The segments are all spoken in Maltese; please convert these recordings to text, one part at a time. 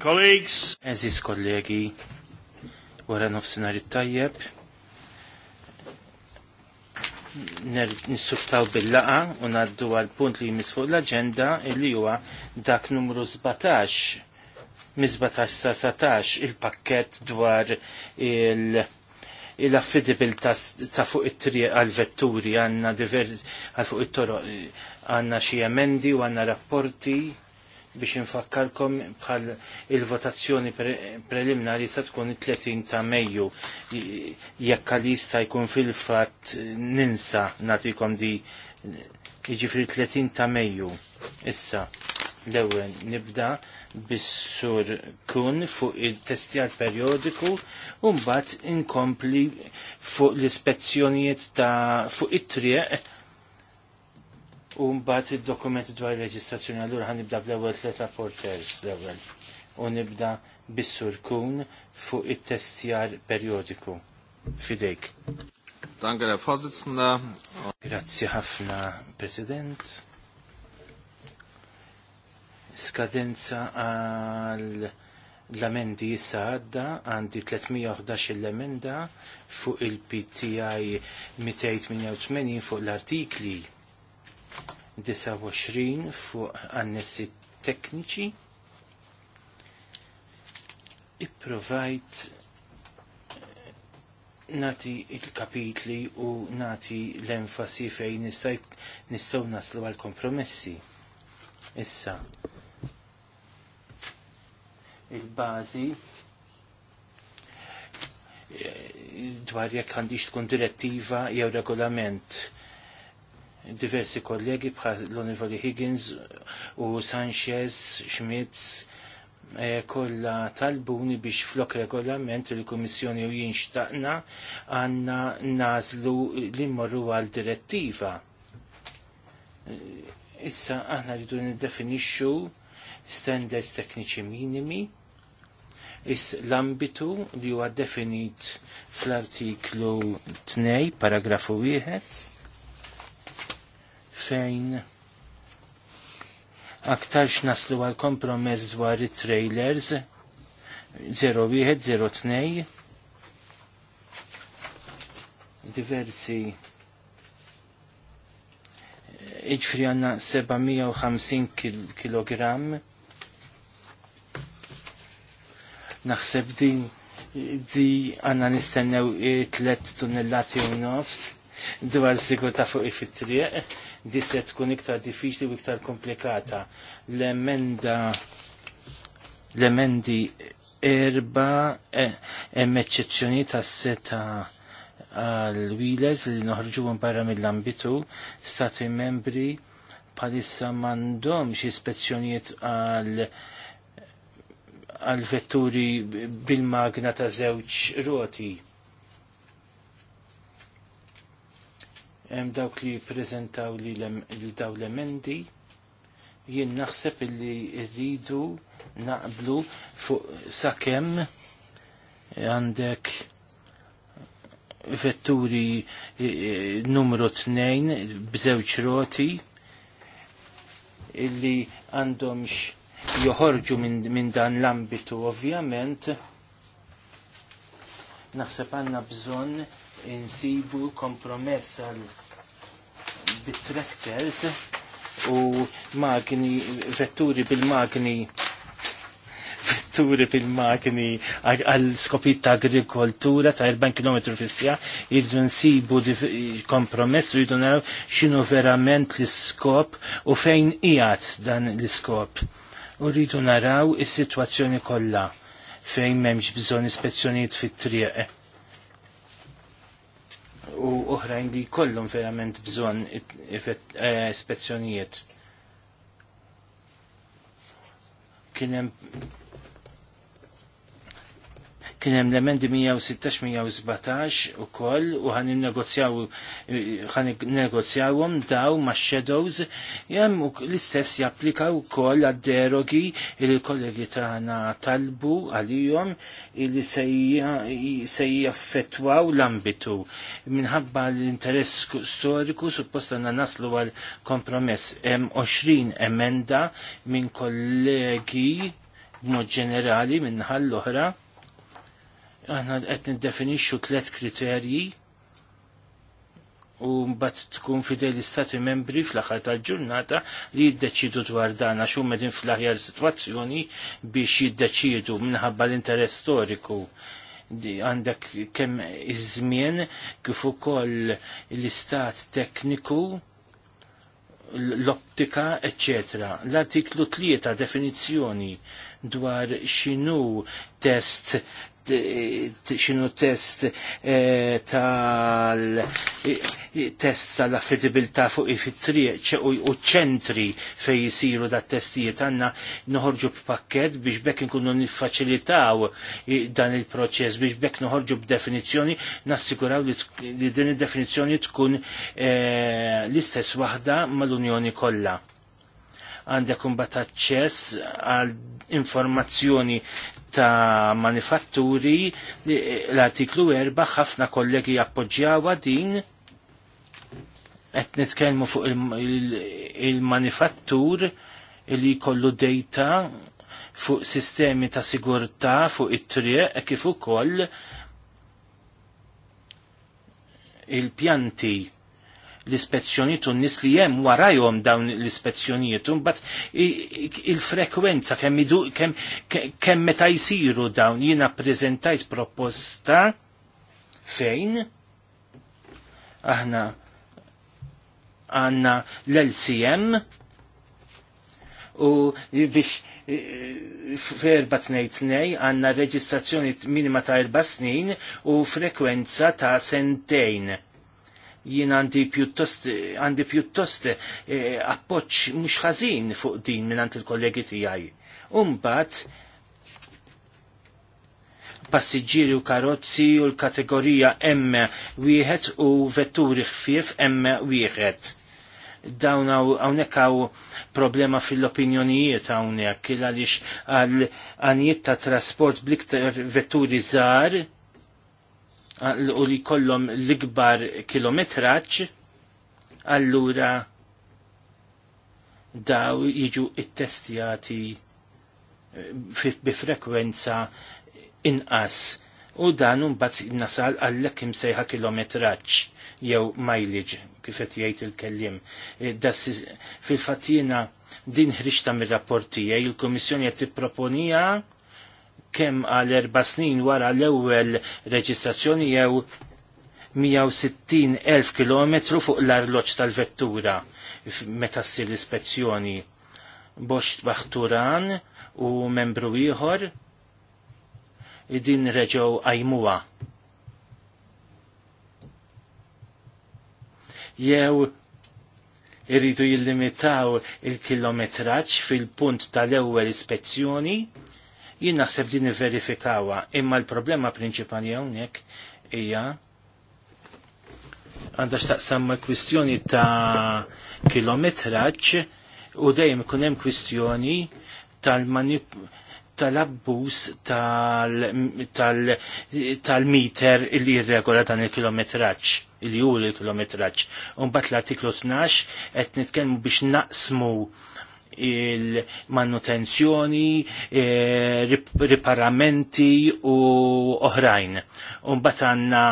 Colleagues. Eżis kollegi, wara it tajjeb. Nissuktaw bil-laqa u naddu għal-punt li jmiss fuq l-agenda illi huwa dak numru 17 mizbatax sa 17 il-pakket dwar il- il-affidibil ta' fuq it-triq għal-vetturi għanna diver għal fuq it-toroq għanna xie emendi u għanna rapporti biex infakkarkom bħal il-votazzjoni preliminari sa tkun 30 ta' Mejju jekk jista' jkun fil-fatt ninsa natikom di jiġifri 30 ta' Mejju. Issa, l-ewwel nibda bis-sur kun fuq il testijal periodiku u mbagħad inkompli fuq l-ispezzjonijiet ta' fuq it-triq u mbagħad id-dokumenti dwar il-reġistrazzjoni allura ħanibda bl-ewwel tliet rapporters l-ewwel u nibda bis-sur kun fuq it-testjar perjodiku fidejk. Danke, Herr Vorsitzender. Grazie ħafna, President. Skadenza għal l-amendi issa għadda għandi 311 l-emenda fuq il-PTI 288 fuq l-artikli 29 fuq annessi tekniċi ipprovajt eh, nati il-kapitli u nati l-enfasi fejn nistgħu naslu għal kompromessi. Issa, il-bazi eh, dwar jekk għandix tkun direttiva jew regolament diversi kollegi bħal l-Onorevoli Higgins u Sanchez, Schmitz, e, kolla talbuni biex flok regolament il-Komissjoni u jinxtaqna għanna nazlu li morru għal direttiva. E, issa aħna rridu niddefinixxu standards tekniċi minimi, is l-ambitu li huwa definit fl-artiklu 2, paragrafu 1, fejn aktarx naslu għal kompromess dwar it-trailers 0102 diversi iġfri għanna 750 kg naħseb din di għanna nistennew 3 tunnellati u nofs dwar sigurta fuq il triq di se tkun iktar diffiċli u iktar komplikata. L-emenda l-emendi erba e, hemm eċċezzjoni tas-seta għal wheelers li noħorġuhom barra mill-ambitu stati membri palissa m'għandhomx ispezzjonijiet għal għal vetturi bil-magna ta' żewġ roti hemm dawk li jippreżentaw li daw l-emendi, jien naħseb li rridu naqblu fuq sakemm għandek vetturi e, e, numru 2 b'żewġ roti illi għandhomx joħorġu minn dan l-ambitu ovvjament naħseb għanna bżonn insibu kompromess għal bit-tractors u magni, vetturi bil-magni vetturi bil-magni għal skopit ta' agrikoltura ta' 40 km fissja jirdu nsibu kompromess u jirdu naraw xinu verament l-skop u fejn ijat dan l-skop u jirdu naraw is-sitwazzjoni kollha fejn m'hemmx bżonn ispezzjonijiet fit-triq u oħrajn li kollum verament bżonn e, ispezzjonijiet. Kienem kien hemm l-emendi 116-117 ukoll u ħan negozjaw ħan negozjawhom daw max-shadows hemm l-istess japplika wkoll għad-derogi il kollegi tagħna talbu għalihom li se jaffettwaw l-ambitu minħabba l-interess storiku suppost għandna naslu għal kompromess hemm 20 emenda minn kollegi b'mod ġenerali minn l-oħra aħna qed niddefinixxu tliet kriterji u mbagħad tkun fidej l-istati membri fl-aħħar tal-ġurnata li jiddeċidu dwar dan għax huma din fl-aħjar sitwazzjoni biex jiddeċidu minħabba l-interess storiku għandek kemm iż-żmien kif ukoll l-istat tekniku l-optika, etc. L-artiklu 3 definizzjoni dwar xinu test Eh, xinu test eh, tal eh, test tal-affidibilità fuq ifit-triq u ċentri fej jisiru da testijiet għanna noħorġu b'pakket biex bekk nkunu nifacilitaw dan il-proċess biex bekk noħorġu b'definizzjoni nassiguraw li din id-definizzjoni tkun l-istess waħda mal-Unjoni kollha għandek un bat għal informazzjoni ta' manifatturi eh, l-artiklu 4 ħafna kollegi appoġġjawa din qed nitkellmu fuq il-manifattur il il li jkollu data fuq sistemi ta' sigurtà fuq it-triq e kif ukoll il-pjanti l-ispezzjonijiet u n-nies li hemm warajom dawn l-ispezzjonijiet u mbagħad il-frekwenza kemm kemm kem meta jsiru dawn jiena ppreżentajt proposta fejn aħna għanna l-LCM u biex e, ferba tnejn tnej għanna reġistrazzjoni minima ta' erba snin u frekwenza ta' sentejn jien għandi pjuttost għandi pjuttost eh, appoċ mhux ħażin fuq din mingħand il-kollegi tiegħi. Umbat, passiġġieri u karozzi u l-kategorija M wieħed u vetturi ħfief M wieħed. Dawn hawnhekk hawn problema fil-opinjonijiet hawnhekk għaliex għal għanijiet ta' trasport bliktar vetturi żgħar u li kollom l-ikbar kilometraċ, allura daw jiġu it-testjati eh, bi frekwenza inqas u dan mbagħad nasal għallek imsejħa kilometraġġ jew mileage kif qed jgħid il-kellim. Eh, fil-fatt din ħriġta mir-rapport il-Kummissjoni qed tipproponija kemm għal erba' snin wara l-ewwel reġistrazzjoni jew 160.000 km fuq l-arloġġ tal-vettura meta ssir l-ispezzjoni. Bost Baħturan u membru ieħor din reġgħu għajmuha. Jew irridu jillimitaw il-kilometraġġ fil-punt tal-ewwel ispezzjoni jien naħseb din verifikawa imma l-problema prinċipali hawnhekk hija għandha x'taqsam kwistjoni ta' kilometraġġ u dejjem ikun hemm kwistjoni tal abbus tal-abbuż tal-meter li jirregola dan il-kilometraġġ, il jur il-kilometraġġ. bat l-artiklu 12 qed nitkellmu biex naqsmu il-manutenzjoni, eh, riparamenti u oħrajn. Unbat għanna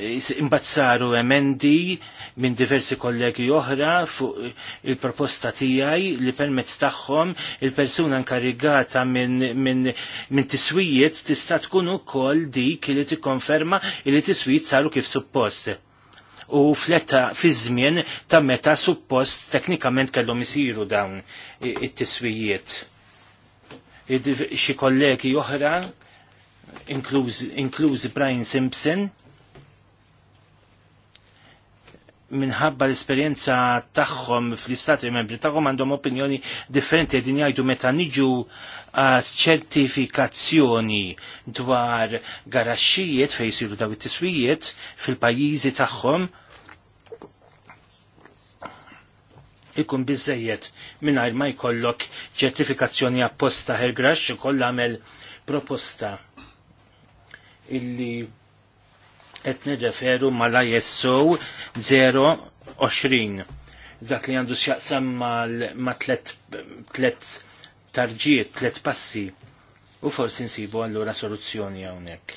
eh, imbat saru emendi minn diversi kollegi oħra fuq il-proposta tijaj li permezz tagħhom il-persuna nkarigata minn min, min tiswijiet tista' tkun ukoll dik li tikkonferma li tiswijiet saru kif suppost u fletta fi żmien ta' meta suppost teknikament kellhom isiru dawn it-tiswijiet. Xi kollegi oħra, inkluż Brian Simpson, minħabba l-esperienza tagħhom fl-istati membri tagħhom għandhom opinjoni differenti qegħdin jgħidu meta niġu ċertifikazzjoni dwar garaxxijiet fejn jsiru daw it-tiswijiet fil-pajjiżi tagħhom ikun biżejjed mingħajr ma jkollok ċertifikazzjoni apposta ħergrax ukoll għamel proposta illi qed nirreferu mal ISO 020 dak li għandu x'jaqsam mal ma tlet tarġiet tlet passi u forsi nsibu allura soluzzjoni hawnhekk.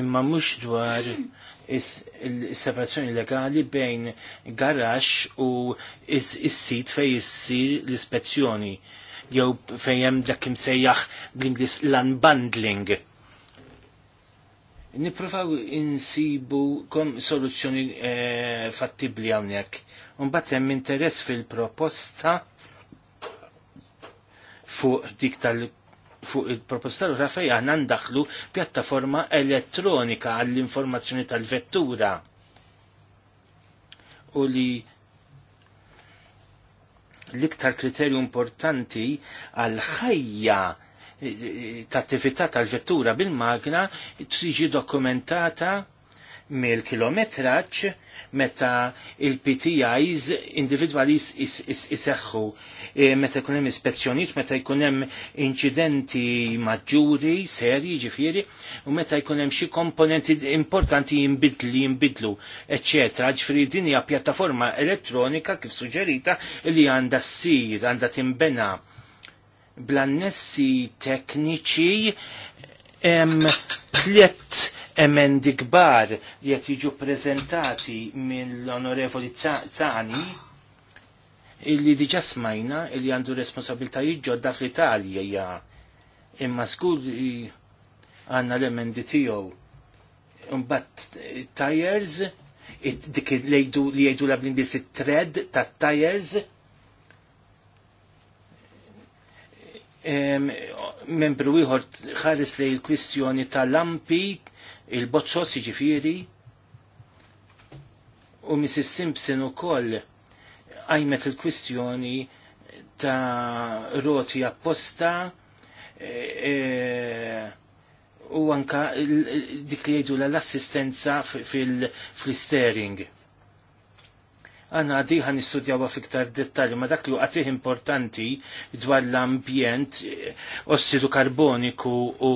Imma mhux dwar is-separazzjoni legali bejn garax u is-sit fej issir l-ispezzjoni jew fejn hemm dak imsejjaħ bl-Inglis l-unbundling. Niprofaw insibu kom soluzzjoni e, fattibli hawnhekk. Imbagħad hemm interess fil-proposta fuq dik tal- fuq il-proposta l fej għanna ndaħlu pjattaforma elettronika għall-informazzjoni tal-vettura u li l-iktar kriterju importanti għal-ħajja ta' attività tal-vettura bil-magna triġi dokumentata mill-kilometraċ meta il-PTIs individwali jiseħħu e, meta jkun hemm ispezzjonijiet, meta jkun hemm inċidenti maġġuri, serji, ġifieri, u meta jkun hemm xi komponenti importanti jinbidli, jinbidlu, eċċetera. Ġifieri din hija pjattaforma elettronika kif suġġerita li għandha ssir, għandha timbena bl-annessi tekniċi tlet emendi kbar li jiġu prezentati mill-onorevoli Zani illi diġa smajna illi għandu responsabiltajiet ġodda l italja ja imma skur għanna l-emendi tiegħu. Imbagħad eh, tires dik li jgħidu la blindis it-tred ta' tires membru ieħor ħares li il kwistjoni tal-lampi il-bozzozzi ġifiri u Mrs. Simpson u koll għajmet il-kwistjoni ta' roti apposta e, e u anka dik li jgħidu l-assistenza fil-steering. Għanna għaddi għan istudjawa fiktar dettali, ma dak li għatih importanti dwar l-ambjent e, ossidu karboniku u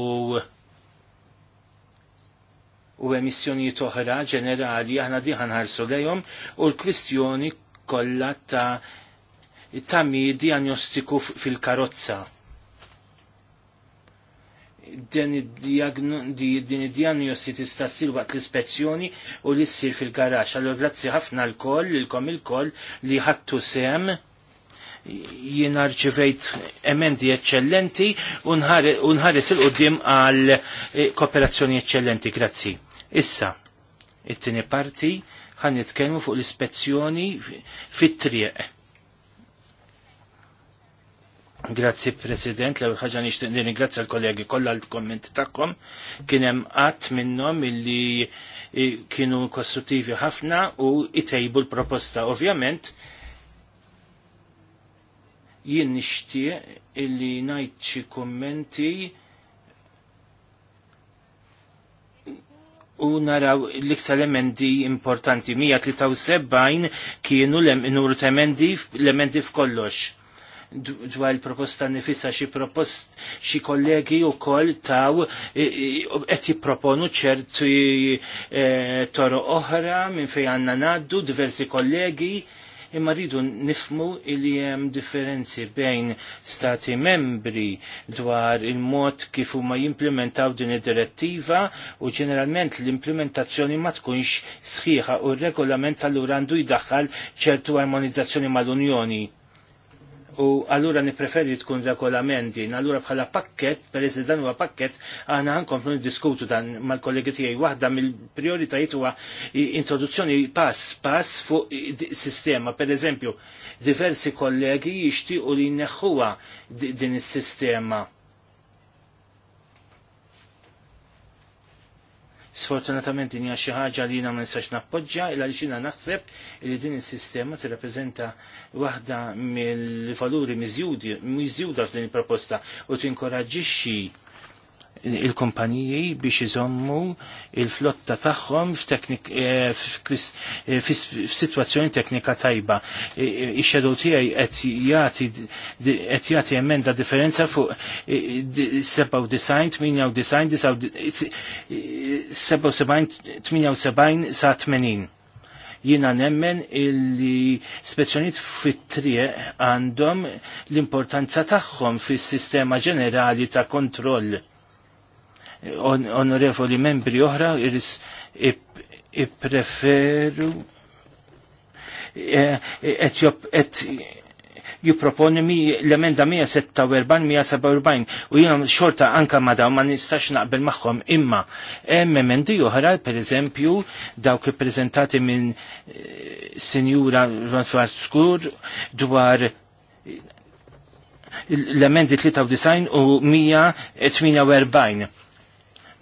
u emissjonijiet oħra ġenerali aħna diħan ħarsu għajom u l-kwistjoni kollha ta' tammi diagnostiku fil-karozza. Din id-diagnosti tista' ssir waqt l-ispezzjoni u li ssir fil-garax. Allora grazzi ħafna l-koll, l-kom il-koll li ħattu sem jiena rċivejt emendi eccellenti nħares il-qoddim għal eh, kooperazzjoni eccellenti. Grazzi. Issa, it-tieni parti ħan nitkellmu fuq l-ispezzjoni fit-triq. Grazzi President, l ħaġa nixtieq nirringrazzja l-kollegi kollha l-komment tagħhom. Kien hemm qatt minnhom illi kienu kostruttivi ħafna u itejbu l-proposta. Ovvjament, jien nixtieq illi ngħid xi kummenti u naraw l-iktar emendi importanti. 173 kienu l-nuru emendi l-emendi f'kollox dwar il-proposta nifissa xi propost xie kollegi u koll taw qed jipproponu ċerti eh, toro oħra minn fejn għandna ngħaddu diversi kollegi imma rridu nifmu li hemm differenzi bejn stati membri dwar il-mod kif huma jimplementaw din id-direttiva u ġeneralment l-implementazzjoni ma tkunx sħiħa u r-regolament tal għandu jdaħħal ċertu armonizzazzjoni mal-Unjoni u allura nipreferi tkun regolamenti, allura bħala pakket, per dan huwa pakket, għana għankomplu diskutu dan mal-kollegi tiegħi. Waħda mill-prioritajiet huwa introduzzjoni pass pass fuq sistema, per eżempju, diversi kollegi jixtiequ li jneħħuha din is-sistema Sfortunatament din hija xi ħaġa li jiena ma nistax nappoġġja illa li xina naħseb li din is-sistema tirrappreżenta waħda mill-valuri miżjuda f'din il-proposta u tinkoraġġixxi il-kumpaniji biex iżommu il-flotta tagħhom eh, eh, f'sitwazzjoni teknika tajba. Ix-xedow tiegħi qed jagħti emenda differenza fuq 97, 98, 78 sa 80 jina nemmen illi spezzjoniet fit-triq għandhom l-importanza tagħhom fis-sistema ġenerali ta' kontroll onorevoli membri oħra ippreferu e, et proponi mi l-emenda 146-147 u jina xorta anka ma daw ma nistax naqbel maħħom imma hemm emendi oħra per eżempju dawk prezentati minn eh, Senjura Ronfart Skur dwar l-emendi 93 u 148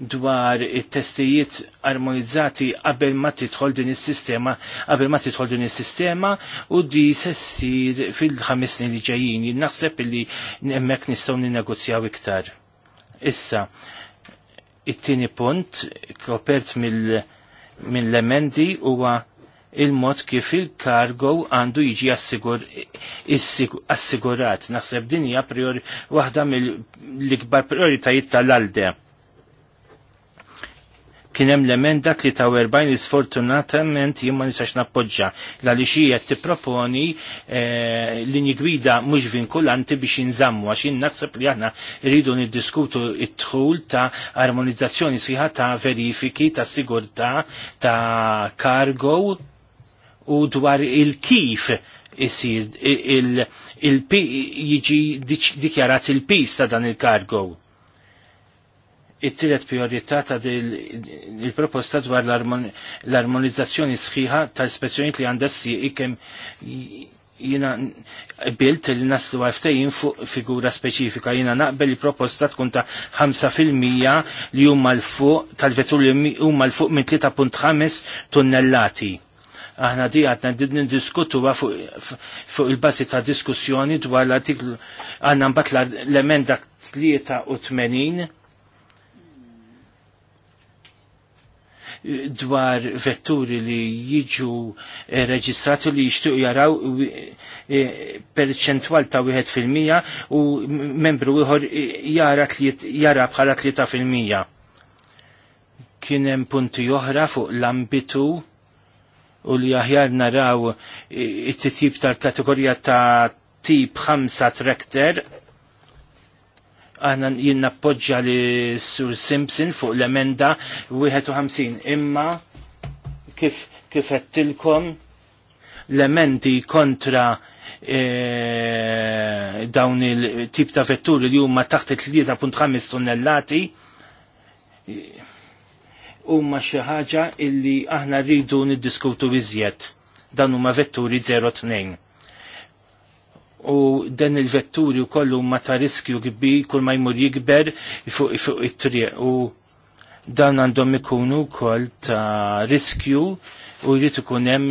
dwar it-testijiet armonizzati qabel ma tidħol din is-sistema, qabel ma tidħol din is-sistema u di se ssir fil-ħames snin li ġejjin. Naħseb li hemmhekk nistgħu ninnegozjaw iktar. Issa, it-tieni punt kopert mill-emendi mil huwa il-mod kif il-kargo għandu jiġi assigurat. Naħseb din hija waħda mill-ikbar prioritajiet tal-alde. Kien hemm l-emenda 43 li sfortunatament jien ma nistax nappoġġa l hija tipproponi linji gwida mhux vinkulanti biex inżammu għax naħseb li aħna rridu niddiskutu t dħul ta' armonizzazzjoni siħa ta' verifiki ta' sigurtà ta' kargo u dwar il-kif isir il-pi jiġi dikjarat il-pis ta' dan il-kargo it-tielet priorità ta' il-proposta dwar l-armonizzazzjoni sħiħa tal-ispezzjoniet li għandha s kemm jina bilt li naslu għaftajin fuq figura speċifika jina naqbel il proposta tkun ta' 5% li huma l-fuq tal-vetur li huma l-fuq minn 3.5 tonnellati aħna di għatna nindiskutu fuq il-bazi ta' diskussjoni dwar l-artiklu għanna mbat l-emenda 83 dwar vetturi li jiġu eh, reġistrati li jixtiequ jaraw eh, eh, perċentwal ta' wieħed fil-mija u membru ieħor jara jara bħala tlieta fil-mija. Kien hemm punti oħra fuq l-ambitu u li aħjar naraw it-titjib tal-kategorija ta' tip 5 trakter għana jinnappoġġa li Sur Simpson fuq l-emenda 51 imma kif kif għettilkom l-emendi kontra e, dawn il-tip ta' vetturi li huma taħt il-3.5 tonnellati huma xi ħaġa illi aħna rridu niddiskutu iżjed. Dan huma vetturi 02 u dan il-vetturi u kollu ma ta' riskju kbi kull ma jmur jikber fuq it-triq u dan għandhom ikunu koll ta' riskju u jrid ikun hemm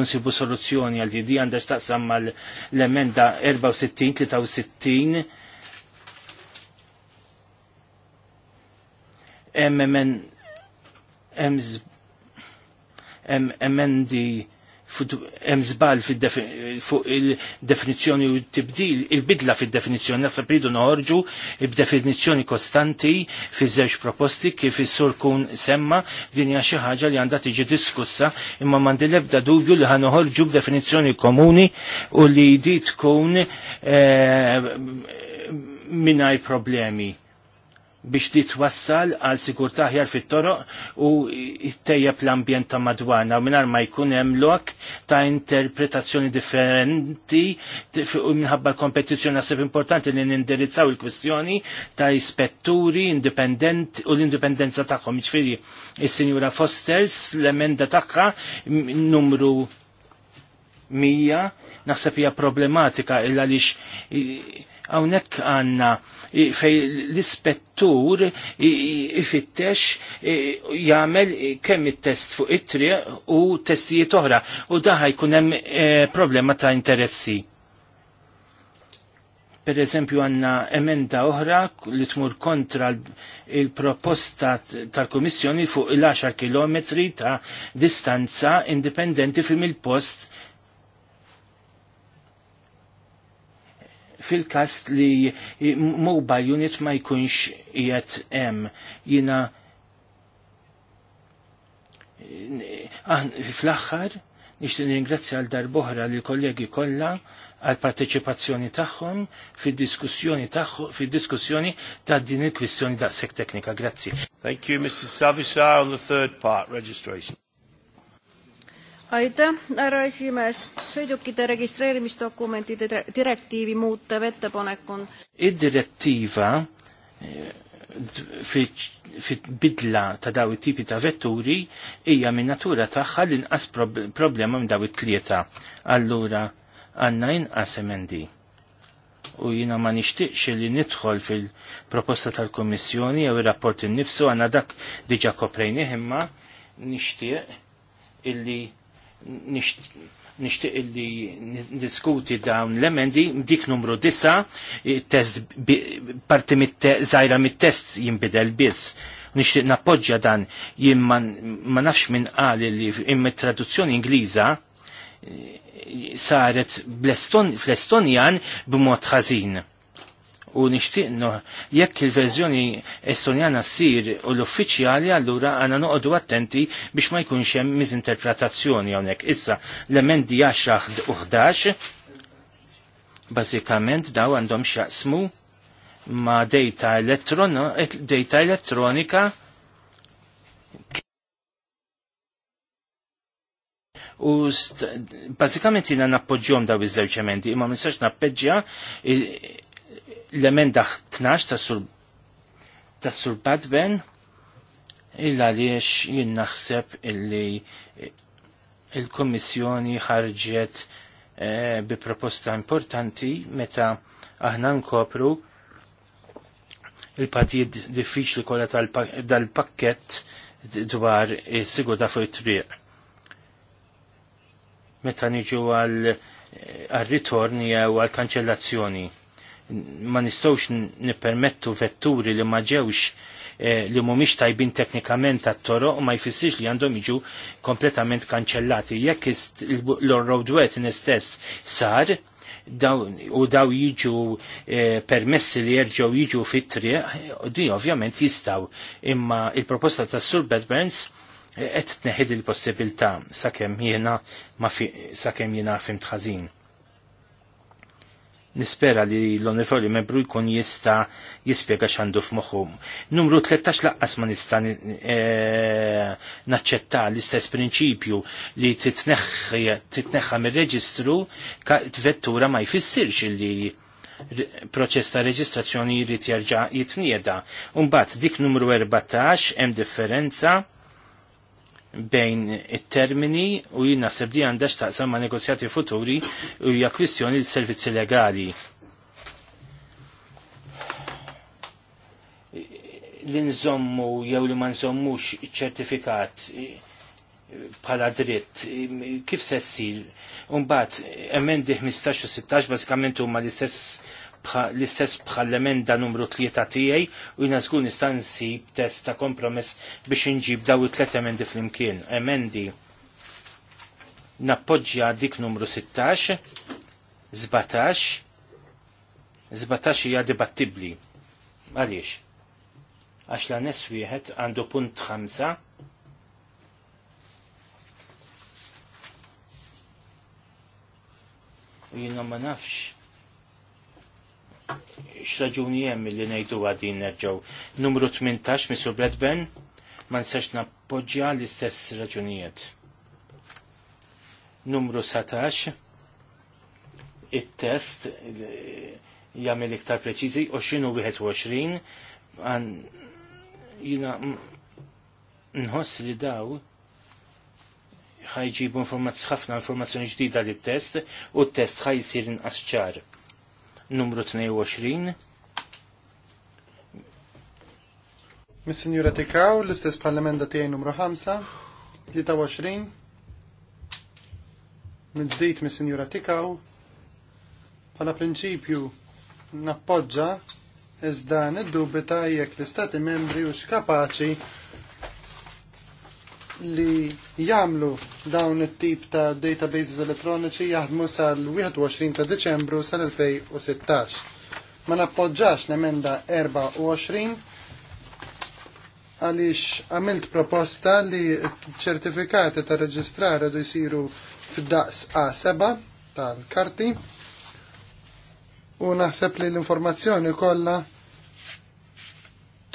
nsibu soluzzjoni għal di ta' samma mal-emenda 64 63 hemm hemm emendi hemm żball fuq il-definizzjoni u t-tibdil, il-bidla fid-definizzjoni nasab ridu noħorġu b'definizzjoni kostanti fi żewġ proposti kif is-sur kun semma din hija xi ħaġa li għandha tiġi diskussa imma m'għandi l-ebda dubju li ħan noħorġu b'definizzjoni komuni u li di tkun eh, mingħajr problemi biex di twassal għal sikur taħjar fit-toroq u ttejjeb l-ambjent ta' madwana. u mingħajr ma jkun hemm lok ta' interpretazzjoni differenti u minħabba l-kompetizzjoni naħseb importanti li nindirizzaw il-kwistjoni ta' ispetturi indipendent u l-indipendenza tagħhom. Jiġifieri is-Sinjura Fosters l-emenda tagħha numru mija naħseb hija problematika illa għaliex Hawnhekk għandna fej l-ispettur ifittex jagħmel kemm it-test fuq it-triq u testijiet oħra u daħaj jkun hemm e, problema ta' interessi. Per eżempju għanna emenda oħra li tmur kontra il-proposta tal-Komissjoni fuq il-10 km ta' distanza indipendenti fim il-post fil-kast li mobile unit ma jkunx qiegħed hemm. Jiena fl-aħħar nixtieq ningrazzja għal darbohra li kollegi kollha għal parteċipazzjoni tagħhom fid-diskussjoni tagħhom fid-diskussjoni ta' din il-kwistjoni daqshekk teknika. Grazzi. Thank you, Mr. Savisa, on the third part, registration. Aitäh, härra esimees. Sõidukite registreerimisdokumentide direktiivi muuta vettepanek on... Id-direttiiva eh, fit-bidla ta' daw tipi ta' vetturi hija minn natura tagħha li inqas problema minn daw it-tlieta. Allura għandna inqas emendi. U jina ma nixtieqx li nidħol fil-proposta tal kummissjoni jew ir-rapport innifsu għandna dak diġà koprejnih imma nixtieq illi nishtiq li diskuti dawn l-emendi, dik numru 9, test parti zaħira mit-test jimbidel biss. Nishtiq nappoġġja dan jien ma nafx minn qal li imma traduzzjoni Ingliża eh, saret fl-Estonjan b'mod ħażin u nixtieqnu jekk il-verżjoni estonjana ssir u l-uffiċjali allura għana noqogħdu attenti biex ma jkunx hemm miżinterpretazzjoni hawnhekk. Issa l-emendi 10 u 11 bażikament daw għandhom x'jaqsmu ma' data elettronika u basikament jina nappoġġjom daw iż-żewġ emendi, imma ma nistax nappeġġja l-emenda 12 tas-sur tas-sur Badben illa għaliex jien naħseb illi il-Kommissjoni ħarġet eh, bi proposta importanti meta aħna nkopru il-patijiet diffiċli kollha tal-pakkett dwar is-sigurtà fuq it-triq. Meta niġu għal eh, ritorni jew għal kanċellazzjoni ma nistawx nipermettu vetturi li ma ġewx eh, li mumiex tajbin teknikament għat-toroq ma jfissirx li għandhom jiġu kompletament kanċellati. Jekk l wet nistess sar daw, u daw jiġu eh, permessi li jerġgħu jiġu fit-triq, di ovvjament jistaw. Imma il-proposta ta' Sur Bedburns eh, qed tneħid il-possibilità sakemm jiena ma sakemm jiena fim tħażin nispera li l onifoli membru jkun jista jispjega x'għandu f'moħħu. Numru 13 laqqas ma nista' e, naċċetta l-istess prinċipju li titneħħa mir-reġistru vettura ma jfissirx li proċess ta' reġistrazzjoni jrid jerġa' jitnieda. Imbagħad dik numru 14 hemm differenza bejn it-termini u jinnaseb sebdi għandax taqsam ma' negozjati futuri u hija kwistjoni l-servizzi legali. L-inżommu jew li ma nżommux ċertifikat bħala dritt, kif se ssir? Umbat, emendi 15 u 16 basikament huma l-istess l-istess bħall-emenda numru 3 tiegħi u jina żgur nista' test ta' kompromess biex inġib daw it-tlet emendi flimkien. Emendi nappoġġja dik numru 16, 17, 17 hija dibattibbli. Għaliex? Għax la nes wieħed għandu punt 5 jina ma nafx xraġuni jem li nejdu għadin nerġaw. Numru 18, Mr. Bradburn, ma nistax nappoġġja l-istess raġunijiet. Numru 17, il test jagħmel iktar preċizi, 20 u 21 għan jina nħoss li daw ħajġibu ħafna informazzjoni ġdida li test u test ħaj inqas ċar numru 22. Mis-Sinjura Tikaw, l-istess bħall tiegħi numru 5, 23. Mid-ġdid mis-Sinjura Tikaw, bħala prinċipju nappoġġa iżda niddubita jekk l-istati membri u kapaċi li jamlu dawn it-tip ta' databases elettroniċi jaħdmu sal-21 ta' Deċembru sal-2016. Ma nappoġġax l-emenda 24 għaliex għamilt proposta li ċertifikati ta' reġistrar għadu jisiru fid-daqs A7 tal-karti u naħseb li l-informazzjoni kollha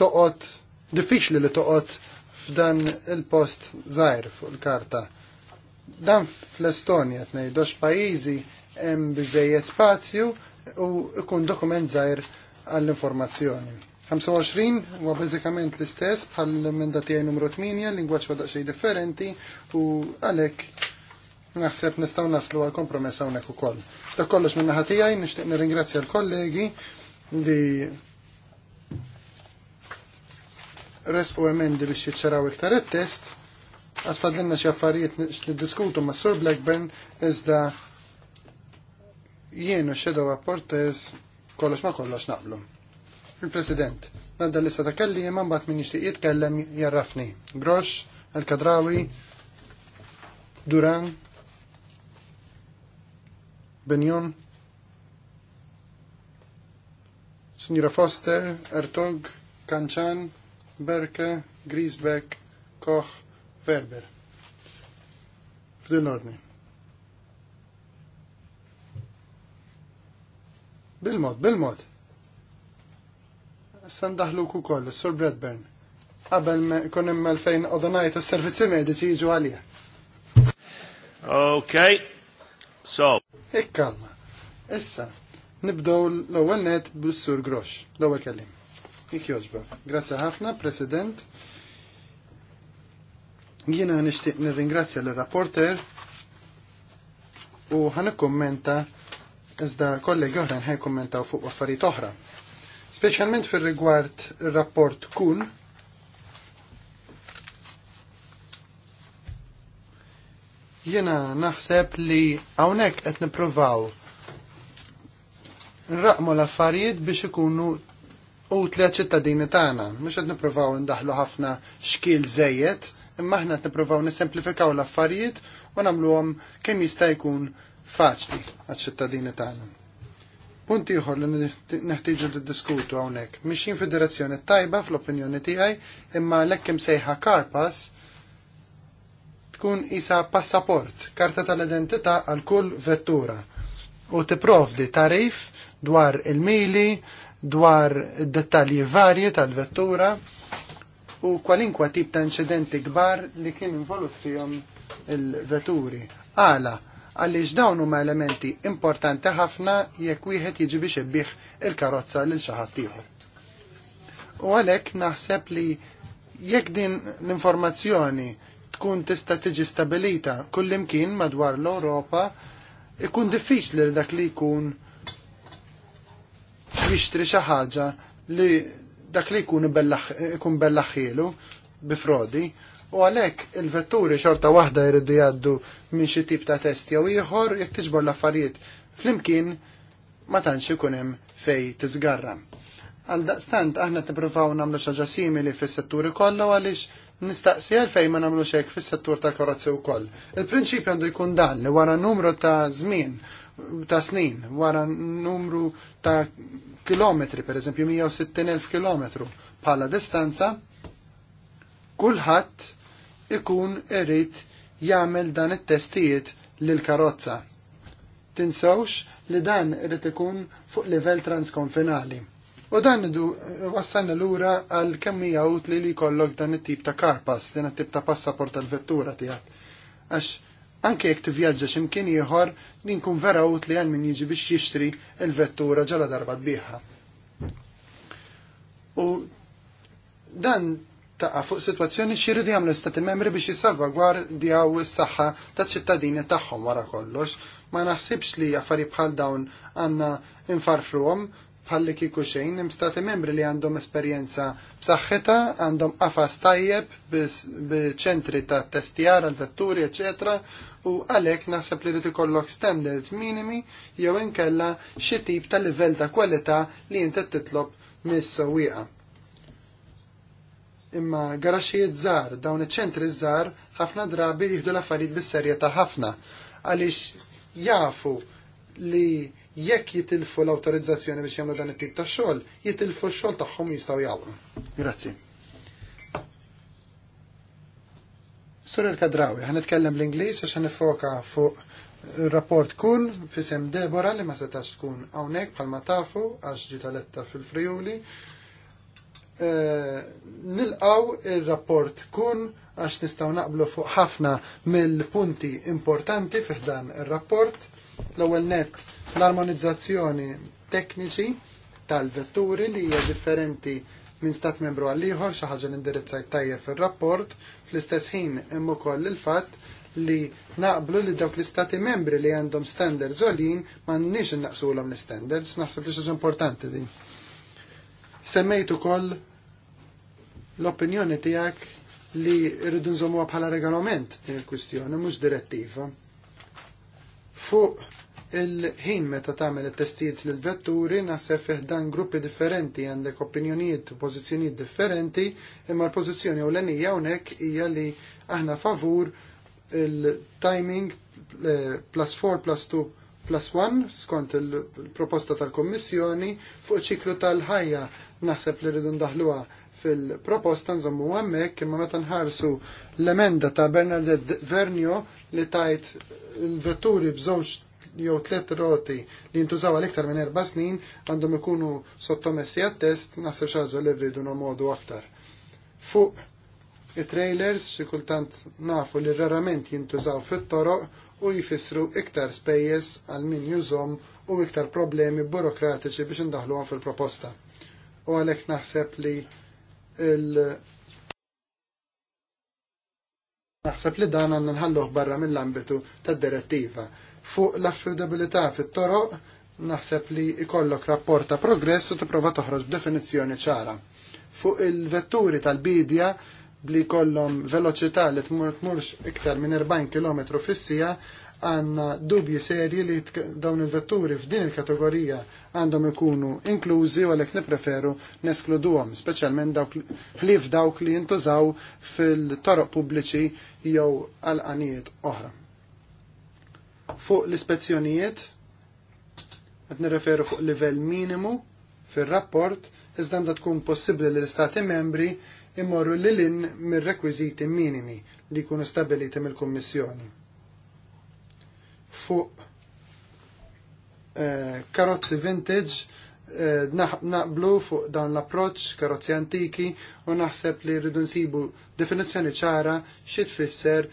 toqgħod diffiċli li toqgħod f'dan il-post zaħir fuq il-karta. Dan fl-Estonja tnejdox pajjiżi hemm biżejjed spazju u ikun dokument żgħir għall-informazzjoni. 25 huwa bażikament l-istess bħal l-emenda tiegħi numru 8, lingwaġġ wada xejn differenti u għalhekk naħseb nistgħu naslu għal kompromess hawnhekk ukoll. Dak kollox minn naħa tiegħi nixtieq nirringrazzja l-kollegi li res u emendi biex jiċċaraw iktar il-test, għatfadlinna xie affarijiet diskutu ma' Sur Blackburn, iżda jienu xedaw rapporters kollox ma' kollox naqblu. Il-President, nadda lista ta' kelli imman bat minn ixtiq jitkellem jarrafni. Grosh, Al kadrawi Duran, Benjon, Signora Foster, Ertog, Kanċan, Berke, Griesbeck, Koch, Werber. F'din l-ordni. Bil-mod, bil-mod. Sandaħlu ku koll, Sur Bradburn. Qabel kon imma l-fejn odonajt s servizzi medici jiġu għalija. Ok, so. Ikkalma. Issa, nibdow l ewel net bil-sur Grosh, l ewel kellim jek joġba. Grazzi ħafna, President. Jiena nixtieq nirringrazzja l-rapporter u ħanikkommenta iżda kollegi oħra nħaj fuq affarijiet oħra. Speċjalment fir-rigward ir-rapport kun Jiena naħseb li hawnhekk qed nippruvaw nraqmu l-affarijiet biex ikunu tliet ċittadini tagħna. Mhux qed nippruvaw ndaħlu ħafna xkil żejjed, imma aħna qed nippruvaw nissemplifikaw l-affarijiet u nagħmluhom kemm jista' jkun faċli għaċ-ċittadini tagħna. Punt ieħor li neħtieġu niddiskutu hawnhekk. Mixin fid tajba fl-opinjoni tiegħi, imma lekk hemm sejħa karpas tkun isa passaport, karta tal-identità għal kull vettura u tipprovdi tarif dwar il-mili, dwar dettalji varji tal-vettura u kwalinkwa tip ta' inċidenti kbar li kien involut fihom il-vetturi. Għala, għaliex dawn huma elementi importanti ħafna jekk wieħed jiġi biex ibbieħ il-karozza lil xi ħadd ieħor. U għalhekk naħseb li jekk din l-informazzjoni tkun tista' tiġi stabilita kullimkien madwar l-Ewropa, ikun diffiċli dak li jkun jixtri xi ħaġa li dak li jkun ikun bellaħħielu bi frodi u għalhekk il-vetturi xorta waħda jridu jgħaddu minn xi tip ta' test jew ieħor jekk tiġbor l-affarijiet flimkien ma tantx ikun hemm fej tiżgarra. Għal daqstant aħna tippruvaw nagħmlu xi ħaġa simili fis-setturi kollha għaliex nistaqsi għalfej ma nagħmlu hekk fis-settur tal karozzi wkoll. Il-prinċipju għandu jkun dan li wara numru ta' żmien ta' snin, wara numru ta' kilometri, per eżempju 160.000 kilometru bħala distanza, kulħadd ikun irid jagħmel dan it-testijiet lill karozza. Tinsewx li dan irid ikun fuq livell transkonfinali. U dan idu wassalna lura għal kemm hija utli li jkollok dan it-tip ta' karpas, din it-tip ta' passaport tal-vettura tiegħek. Għax Anke jekk tivvjaġġa x'imkien ieħor li nkun vera li għal min jiġi biex jixtri l-vettura ġala darba tbieħha. U dan taqa' fuq sitwazzjoni xiridu jagħmlu stati membri biex di għaw is-saħħa taċ-ċittadini tagħhom wara kollox. Ma naħsibx li affarijiet bħal dawn għandna infarfruhom bħalli kiku xejn hemm stati membri li għandhom esperjenza b'saħħitha, għandhom qafas tajjeb b'ċentri ta' testjar għal vetturi, eċetera, u għalhekk naħseb li rid ikollok standard minimi jew inkella xi tip ta' livell ta' kwalità li inti titlob mis-sewwieqa. Imma garaxijiet żgħar dawn iċ-ċentri żgħar ħafna drabi jieħdu l-affarijiet bis-serjetà ħafna għaliex jafu li jekk jitilfu l-autorizzazzjoni biex jagħmlu dan it-tip ta' xogħol, jitilfu x-xogħol tagħhom jistgħu jagħmlu. Grazzi. Sur il-kadrawi, għan itkellem l-Inglis għax nifoka fuq rapport kun fisem Debora li ma setax tkun għawnek bħalma tafu għax ġitaletta fil-Friuli. Eh, nilqaw il-rapport kun għax nistaw naqblu fuq ħafna mill-punti importanti fiħdan il-rapport. L-ewwel net l-armonizzazzjoni tekniċi tal-vetturi li hija differenti minn stat membru għal ieħor xi ħaġa l-indirizzajt tajjeb fir-rapport fl-istess ħin imma ukoll il-fatt li naqblu li dawk l-istati membri li għandhom standards għolin m'għandniex innaqsulhom l-standards, naħseb li importanti din. Semmejt ukoll l-opinjoni tiegħek li rridu nżommuha bħala regolament din il-kwistjoni mhux direttiva. Fuq il-ħin meta tagħmel it-testijiet lil vetturi naħseb fih dan gruppi differenti għandek opinjonijiet u pożizzjonijiet differenti, imma l-pożizzjoni ewlenija hawnhekk hija li aħna favur il-timing eh, plus 4 plus 2 plus 1 skont il-proposta tal-Kommissjoni fuq ċiklu tal-ħajja naħseb li rridu ndaħluha fil-proposta nżommu għammek imma meta nħarsu l-emenda ta' Bernardet Vernio li tajt il-vetturi bżewġ jew tliet roti li jintużaw għal iktar minn erba' snin għandhom ikunu sottomessi għat-test naħseb xaġa li rridu nomodu aktar. Fuq it-trailers xi kultant nafu li rarament jintużaw fit-toroq u jfissru iktar spejjeż għal min jużhom u iktar problemi burokratiċi biex indaħluhom fil-proposta. U għalhekk naħseb li il- Naħseb li dan għanna nħalluh barra mill-ambitu tad direttiva fuq l-affidabilità fit-toroq naħseb li ikollok rapporta progress u tipprova toħroġ b'definizzjoni ċara. Fuq il-vetturi tal-bidja li kollom veloċità li tmurx iktar minn 40 km fis-sija għanna dubji serji li dawn il-vetturi f'din il-kategorija għandhom ikunu inklużi u għalek nipreferu neskluduhom, speċjalment dawk ħlif dawk li jintużaw fil-toroq pubbliċi jew għal-qanijiet oħra. Fuq l-ispezzjonijiet, qed nirreferu fuq livell minimu fir-rapport, iżda għandha tkun possibbli li l-Istati membri imorru l in mir-rekwiżiti minimi li jkunu stabiliti mill-Kummissjoni. Fuq eh, karozzi vintage eh, naqblu fuq dan l-approċ karozzi antiki u naħseb li rridu nsibu definizzjoni ċara xi tfisser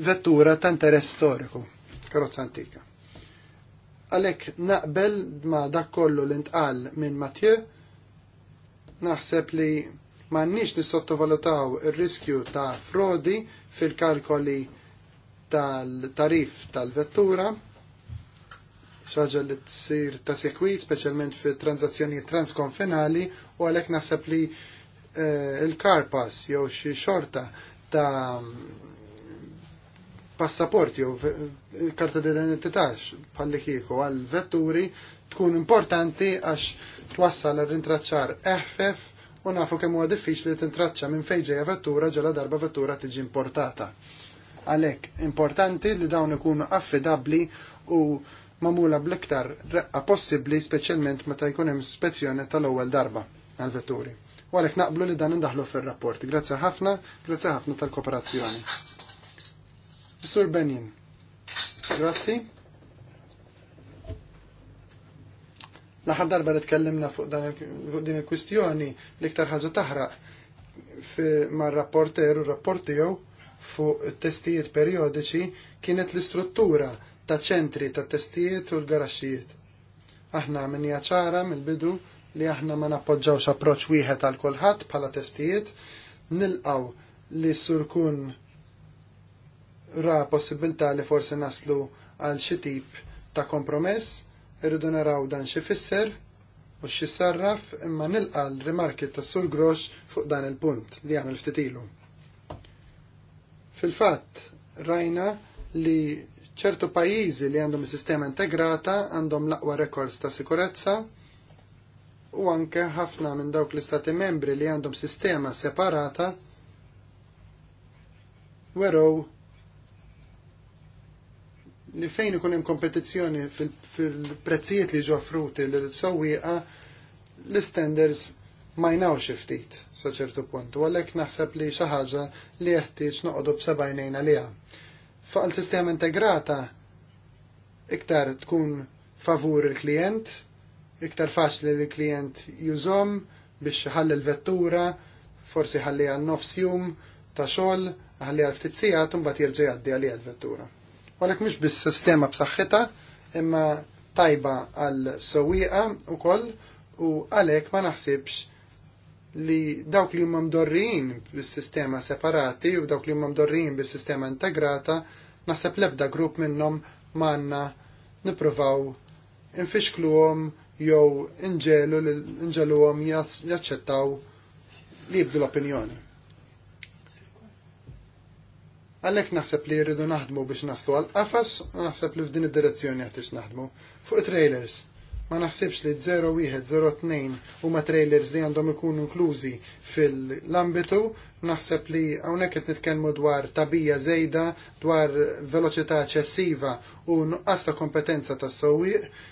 vettura ta' interess storiku karozza antika. Għalhekk naqbel ma dak kollu li ntqal minn Mathieu, naħseb li m'għandniex nissottovalutaw ir-riskju ta' frodi fil-kalkoli tal-tarif tal-vettura, xaġa li tsir ta' sekwit, specialment fi transazzjoni transkonfinali, u għalek naħseb li eh, il-karpas jew xi xorta ta' passaport jew karta d-identità bħalli kieku għal vetturi tkun importanti għax twassal għal rintraċċar eħfef u nafu kemm huwa diffiċli tintraċċa minn fejn ġejja vettura ġala darba vettura tiġi importata. Għalhekk importanti li dawn ikunu affidabbli u mamula bl-iktar reqqa possibbli speċjalment meta jkun hemm spezzjoni tal-ewwel darba għal vetturi. U għalhekk naqblu li dan indaħlu fir-rapport. Grazzi ħafna, grazzi ħafna tal-kooperazzjoni. Sur Benin. Grazzi. L-aħħar darba li tkellimna fuq din il-kwistjoni l-iktar ħaġa taħraq mar-rapporter u rapport tiegħu fuq testijiet periodiċi kienet l-istruttura ta' ċentri ta' testijiet u l-garaxxijiet. Aħna minn ċara mill-bidu li aħna ma nappoġġawx approċċ wieħed għal kulħadd bħala testijiet, nilqaw li surkun ra possibilità li forsi naslu għal xi tip ta' kompromess, irridu naraw dan xi fisser u xi sarraf imma nilqa l-rimarki ta' Sur Grosh fuq dan il-punt li għamil ftitilu. Fil-fatt, rajna li ċertu pajjiżi li għandhom sistema integrata għandhom l-aqwa rekords ta' sikurezza u anke ħafna minn dawk l-istati membri li għandhom sistema separata werow li fejn ikun hemm kompetizzjoni fil-prezzijiet li ġoffruti l sewwieqa l-standards ma jnawx ftit sa ċertu punt, u għalhekk naħseb li xi ħaġa li jeħtieġ noqogħdu b'sebajnejn għaliha. Fuq sistema integrata iktar tkun favur il-klient, iktar faċli li l-klient jużom biex ħalli l-vettura, forsi ħalli għal nofsjum ta' xogħol, ħalli għal ftit sigħat u mbagħad jerġa' jgħaddi għalija l-vettura għalek mux bis sistema b'saxħita imma tajba għal sewwieqa u koll u għalek ma naħsibx li dawk li huma mdorrijin bis-sistema separati u dawk li huma mdorrijin bis-sistema integrata naħseb lebda grupp minnhom manna nipruvaw infixkluhom jew inġelu inġeluhom jaċċettaw li jibdu l-opinjoni. Għalhekk naħseb li jridu naħdmu biex naslu għal qafas u naħseb li f'din id-direzzjoni ħtiex naħdmu. Fuq trailers, ma naħsibx li u huma trailers li għandhom ikunu inklużi fil-ambitu, naħseb li hawnhekk qed nitkellmu dwar tabija żejda, dwar veloċità eċċessiva u nuqqas ta' kompetenza tas-sewwieq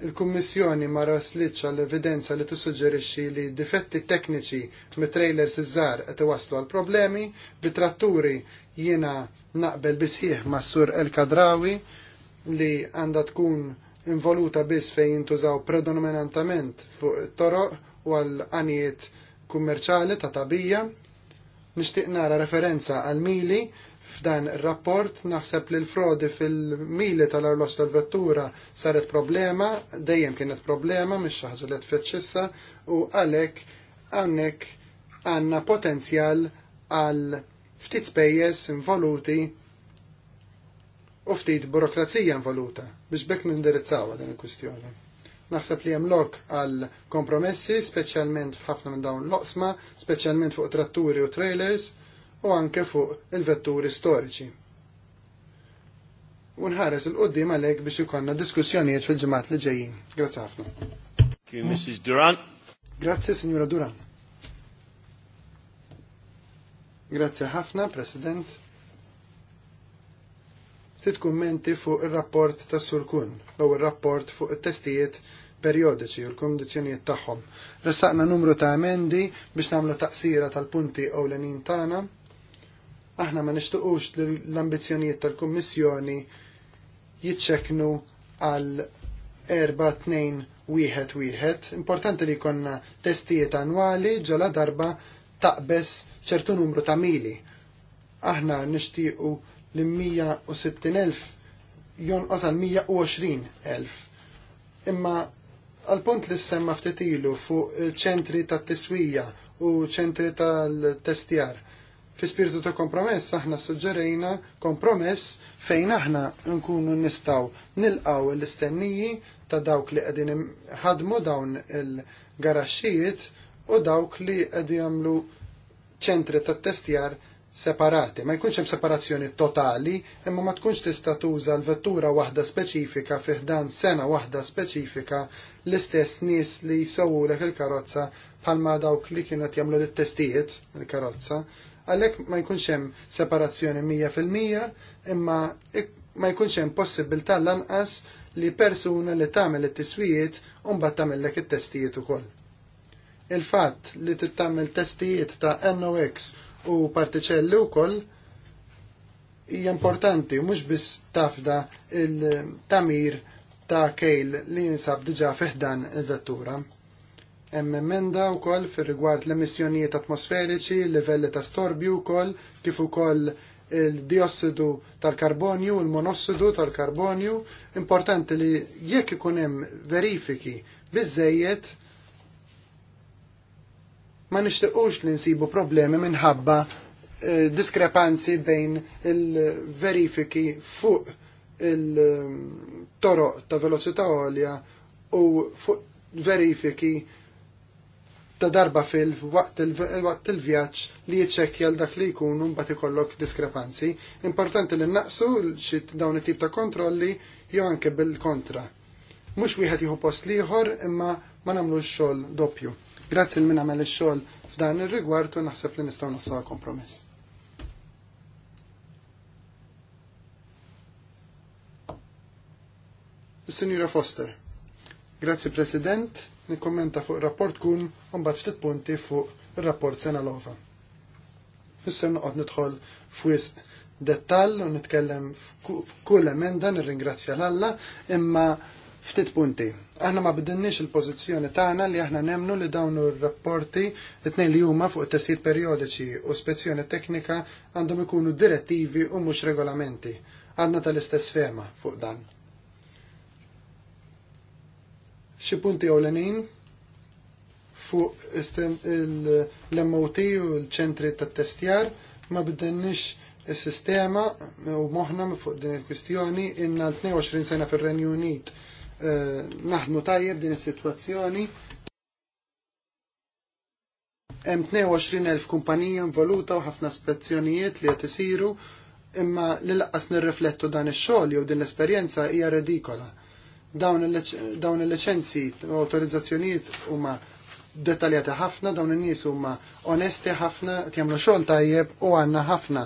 il-Kummissjoni ma raslitx għall evidenza li tissuġġerixxi li difetti tekniċi mit-trailers iż-żgħar qed iwasslu għal problemi, bi tratturi jiena naqbel bisħieħ ma' sur El Kadrawi li għandha tkun involuta biss fejn jintużaw predominantament fuq it-toroq u għal anijiet kummerċali ta' tabija. Nixtieq nara referenza għal mili f'dan ir-rapport naħseb li l-frodi fil-mili tal-arlos tal-vettura saret problema, dejjem kienet problema mhix xi ħaġa li tfittxissa u għalhekk għandek għandna potenzjal għal ftit spejjeż involuti u ftit burokrazija involuta biex bekk nindirizzawa dan il-kwistjoni. Naħseb li hemm lok għal kompromessi, speċjalment f'ħafna minn dawn l-oqsma, speċjalment fuq tratturi u trailers, u anke fuq il-vetturi storiċi. Unħares il-qoddim għalek biex ikonna diskussjonijiet fil-ġemat li ġejjin. Grazzi ħafna. Mrs. Duran. Grazzi, Signora Duran. Grazzi ħafna, President. Ftit kummenti fuq il-rapport tas Surkun, l il rapport fuq il-testijiet periodiċi u l-kondizjonijiet tagħhom. Ressaqna numru ta' emendi biex nagħmlu taqsira tal-punti ewlenin tagħna aħna ma nixtuqux li l-ambizjonijiet tal-Kummissjoni jitċeknu għal 4-2-1-1. Importanti li konna testijiet annwali ġola darba taqbes ċertu numru ta' mili. Aħna nixtiequ l-160.000 jonqos għal 120.000. Imma għal-punt li semma ftetilu fuq ċentri ta' tiswija u ċentri tal-testjar Fi spiritu ta' kompromess aħna suġġerejna kompromess fejn aħna nkunu nistaw nilqaw l-istenniji ta' dawk li qegħdin ħadmu dawn il-garaxxijiet u dawk li għedin jagħmlu ċentri ta' testjar separati, ma jkunx hemm separazzjoni totali, imma ma tkunx tista' tuża l-vettura waħda speċifika fiħdan sena waħda speċifika l-istess nies li jsewwulek il-karozza bħalma dawk li kienu qed jagħmlu l-testijiet il-karozza għalhekk ma jkunx hemm separazzjoni 100% imma ma jkunx hemm possibilità lanqas li persuna li tagħmel it-tiswijiet u mbagħad tagħmellek it-testijiet ukoll. Il-fatt li tittamel testijiet ta' NOx u partiċelli wkoll hija importanti mhux biss tafda il-tamir ta' kejl li jinsab diġà fiħdan il-vettura. Hemm emenda wkoll fir-rigward l-emissjonijiet atmosferiċi, livelli ta' storbju wkoll kif ukoll il-diossidu tal-karbonju, il-monossidu tal-karbonju. Importanti li jekk ikun hemm verifiki biżejjed ma nixtiequx li nsibu problemi minħabba eh, diskrepanzi bejn il-verifiki fuq il-toroq mm, ta' veloċità għolja u fuq verifiki ta' darba fil-waqt il-vjaġġ li jiċċekkja l dak li jkunu mbagħad ikollok diskrepanzi. Importanti li naqsu xi dawn it-tip ta' kontrolli jew anke bil-kontra. Mhux wieħed jħu post ieħor imma ma namlu xogħol doppju. Grazzi l min għamel ix-xogħol f'dan ir-rigward u naħseb li nistgħu naslu għal kompromess. Signora Foster. Grazie President nikkommenta fuq rapport kun mbagħad ftit punti fuq ir-rapport sena l-ova. Issa noqgħod nidħol f'wisq dettall u nitkellem f'kull emenda nirringrazzja l-Alla imma ftit punti. Aħna ma bidinniex il-pożizzjoni tagħna li aħna nemnu li dawn ir-rapporti it-tnejn li huma fuq it-tessijiet perjodiċi u spezzjoni teknika għandhom ikunu direttivi u mhux regolamenti. Għadna tal-istess fema fuq dan xi punti ewlenin fuq l-MOT u l-ċentri ta' testjar ma bidennix il-sistema u moħna fuq din il-kwistjoni inna l-22 sena fil-Renju Unit eh, naħdmu tajjeb din is-sitwazzjoni. Hemm 22,000 kumpanija involuta u ħafna spezzjonijiet li qed isiru imma li laqqas nirriflettu dan ix-xogħol jew din l-esperjenza hija redikola dawn il-licenzi u autorizzazzjonijiet huma dettaljati ħafna, dawn in-nies huma onesti ħafna, tjemlu xogħol tajjeb u għandna ħafna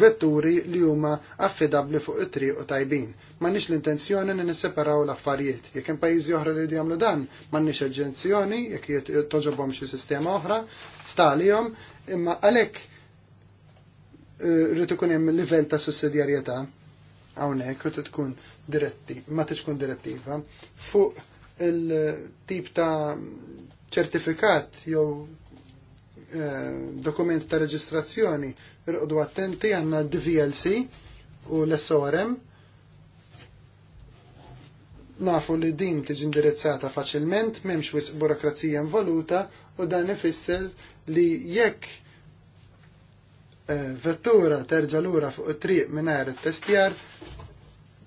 vetturi li huma affidabli fuq it-triq u tajbin. M'għandniex l-intenzjoni li nisseparaw l-affarijiet. Jekk hemm pajjiżi oħra li jagħmlu dan, m'għandniex aġenzjoni, jekk toġobhom xi sistema oħra, stalihom, imma għalhekk eh, rrid ikun hemm livell ta' sussidjarjetà hawnhekk u tkun diretti, ma tkun direttiva fuq il-tip ta' ċertifikat jew eh, dokument ta' reġistrazzjoni irqdu attenti għanna DVLC u l-SORM nafu li din tiġi indirizzata faċilment, memx wis burokrazija involuta u dan ifisser li jekk Eh, vettura terġa' lura fuq it-triq mingħajr it-testjar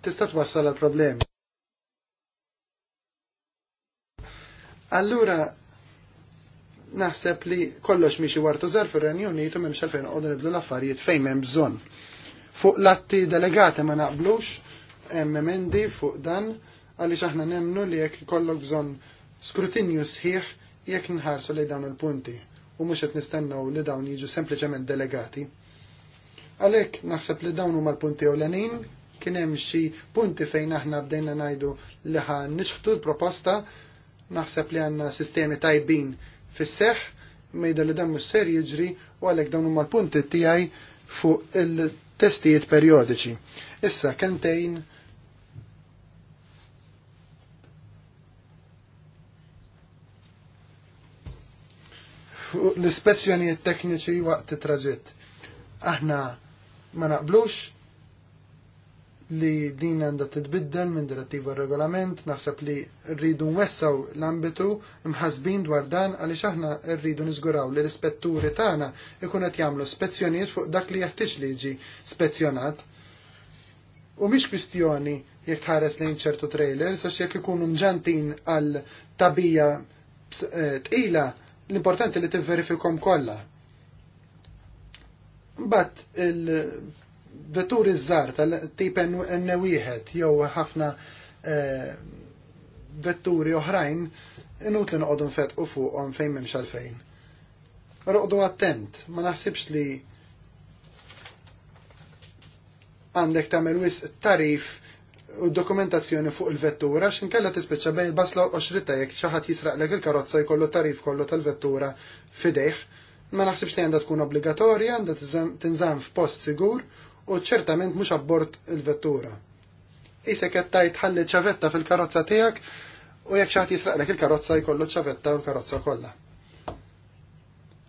tista' twassal għal problemi. Allura naħseb li kollox miexi wartu żar fir-Renju Unitu m'hemmx għalfejn qogħdu nibdu l-affarijiet fejn hemm bżonn. Fuq l-atti delegati ma naqblux hemm emendi fuq dan għaliex aħna nemnu li jekk ikollok bżonn skrutinju sħiħ jekk nħarsu lejn dawn il-punti u mhux qed nistennew li dawn jiġu sempliċement delegati. Għalhekk naħseb li dawn huma l-punti ewlenin kien hemm xi punti fejn aħna bdejna ngħidu li ħan nixħtu l-proposta naħseb li għandna sistemi tajbin fis seħ mejda li dan mhux ser jiġri u għalhekk dawn huma l-punti tiegħi fuq il-testijiet periodiċi. Issa kentejn l-ispezzjonijiet tekniċi waqt it-traġett. Aħna ma naqblux li din għandha titbiddel minn direttiva regolament, naħseb li rridu nwessaw l-ambitu mħasbin dwar dan għaliex aħna rridu niżguraw li l-ispetturi tagħna ikun qed jagħmlu spezzjonijiet fuq dak li jeħtieġ li jiġi spezzjonat. U mhix kwistjoni jekk tħares lejn ċertu trailers għax jekk ikunu mġantin għal tabija eh, tqila L-importanti li t-verifikom kollha. Bat il-vetturi żgħar tal-tip N1 jew ħafna eh, vetturi oħrajn inut li noqogħdu fuq fuqhom fejn minn għalfejn. Roqdu attent, ma naħsibx li għandek tagħmel wisq tarif u dokumentazzjoni fuq il-vettura x'inkella tispiċċa bejn basla u xritta jekk xi ħadd jisraqlek il-karozza jkollu tarif kollu tal-vettura fidejh. Ma naħsibx li għanda tkun obbligatorja, għandha tinżamm f'post sigur u ċertament mhux abbord il-vettura. Isek qed ħalli ċavetta fil-karozza tiegħek u jekk xaħat jisraq jisraqlek il-karozza jkollu ċavetta u l karotza kollha.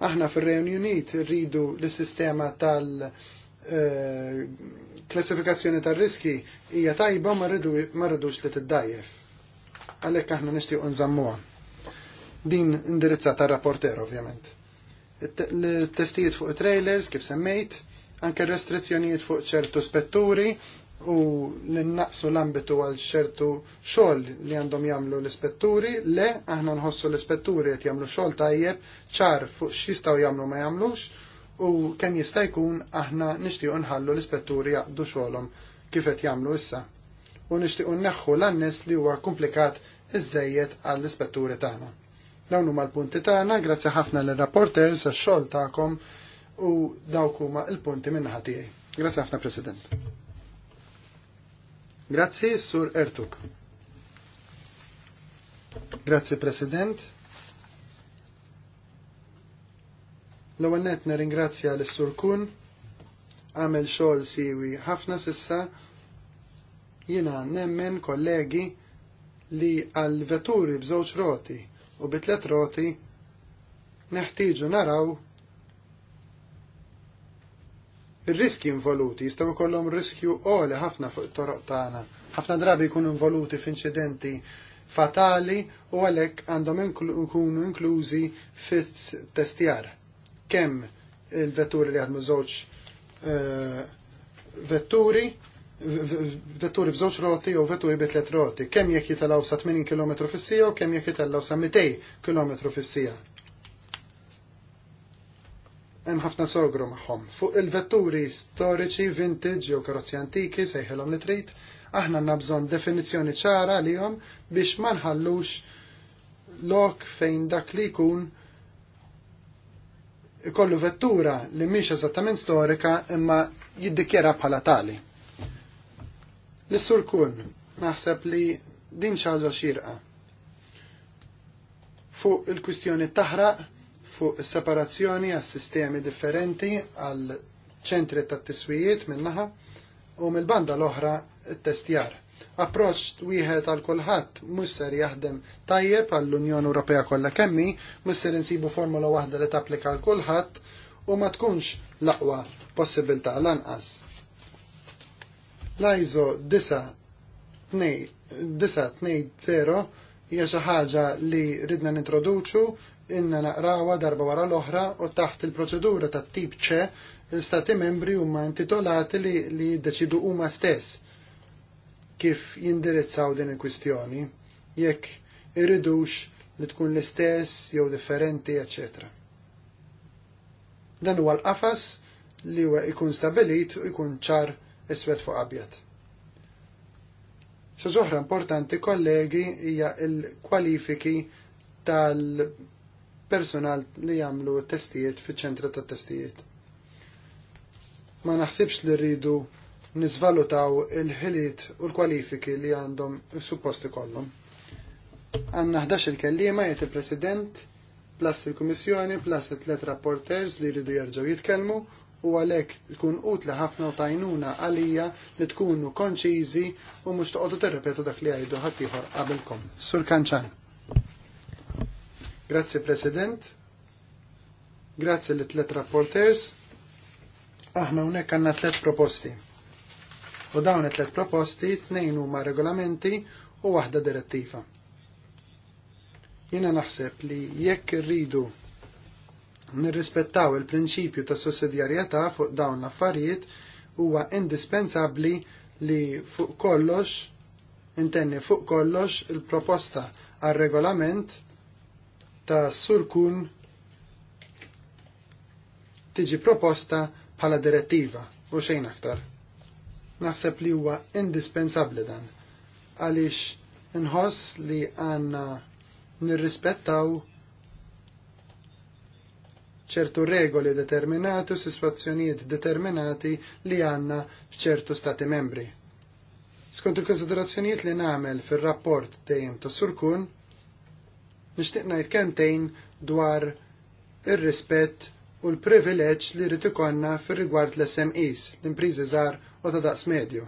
Aħna fir reunionit rridu l-sistema tal- eh, klassifikazzjoni tar-riski hija tajba ma rridux li tiddajjef. Għalhekk aħna nixtiequ nżammuha. Din tar rapporter ovvjament. Testijiet fuq trailers kif semmejt, anke restrizzjonijiet fuq ċertu spetturi u l-naqsu l-ambitu għal ċertu xogħol li għandhom jagħmlu l-ispetturi, le aħna nħossu l-ispetturi qed jagħmlu xogħol tajjeb ċar fuq x'jistgħu jagħmlu ma jagħmlux u kemm jista' jkun aħna nixtiequ nħallu l-ispetturi jaqdu xogħolhom kif qed jagħmlu issa. U nixtiequ nneħħu l-annes li huwa komplikat iżejjed għall-ispetturi tagħna. Dawn huma l-punti tagħna, grazzi ħafna lir-rapporters għax-xogħol tagħkom u dawk huma l-punti minn naħa tiegħi. Grazzi ħafna President. Grazzi, Sur Ertuk. Grazzi President. L-ewwel nett nirringrazzja lis sur Kun għamel xogħol siwi ħafna sissa jiena nemmen kollegi li għal vetturi b'żewġ roti u bitlet roti neħtieġu naraw ir-riski involuti jistgħu jkollhom riskju qoli ħafna fuq it-toroq tagħna. Ħafna drabi jkunu involuti f'inċidenti fatali u għalhekk għandhom ikunu inklużi fit-testjar kemm il-vetturi li għadmu żewġ eh, vetturi, vetturi b'żewġ roti jew vetturi bi roti, kemm jekk jitalaw sa 80 km fis-sija u kemm jekk jitalaw sa 200 km fis-sija. Hemm ħafna sogru magħhom. Fuq il-vetturi storiċi, vintage jew karozzi antiki sejħilhom li trid, aħna nabżon definizjoni ċara ċara għalihom biex ma nħallux lok fejn dak li jkun ikollu vettura li mhix eżattament storika imma jiddikjera bħala tali. L-sur kun, naħseb li din xaġa xirqa. Fuq il-kwistjoni taħraq, fuq separazzjoni għas sistemi differenti għal ċentri tat tiswijiet minnaħa u mill-banda l-oħra t-testjar approċċ wieħed għal kulħadd mhux ser jaħdem tajjeb għall-Unjoni Ewropea kollha kemmi, mhux ser insibu formula waħda li tapplika għal kulħadd u ma tkunx l-aqwa possibilità lanqas. L-ISO 0 hija xi ħaġa li ridna nintroduċu inna naqrawa darba wara l-oħra u taħt il-proċedura tat tip ċe l-stati membri huma intitolati li jiddeċidu huma stess kif jindirizzaw din il-kwistjoni, jekk irridux li tkun l-istess jew differenti, ecc. Dan huwa l-qafas li huwa jkun stabilit u jkun ċar iswed fuq abjad. Xa ġoħra importanti, kollegi, hija l-kwalifiki tal-personal li jagħmlu testijiet fiċ ċentra tat testijiet. Ma naħsibx li rridu nizvalutaw il-ħiliet u l-kwalifiki li għandhom supposti kollhom. Għanna 11 il-kellima jgħet il-President, plus il-Kummissjoni, plus it-tlet rapporters li jridu jerġgħu jitkellmu u għalek tkun utla ħafna u tajnuna għalija li tkunu konċizi u mux toqgħodu terrepetu dak li għajdu ħaddieħor qabelkom. Sur Kanċan. Grazzi President. Grazzi li tlet rapporters. Aħna hawnhekk għandna tlet proposti. U dawn it-tlet proposti tnejn huma regolamenti u waħda direttiva. Jiena naħseb li jekk irridu nirrispettaw il-prinċipju ta' sussidjarjetà fuq dawn l-affarijiet huwa indispensabbli li fuq kollox intenni fuq kollox il-proposta għal regolament ta' surkun tiġi proposta bħala direttiva u xejn aktar. Naħseb li huwa indispensabli dan għaliex nħoss li għanna nirrispettaw ċertu regoli determinati u sisfazzjonijiet determinati li għanna f'ċertu stati membri. Skont il-konsiderazzjonijiet li nagħmel fir-rapport dejjem tas surkun, nixtieq ngħid kentejn dwar ir-rispett u l-privileġġ li rritu konna fir-rigward l-SMEs, l-impriżi żgħar u ta' daqs medju.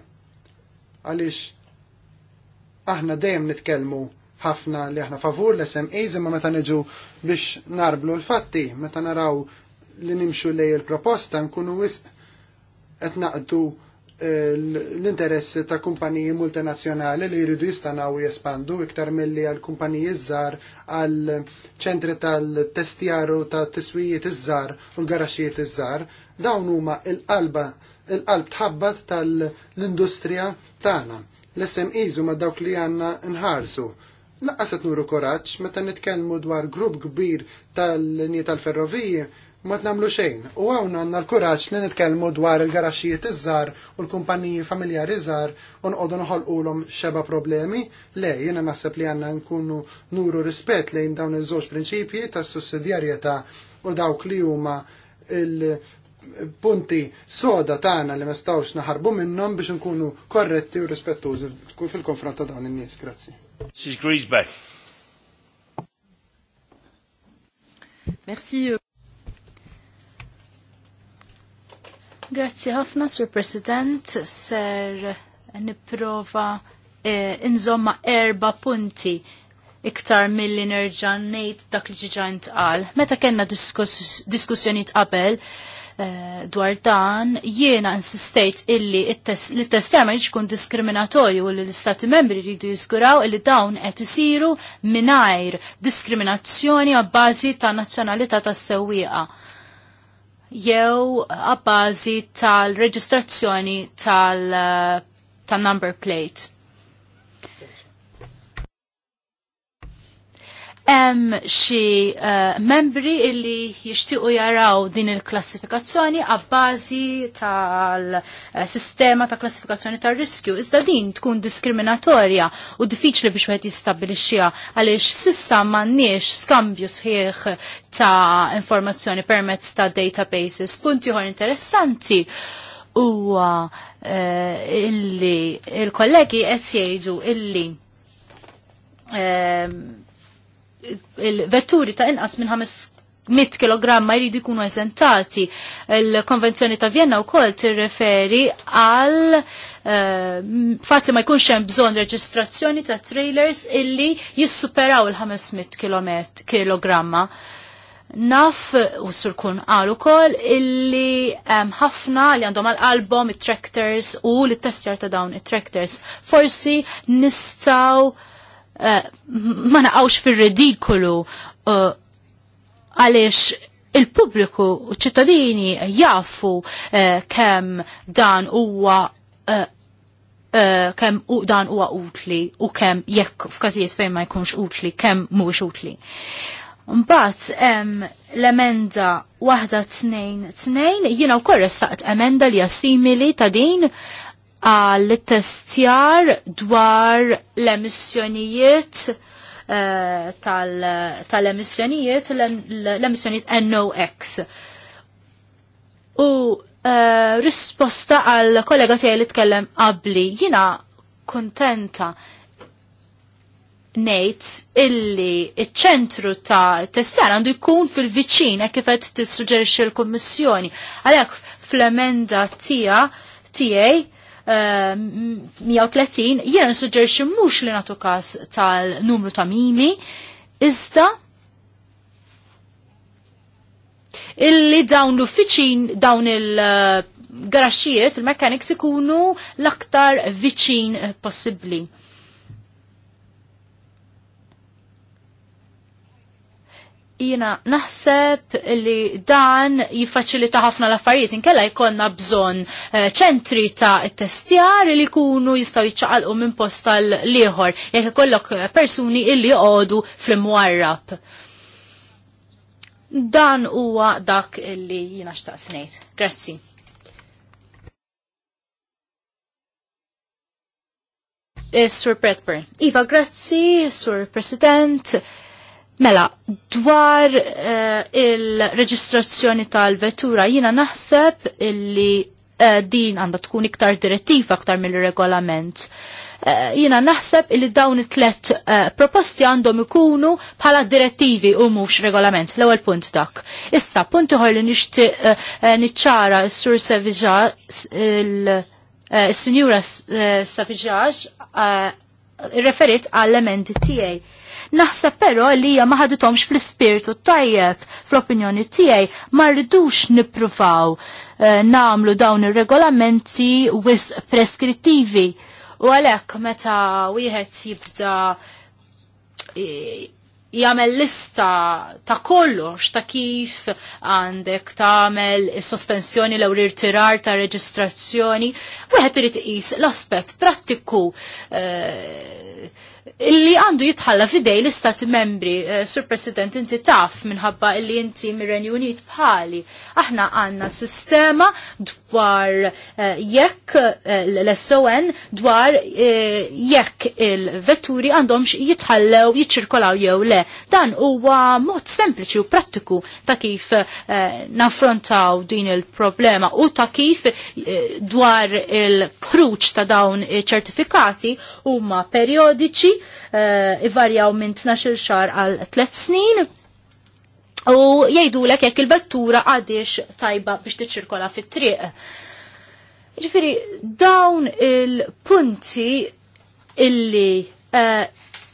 Għaliex aħna dejjem nitkellmu ħafna li aħna favur l-SMEs ma meta niġu biex narblu l-fatti, meta naraw li nimxu lej il-proposta nkunu wisq qed naqdu eh, l-interessi ta' kumpaniji multinazzjonali li jridu jistanaw jespandu iktar milli għal kumpaniji iż-żar għal ċentri tal-testjaru ta' tiswijiet iż-żar u l-garaxijiet iż-żar dawn huma il-qalba il-qalb tħabbat tal-industrija tagħna. L-SMEs huma dawk li għandna nħarsu. Laqqaset nuru koraċ, meta nitkellmu dwar grupp kbir tal-linji tal-ferroviji, ma tnamlu xejn. U għawn għanna l kuraġġ li nitkellmu dwar il-garaxxijiet iż-żar u l-kumpaniji familjari żgħar u nqogħdu noħolqulhom xeba problemi. Le, jiena naħseb li għandna nkunu nuru rispett lejn dawn iż-żewġ prinċipji tas-sussidjarjetà u dawk li huma punti soda tagħna li ma stawx naħarbu minnhom biex nkunu korretti u rispettużi fil-konfront ta' dawn in-nies. Grazzi. Sis Merci. Euh. Grazzi ħafna, Sur President, ser eh, niprofa eh, inżomma erba punti iktar mill-li nerġan nejt dak li ġiġan tqal. Meta kena diskussjoni tqabel, Eh, dwar dan jiena insistejt illi l-testjar ma jkun diskriminatorju li l-istati membri jridu jiskuraw illi dawn qed isiru mingħajr diskriminazzjoni għabbażi ta' nazzjonalità tas-sewwieqa jew għabbażi tal-reġistrazzjoni tal-number eh, plate hemm xi uh, membri illi jixtiequ jaraw din il-klassifikazzjoni għabbażi tal-sistema ta' klassifikazzjoni tar-riskju. Iżda din tkun diskriminatorja u diffiċli biex wieħed jistabbilixxiha għaliex sissa m'għandniex skambju sħiħ ta' informazzjoni permezz ta' databases. Punti ħor interessanti huwa uh, illi il-kollegi qed jgħidu illi um, il-vetturi ta' inqas minn 500 kg jridu jkunu eżentati. Il-Konvenzjoni ta' Vienna wkoll tirreferi għal eh, fat li ma jkunx hemm bżonn reġistrazzjoni ta' trailers illi jissuperaw il-500 kg. Naf u surkun għal ukoll illi ħafna li għandhom għal-album it-tractors u l-testjar ta' dawn it-tractors. Forsi nistaw ma naqgħux fir-ridikulu uh, għaliex il-pubbliku u ċittadini jafu uh, kemm dan huwa uh, kem u dan huwa utli u kem jekk f'każijiet fejn ma jkunx utli, kem mhuwiex utli. Mbagħad hemm l-emenda waħda tnejn tnejn jiena wkoll ressaqt emenda li simili ta' din għal testjar dwar l-emissjonijiet eh, tal emissjonijiet l emissjonijiet NOx. U eh, risposta għal kollega tiegħi li tkellem qabli jina kontenta nejt illi iċ-ċentru ta' testjar għandu jkun fil-viċin kif qed tissuġġerixxi l-Kummissjoni. Għalhekk fl-emenda tija tiegħi 130 jiena nsuġġerixxi mux li natu kas tal-numru ta' mili iżda illi dawn l-uffiċin dawn il-garaxxijiet, il-mechanics ikunu l-aktar viċin possibbli. Jina naħseb li dan jiffaċilita ħafna l-affarijiet inkella jkollna bżonn eh, ċentri ta' testjar li jkunu jistgħu jiċċaqalqu minn posta tal-ieħor jekk ikollok eh, persuni illi jqogħdu fl-imwarrab. Dan huwa dak illi jina xtaqt ngħid. Grazzi. Eh, Sur Pretburn. Iva, grazzi, Sur President Mela, dwar uh, il-reġistrazzjoni tal-vettura jina naħseb illi uh, din għanda tkun iktar direttiva aktar mill-regolament. Uh, jina naħseb illi dawn it-tlet uh, proposti għandhom ikunu bħala direttivi u mux regolament. L-ewel punt dak. Issa, punt uħor li nixti uh, niċċara s-sur Savija il-Sinjura Savija referit għall-emendi tijaj Naħseb però li hija ma ħadithomx fl-ispirtu tajjeb fl-opinjoni tiegħi ma rridux nippruvaw eh, nagħmlu dawn ir-regolamenti wis preskrittivi. U għalhekk meta wieħed jibda jagħmel lista ta' kollox ta' kif għandek tagħmel is-sospensjoni l irtirar ta' reġistrazzjoni, wieħed irid iqis l-aspett prattiku eh, illi għandu jitħalla fidej l-Istati membri, eh, Sur President, inti taf minħabba illi inti mir-Renju Unit bħali. Aħna għanna sistema dwar eh, jekk eh, l-SON dwar jekk il-vetturi għandhomx jitħallew, jiċirkolaw jew le. Dan huwa mod sempliċi u prattiku ta' kif naffrontaw din il-problema u ta' kif dwar il-kruċ ta' dawn ċertifikati huma periodiċi Eh, ivarjaw minn 12 xar għal 3 snin u jgħidu l jekk il-vettura għadix tajba biex tiċirkola fit-triq. Ġifiri, dawn il-punti illi eh,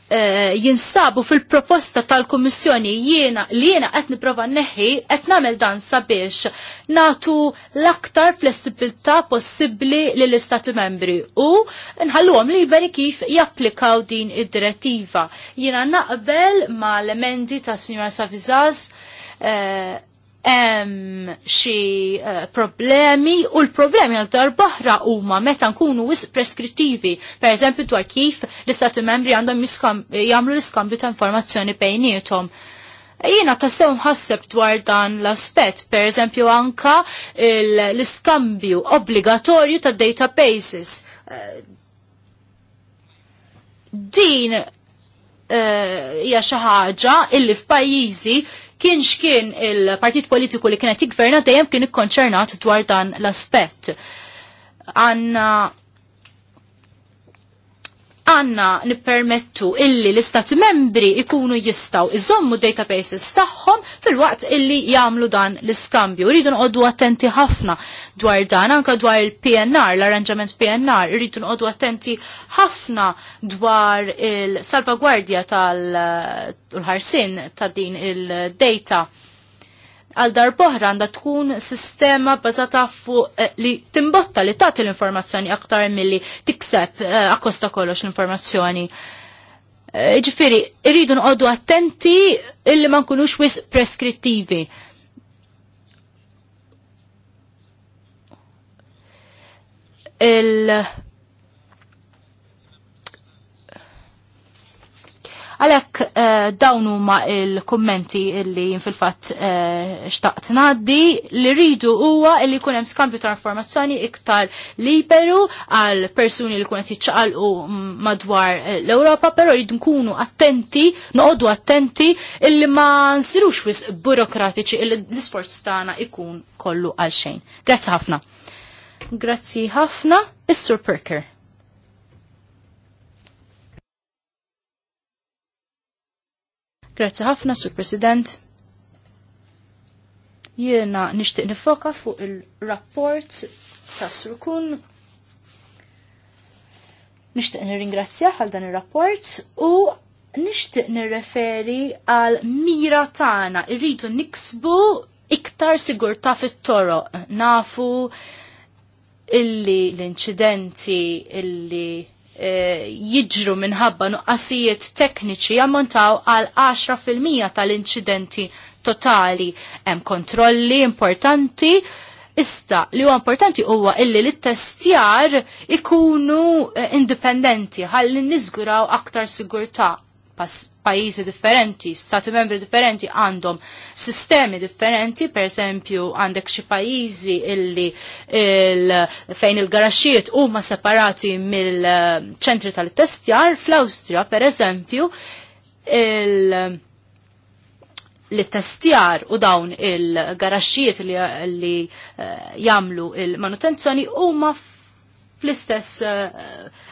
Eh, jinsabu fil-proposta tal-Kommissjoni jiena li jiena qed nipprova neħi qed nagħmel dan sabiex natu l-aktar flessibilità possibbli lill istati membri u nħalluhom liberi kif japplikaw din id-direttiva. Jiena naqbel ma l-emendi ta' Sinjora Savizaz eh, hemm xi eh, problemi u l-problemi għal darbaħra huma meta nkunu wis preskrittivi, pereżempju dwar kif l-istati membri għandhom jagħmlu l-iskambju ta' informazzjoni bejniethom. Jiena tassew nħasseb dwar dan l-aspett, per eżempju anka l-iskambju obbligatorju ta' databases. Eh, din eh, hija xi ħaġa illi f'pajjiżi kien xkien il-partit politiku li kienet jigverna dejjem kien ikkonċernat dwar dan l-aspett. Għanna għanna nippermettu illi l-istati membri ikunu jistaw iżommu databases tagħhom fil-waqt illi jagħmlu dan l-iskambju. Rridu nqogħdu attenti ħafna dwar dan, anka dwar il-PNR, l-arranġament PNR, rridu nqogħdu attenti ħafna dwar il-salvagwardja tal-ħarsin ta' din il-data għal darboħra għandha tkun sistema bazata fuq eh, li timbotta li tagħti l-informazzjoni aktar milli tikseb eh, akkosta kollox l-informazzjoni. Eh, ġifiri, irridu nqoddu attenti illi ma nkunux wis preskrittivi. il Għalhekk eh, dawn huma il-kummenti illi fil-fatt eh, xtaqt ngħaddi li rridu huwa li jkun hemm skambju ta' informazzjoni iktar liberu għal persuni li kunet qed jiċċaqalqu madwar eh, l-Ewropa, però rridu nkunu attenti, noqogħdu attenti illi ma nsirux wis burokratiċi illi l-isports tagħna ikun kollu għal xejn. Grazzi ħafna. Grazzi ħafna, is-Sur Perker. Grazzi ħafna, Sur President. Jiena nixtieq nifoka fuq il-rapport ta' Surkun. Nixtieq nirringrazzja għal dan ir-rapport u nixtieq nirreferi għal mira tagħna irridu niksbu iktar sigurtà fit-toroq. Nafu illi l-inċidenti illi Eh, jiġru minħabba nuqqasijiet tekniċi jammontaw għal 10% tal-inċidenti totali. Hemm kontrolli importanti, issa li huwa importanti huwa illi li testjar ikunu eh, indipendenti ħalli niżguraw aktar sigurtà pajjiżi differenti, stati membri differenti għandhom sistemi differenti, per esempio għandek xi pajjiżi illi il, fejn il-garaxiet huma separati mill-ċentri tal-testjar, fl-Awstrija per esempio il- l-testjar u dawn il-garaxiet li, li eh, jamlu il-manutenzjoni huma fl-istess eh,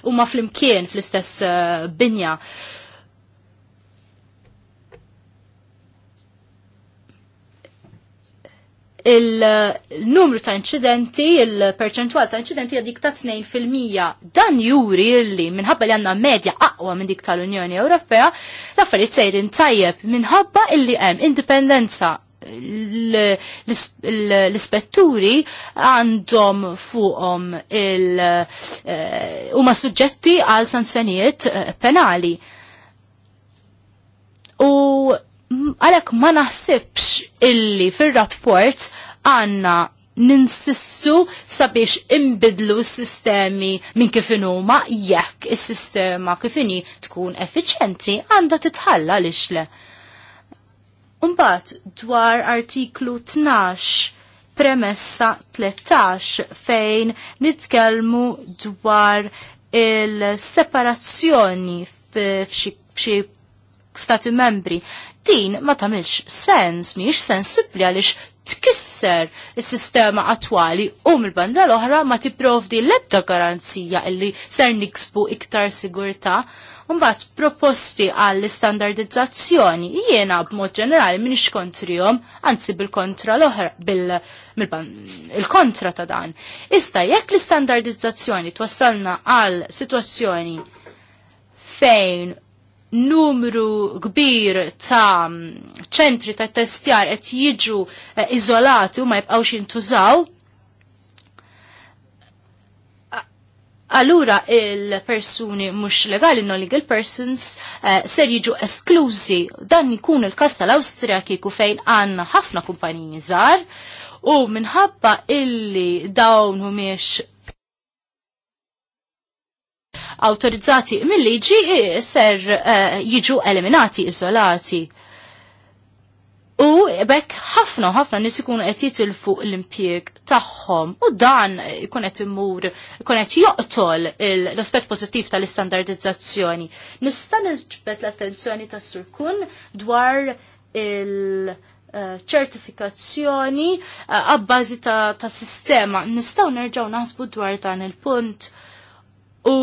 huma fl-imkien fl-istess eh, binja. Uh, il-numru ta' incidenti, il-perċentwal ta' incidenti għadik ta' 2%. Dan juri li minħabba li għanna medja aqwa minn dik tal-Unjoni Ewropea, l-affarijiet sejrin tajjeb minħabba illi hemm indipendenza l-ispetturi għandhom fuqhom il- eh, huma suġġetti għal sanzjonijiet eh, penali. U għalek ma naħsibx illi fil-rapport għanna ninsissu sabiex imbidlu s-sistemi minn ma jekk is-sistema kifini tkun effiċenti għanda titħalla lixle. Umbat dwar artiklu 12 premessa 13 fejn nitkellmu dwar il-separazzjoni f'xi stati membri din ma tamilx sens, miex sensibli għalix tkisser il-sistema attwali u mill-banda l-oħra ma tipprovdi l-ebda garanzija illi ser niksbu iktar sigurta. Mbagħad proposti għall istandardizzazzjoni jiena b'mod ġenerali minix kontrihom, anzi bil-kontra l-oħra bil il-kontra ta' dan. Ista jekk l-istandardizzazzjoni twassalna għal situazzjoni fejn numru kbir ta' ċentri ta' testjar qed jiġu eh, iżolati u ma jibqgħux jintużaw, allura il-persuni mhux legali non-legal persons eh, ser jiġu esklużi dan ikun il-kas tal-Awstrija kieku fejn għandna ħafna kumpaniji żgħar u minħabba illi dawn humiex autorizzati mill-liġi e, ser e, jiġu eliminati, izolati. U bekk ħafna ħafna nis ikunu qed jitilfu l-impjieg tagħhom u dan ikun qed imur ikun qed joqtol l-aspett pożittiv tal-istandardizzazzjoni. Nista' niġbed l-attenzjoni sur surkun dwar il- e, ċertifikazzjoni għabbażi ta', ta sistema. Nistgħu nerġgħu naħsbu dwar dan il-punt. Uh, u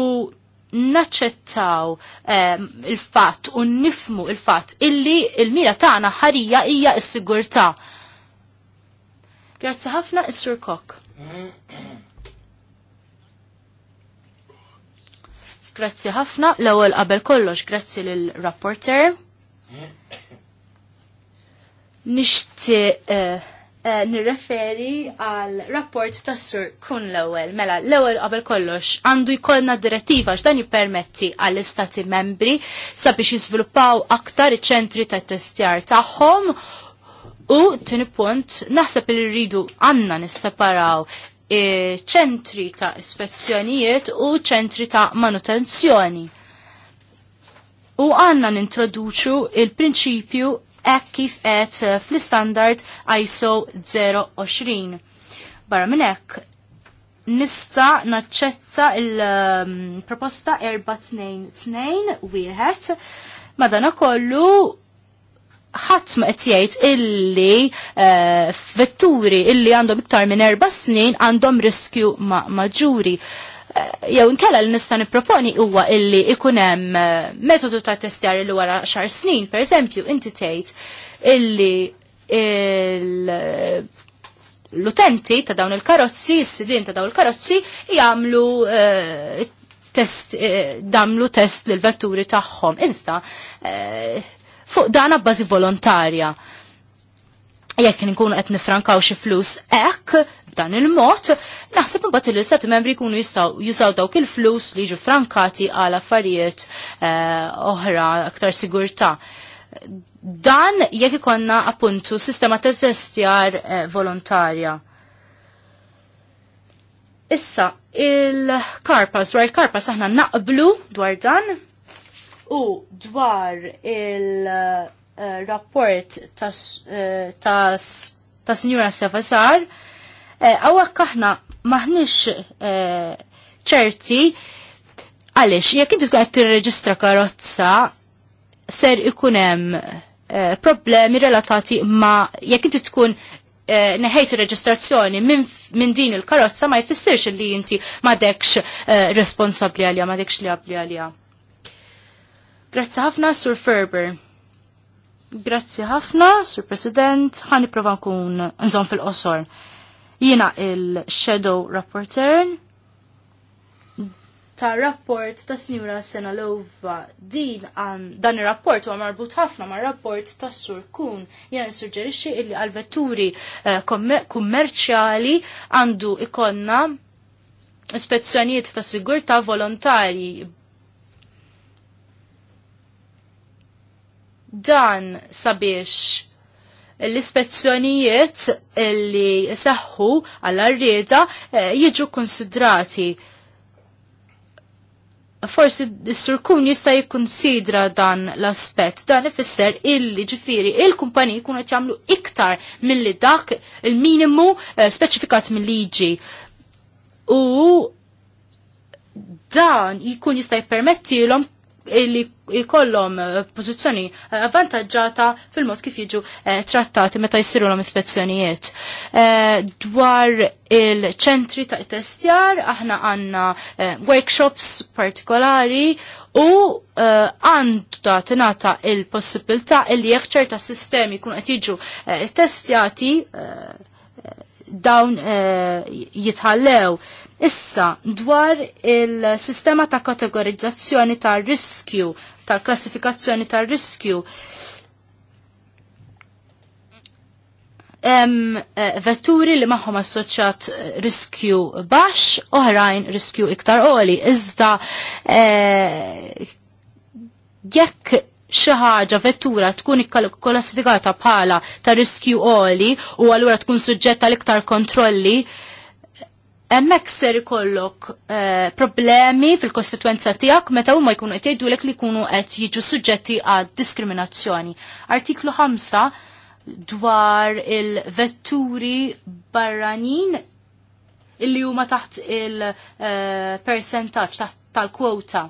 naċċettaw um, ehm, il-fatt u nifmu il-fatt illi il-mira tagħna ħarija hija s-sigurtà. Grazzi ħafna is-Sur Kok. Grazzi ħafna l-ewwel qabel kollox grazzi lill-rapporter. Nixtieq uh, Eh, nirreferi għal rapport tas sur kun l-ewel. Mela, l-ewel qabel kollox għandu jkollna direttiva x'dan jippermetti għall istati membri sabiex jiżviluppaw aktar iċ-ċentri ta' testjar tagħhom u tini punt naħseb li rridu għandna nisseparaw e, ċentri ta' ispezzjonijiet u ċentri ta' manutenzjoni. U għanna nintroduċu il-prinċipju hekk kif qed eh, fl-istandard ISO 020. Barra minn hekk nista naċċetta il ehm, proposta 422 2 wieħed madana kollu ħatma qed jgħid illi eh, vetturi illi għandhom iktar minn erba' snin għandhom riskju ma maġuri. Eh, jew inkella li nista' nipproponi huwa illi ikun hemm eh, metodu ta' testjar li wara xar snin, pereżempju inti tgħid illi l-utenti ta' dawn il-karozzi, s-sidin ta' dawn il-karozzi, jagħmlu eh, test, damlu test lil vetturi tagħhom. Iżda, fuq dan bbażi volontarja. Jekk nkunu qed nifrankaw xi flus hekk, Dan il-mod, naħseb imbagħad li l sat membri jkunu jistgħu jużaw dawk il-flus li jiġu frankati għal affarijiet eh, oħra aktar sigurtà. Dan jekk ikonna appuntu sistema ta' zestjar eh, volontarja. Issa, il-karpas, dwar il-karpas aħna naqblu dwar dan u dwar il-rapport eh, ta' signora Sefasar, Eh, għawak aħna maħnix eh, ċerti għalix, jek inti tkun qed tirreġistra karozza ser ikun hemm eh, problemi relatati ma jekk inti tkun neħejt reġistrazzjoni minn din il-karozza ma jfissirx li inti dekx responsabli għalja, dekx li għabli għalja. Grazzi ħafna, Sur Ferber. Grazzi ħafna, Sur President, ħani prova nkun nżom fil-qosor. Jiena il-Shadow Rapporteur ta' rapport ta' Sena Senalova din għan dan ir-rapport huwa marbut ħafna ma' rapport ta' Sur Kun. Jena nissuġġerixxi illi għal vetturi eh, kummerċjali għandu ikonna ispezzjonijiet ta' sigurtà volontarji. Dan sabiex l-ispezzjonijiet li seħħu għall-arrieda eh, jiġu konsidrati. Forsi s surkun jista' jikkonsidra dan l-aspett, dan ifisser illi ġifiri il-kumpani jkunu qed jagħmlu iktar milli dak il-minimu eh, speċifikat mill-liġi. U dan jkun jista' jippermettilhom li jkollhom eh, pożizzjoni eh, avvantaġġata fil-mod kif jiġu eh, trattati meta jsiru l ispezzjonijiet. Dwar il-ċentri ta' testjar aħna għandna workshops partikolari u għandu tingħata il-possibilità li jekk ċerta sistemi kun qed jiġu testjati dawn jitħallew Issa, dwar il-sistema ta' kategorizzazzjoni ta' riskju, tal-klassifikazzjoni ta' riskju, Em, eh, vetturi li maħħom assoċjat riskju baxx, oħrajn riskju iktar oli. Iżda eh, jekk xi ħaġa vettura tkun klassifikata bħala ta' riskju oli u allura tkun suġġetta l-iktar kontrolli, emmek ser ikollok eh, problemi fil-kostituenza tijak meta huma jkunu qed jgħidulek li jkunu qed jiġu suġġetti għad diskriminazzjoni. Artiklu 5 dwar il-vetturi barranin illi huma taħt il-percentaġġ eh, taħt tal-kwota.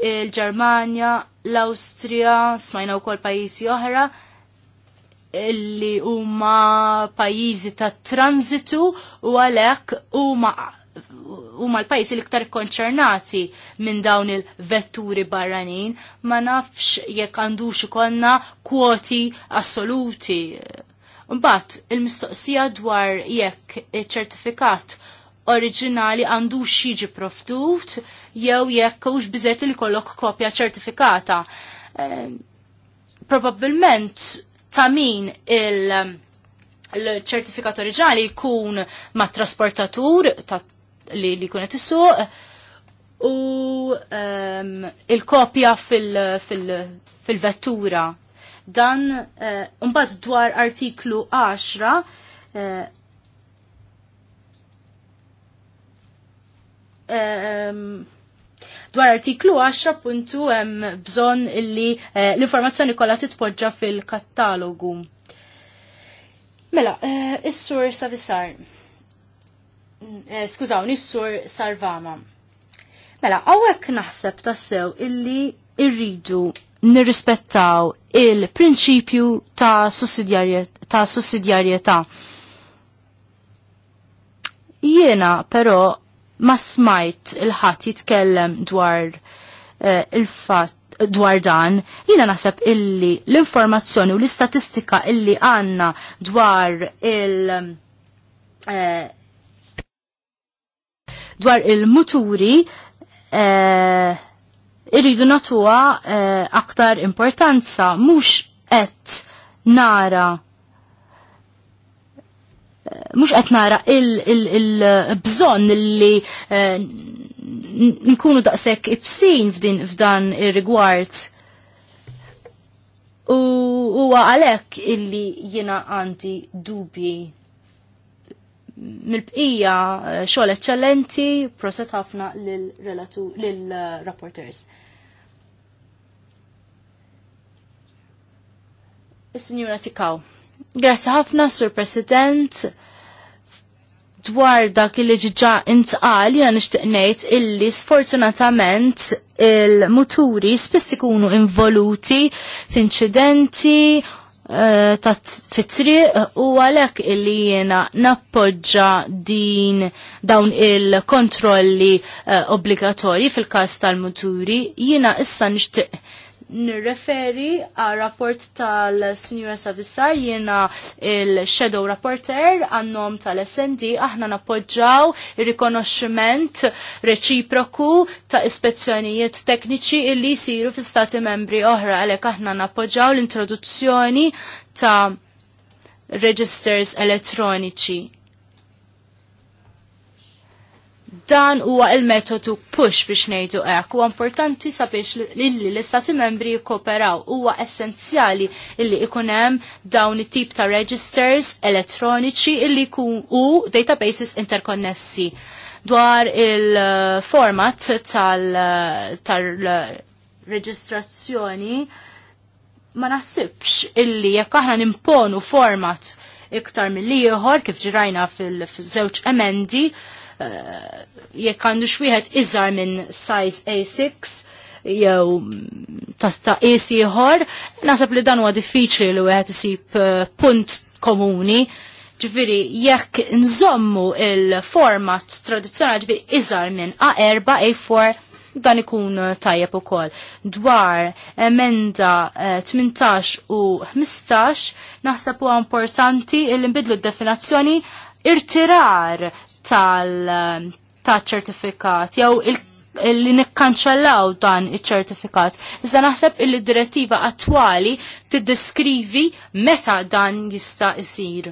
Il-Ġermanja, l-Awstrija, smajna wkoll pajjiżi oħra, li huma pajjiżi ta' transitu u għalhekk huma huma l-pajjiżi l-iktar konċernati minn dawn il-vetturi barranin, ma nafx jekk għandux ikollna kwoti assoluti. Mbagħad il-mistoqsija dwar jekk iċ-ċertifikat oriġinali għandu xieġi profdut jew jekk hux biżet li kollok kopja ċertifikata. E, ta' min il- um, l-ċertifikat oriġinali jkun ma' trasportatur li li kunet issuq u um, il-kopja fil-vettura. Fil, fil Dan uh, mbagħad dwar artiklu 10 uh, um, dwar artiklu 10 puntu hemm bżonn illi eh, l-informazzjoni kollha titpoġġa fil katalogu Mela, eh, is-sur Savisar. Eh, skużawni, is-sur Sarvama. Mela, għawek naħseb tassew illi irridu nirrispettaw il-prinċipju ta' sussidjarjetà. Jiena, però, ma smajt il-ħadd jitkellem dwar uh, eh, il fat dwar dan, jina nasab illi l-informazzjoni u l-istatistika illi għanna dwar il- eh, dwar il-muturi eh, irridu natuwa eh, aktar importanza mux qed nara mux qed nara il-bżonn eh, li eh, nkunu daqshekk ibsin f'din f'dan ir-rigward. U huwa għalhekk illi jiena għandi dubji mill-bqija eh, xogħol eċċellenti, proset ħafna lill-rapporters. Is-Sinjura Tikaw. Grazzi ħafna, Sur President dwar dak li ġiġa intqal jena nixtieq ngħid illi sfortunatament il-muturi spiss ikunu involuti f'inċidenti eh, ta' fit-triq u għalhekk illi jiena nappoġġa din dawn il-kontrolli eh, obbligatorji fil-każ tal-muturi jiena issa nixtieq nirreferi għal rapport tal-Sinjura Savissar jiena il-Shadow Rapporter għannom tal-SND aħna nappoġġaw il-rikonoxximent reċiproku ta' ispezzjonijiet tekniċi illi jisiru fi stati membri oħra għalek aħna nappoġġaw l-introduzzjoni ta' registers elettroniċi dan huwa il-metodu push biex ngħidu hekk. Huwa importanti sabiex illi l-istati membri jikkoperaw. Huwa essenzjali illi ikun hemm dawn it-tip ta' registers elettroniċi illi jkun u databases interkonnessi dwar il-format tal-reġistrazzjoni tal ma naħsibx illi jekk aħna nimponu format iktar mill-ieħor kif ġirajna fil-żewġ emendi uh, jekk għandu xwieħed iżar minn size A6 jew tasta qis ieħor, naħseb li dan huwa diffiċli li wieħed isib eh, punt komuni. Ġifiri, jekk nżommu il-format tradizzjonali ġifiri iżar minn A4, A4, dan ikun eh, tajjeb ukoll. Dwar emenda 18 eh, u 15 naħseb huwa importanti il nbidlu d-definazzjoni irtirar tal ta' ċertifikat jew li nikkanċellaw dan iċ-ċertifikat. Iżda naħseb il direttiva attwali tiddeskrivi meta dan jista' isir.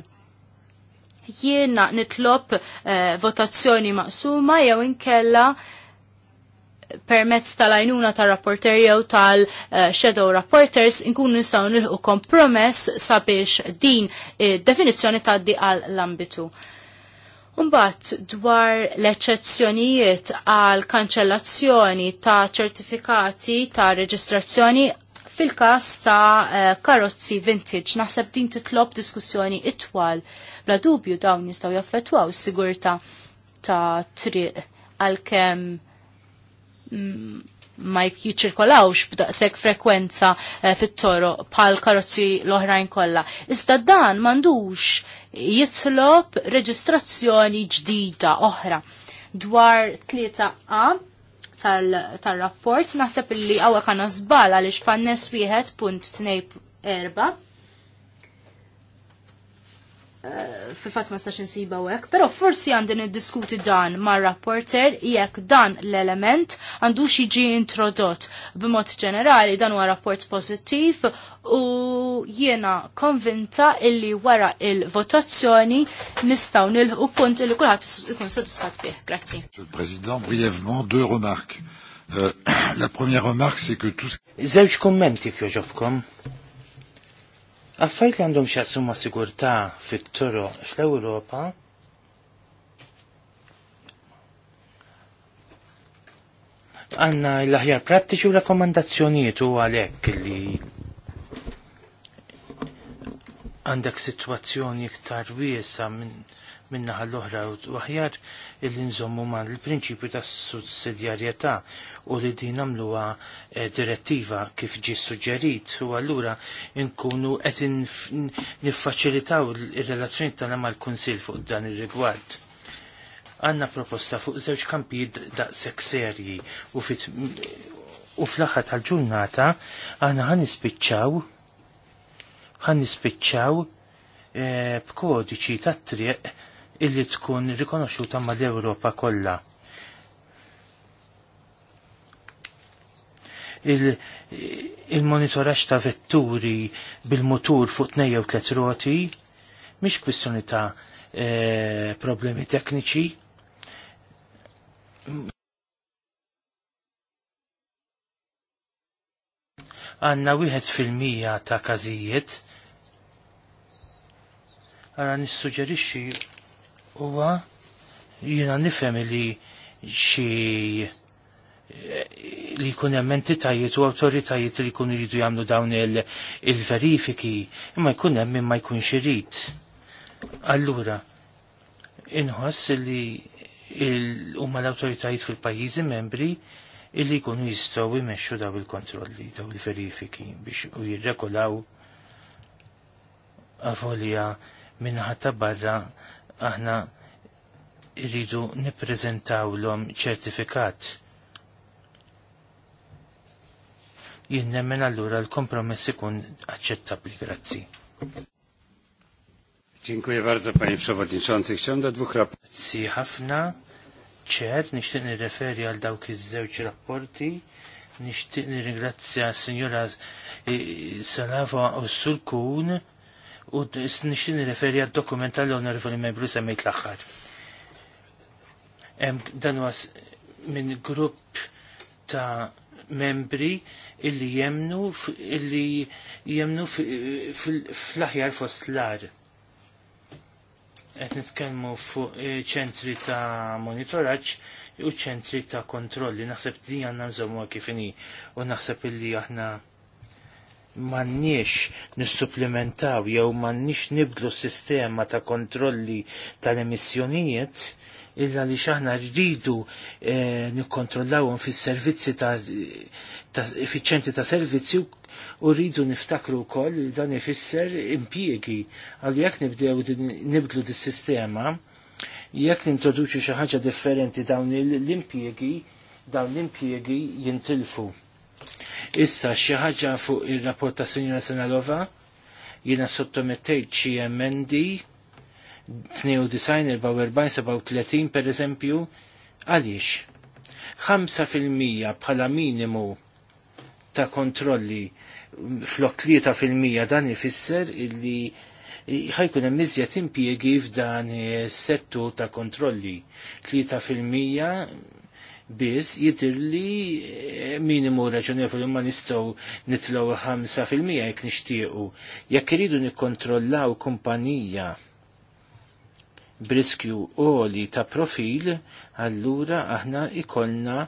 Jiena nitlob eh, votazzjoni maqsuma jew inkella permezz tal-għajnuna tal-rapporter jew tal-shadow eh, rapporters nkun nisaw nilħu kompromess sabiex din id eh, definizzjoni taddi għal l-ambitu. Umbat dwar l-eċezzjonijiet għal kanċellazzjoni ta' ċertifikati ta' reġistrazzjoni fil-kas ta' eh, karozzi vintage. Naħseb din titlob diskussjoni itwal. Bla dubju dawn jistaw jaffetwaw sigurta ta' triq għal-kem mm, ma jiċirkolawx b'daqshekk frekwenza eh, fit-toro bħal karozzi l-oħrajn kollha. Iżda dan m'għandux jitlob reġistrazzjoni ġdida oħra dwar tlieta a tal-rapport naħseb li għawa kana għaliex fan nes wieħed punt tnej erba' fil-fat ma stax insiba hekk, però forsi għandin niddiskuti dan ma' rapporter jekk dan l-element għandu jiġi introdott b'mod ġenerali dan huwa rapport pozittiv, u jiena konvinta illi wara il-votazzjoni nistgħu nilħu punt illi kulħadd ikun sodisfat bih. Grazzi. President, brievement, deux remarques. Euh, la première remarque c'est que tout Żewġ kommenti kjoġobkom. Għaffajt li għandhom xaqsu ma' sigurtà fit-toro fl-Ewropa għanna l-aħjar prattiċi u rakkomandazzjonijiet u għalek li għandek situazzjoni iktar wiesa minn minna l-oħra u aħjar illi nżommu ma l-prinċipju ta' sussidjarjetà u li din nagħmluha eh, direttiva kif ġi suġġerit u allura nkunu qed niffaċilitaw ir-relazzjoni tagħna mal kunsil fuq dan ir-rigward. Għanna proposta fuq żewġ kampijiet daqshekk serji u fit u fl-aħħar tal-ġurnata għana ħan nispiċċaw ħan nispiċċaw eh, b'kodiċi tat triq illi tkun rikonoxxuta mal-Ewropa kollha. il-monitoraċ il ta' vetturi bil-motur fuq tnejja u tlet roti mhix kwistjoni ta' e, problemi tekniċi. Għanna wieħed fil-mija ta' każijiet. Ara nissuġġerixxi huwa jiena nifhem li xi li jkun hemm entitajiet u awtoritajiet li jkunu jridu jagħmlu dawn il-verifiki, imma jkun hemm imma jkunx irid. Allura, inħoss li huma l-awtoritajiet fil-pajjiżi membri illi jkunu jistgħu jmexxu daw il-kontrolli, daw il-verifiki biex u jirregolaw avolja minnaħat ta' barra aħna irridu nippreżentawlhom ċertifikat. Jien nemmen allura l-kompromess ikun aċċettabbli, grazzi. Dziękuję bardzo Panie Przewodniczący. Chciałem do dwóch raportów. Si ħafna, ċer, nixtieq nirreferi għal dawk iż-żewġ rapporti, nixtieq nirringrazzja Signora eh, Salavo u Sulkun u nixtin referi għad dokument tal-onorevoli membru semmejt l-axħar. Dan was minn grupp ta' membri illi jemnu illi jemnu fl-aħjar fost l-ar. Qed nitkellmu fuq e, ċentri ta' monitoraċ u ċentri ta' kontrolli. Naħseb din għanna nżommu għakifini u naħseb illi aħna manniex nissupplementaw jew manniex nibdlu s-sistema ta' kontrolli tal-emissjonijiet illa li xaħna rridu e, nikkontrollawhom fis-servizzi ta', ta effiċenti ta' servizzi u rridu niftakru wkoll li dan ifisser impjiegi għal jekk nibdew nibdlu dis-sistema jekk nintroduċu xi ħaġa differenti dawn l-impjiegi dawn l-impjiegi jintilfu Issa xi ħaġa fuq ir-rapport ta' Sinjora Senalova jiena sottomettejt xi emendi 92 47 per eżempju għaliex 5% bħala minimu ta' kontrolli flok 3% dan ifisser illi ħajkun hemm iżjed impjiegi f'dan is-settur ta' kontrolli. 3% biss li eh, minimu li ma nistgħu nitlaw 5% jekk nixtiequ. Jekk iridu nikkontrollaw kumpanija briskju li ta' profil, allura aħna ikollna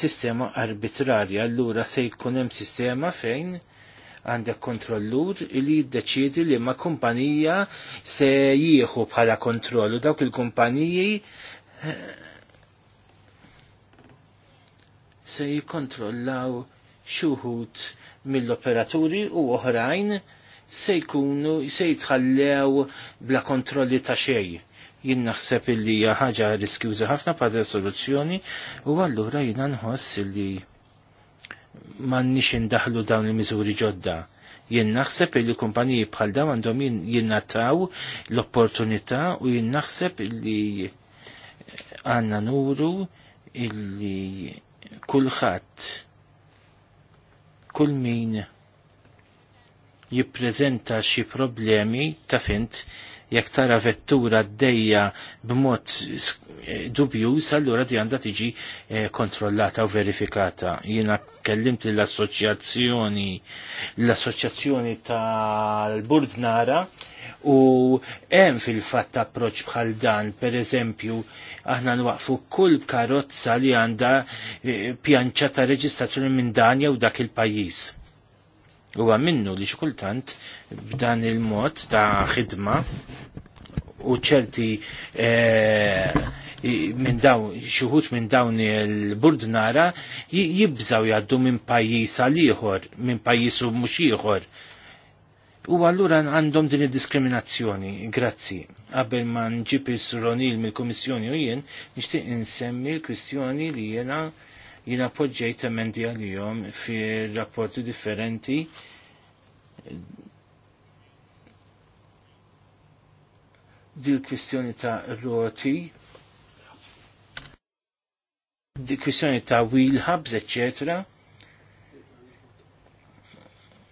sistema arbitrarja, allura se jkun hemm sistema fejn għandek kontrollur li jiddeċidi li ma kumpanija se jieħu bħala kontrollu dawk il-kumpaniji eh, se jikontrollaw xuħut mill-operaturi u oħrajn se jkunu se jitħallew bla kontrolli ta' xej. Jien naħseb illi hija ħaġa riskjuża ħafna pa' resoluzzjoni u allura jiena nħoss illi m'għandniex indaħlu dawn il-miżuri ġodda. Jien naħseb illi kumpaniji bħal dawn għandhom jinnataw l-opportunità u jien naħseb illi għandna nuru illi kulħadd kull min jippreżenta xi problemi ta' fint jekk tara vettura d-dejja b'mod eh, dubjuż, allura di għandha tiġi eh, kontrollata u verifikata. Jiena kellimt l-assoċjazzjoni l-assoċjazzjoni tal-Burdnara U hemm fil-fatt approċ bħal dan, per eżempju, aħna nwaqfu kull karozza li għandha eh, pjanċa ta' reġistrazzjoni minn dan jew dak il-pajjiż. U minnu li xkultant b'dan il-mod ta' ħidma u ċerti e, minn daw, xuħut minn dawn il-burdnara jibżaw jaddu minn pajjiż għal ieħor, minn pajjiż u mhux ieħor. U allura għandhom din id-diskriminazzjoni, grazzi. għabel ma nġib il sronil mill-Komissjoni u jien, nixtieq insemmi l-kwistjoni li jena jena poġġejt emendi għal-jom fi rapporti differenti dil kwistjoni ta' roti di kwistjoni ta' wheel hubs, eccetera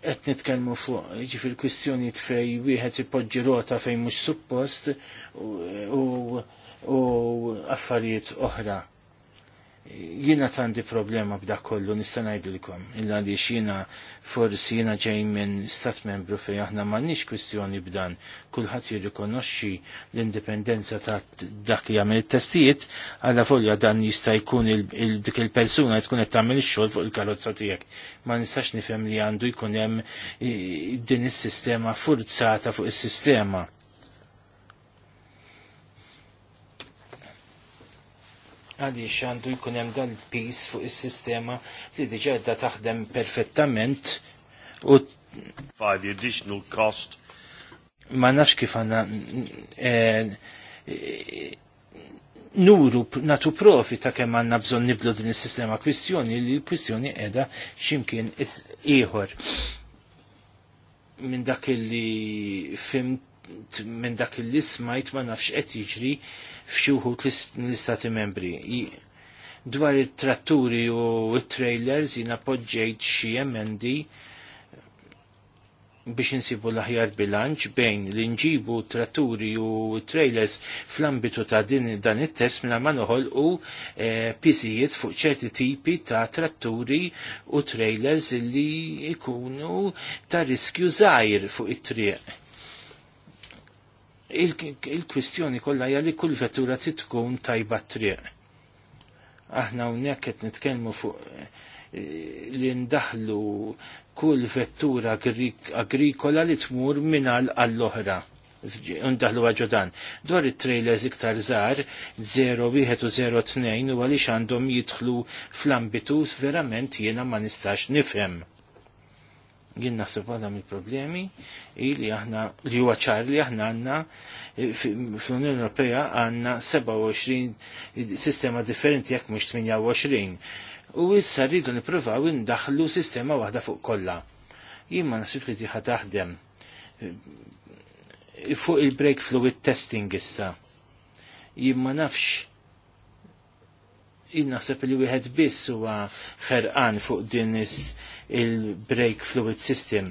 qed nitkellmu fuq ġifil jiġifieri kwistjoni fej wieħed ipoġġi rota fejn mhux suppost u affarijiet oħra. Jiena tandi problema b'dak kollu nista' ngħidilkom illa li jiena forsi jiena ġej minn stat membru fejn aħna m'għandniex kwistjoni b'dan. Kulħadd jirrikonoxxi l-indipendenza ta' dak li jagħmel it-testijiet għalla folja dan jista' jkun dik il-persuna tkun qed tagħmel ix-xogħol fuq il-karozza tiegħek. Ma nistax nifhem li għandu jkun hemm din is-sistema forzata fuq is-sistema. għaliex għandu jkun hemm dal-pis fuq is-sistema li diġà qiegħda taħdem perfettament u the additional cost ma nafx kif għandna eh, nuru natu profi ta' kemm għandna bżonn niblu din is-sistema kwistjoni li l-kwistjoni qiegħda x'imkien ieħor minn dak li fimt minn dak il ismajt ma nafx qed jiġri f'xuħu l-istati membri. Dwar it-tratturi u it-trailers jina poġġejt xi emendi biex insibu l-aħjar bilanċ bejn li nġibu tratturi u trailers fl-ambitu ta' din dan it-test minna mela ma u e, eh, pizijiet fuq ċerti tipi ta' tratturi u trailers li ikunu ta' riskju zaħir fuq it-triq il-kwistjoni kollha hija li kull vettura titkun tkun tajba triq. Aħna hawnhekk qed nitkellmu fuq eh, li ndaħlu kull vettura agrikola li tmur mingħal għall-oħra undaħlu għagġodan. Dwar it-trailers iktar zar, 01 u 02, u għalix għandhom jitħlu fl ambitus verament jena ma nistax nifhem jien naħseb għadha mill-problemi li aħna li huwa ċar li aħna għandna eh, fl-Unjoni Ewropea għandna 27 sistema differenti jekk mhux 28. U issa rridu nippruvaw indaħlu sistema waħda fuq kollha. Jien ma nasib li diħa taħdem eh, fuq il-break fluid testing issa. Jien ma nafx naħseb li wieħed biss huwa ħerqan fuq din il-break fluid system.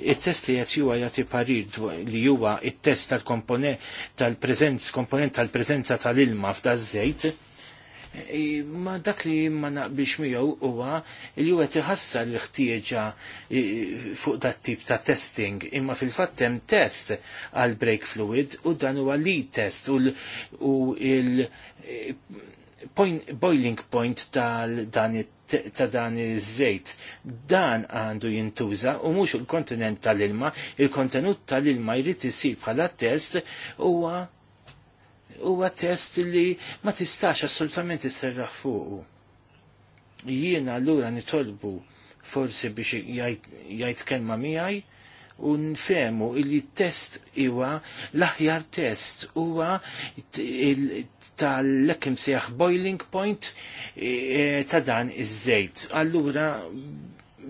Il-test li qed juwa jagħti parir li huwa it-test tal-komponent tal-preżenz komponent tal-preżenza tal-ilma f'da żejt ma dak li ma naqbilx miegħu huwa li huwa tiħassar l-ħtieġa fuq dat tip ta' testing imma fil-fatt hemm test għal break fluid u dan huwa li test u l point, boiling point tal dan ta' dan iż-żejt. Dan għandu jintuża u mhux il-kontinent tal-ilma, il-kontenut tal-ilma jrid isir bħala test huwa huwa test li ma tistax assolutament isserraħ fuq. Jiena allura nitolbu forsi biex jgħid kelma miegħi u il li test iwa l-aħjar test huwa tal-lekim seħ boiling point e, e, ta' dan iż-żejt. Allura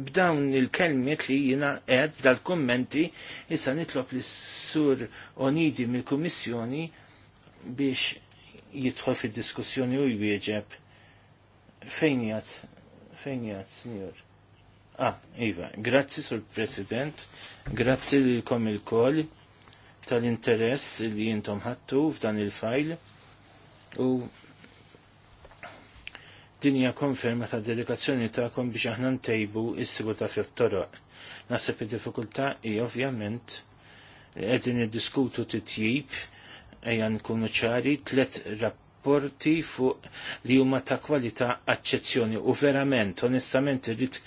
b'dawn il-kelmiet li jina għed dal-kommenti issa nitlob li sur onidi mill-Kummissjoni biex jidħol fil-diskussjoni u jwieġeb fejn jgħat, fejn jgħat, signor. Ah, Iva, grazzi sul President, grazzi l-kom il-koll tal-interess li jintom ħattu f'dan il-fajl u dinja konferma ta' dedikazzjoni kom biex aħna ntejbu is-sigurta fit-toroq. Naħseb id-diffikultà hi ovvjament qegħdin t titjib ejja nkunu ċari tliet rapp rapporti fuq li huma ta' kwalità accezzjoni u verament, onestament, irrid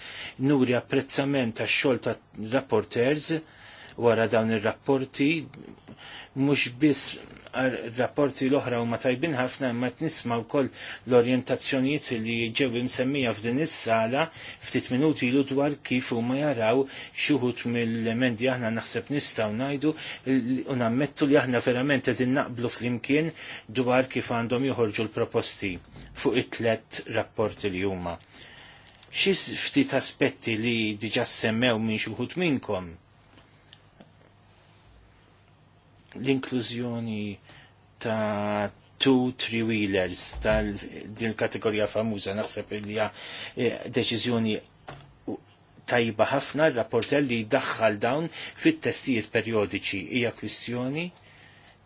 nuri apprezzament għax-xogħol ta' rapporters wara dawn ir-rapporti mhux biss rapporti l-oħra u ma tajbin ħafna ma t-nisma u koll l-orientazzjoniet li ġew semmija f'din is-sala ftit minuti ilu dwar kif u ma jaraw xuħut mill-emendi aħna naħseb nistaw najdu u nammettu li aħna verament qed naqblu fl-imkien dwar kif għandhom joħorġu l-proposti fuq it-tlet rapporti li huma. Xi ftit aspetti li diġa semmew minn xuħut minnkom l-inklużjoni ta' two three wheelers tal din kategorija famuża naħseb li hija eh, deċiżjoni tajba ħafna r rapportell li daħħal dawn fit-testijiet perjodiċi. hija kwistjoni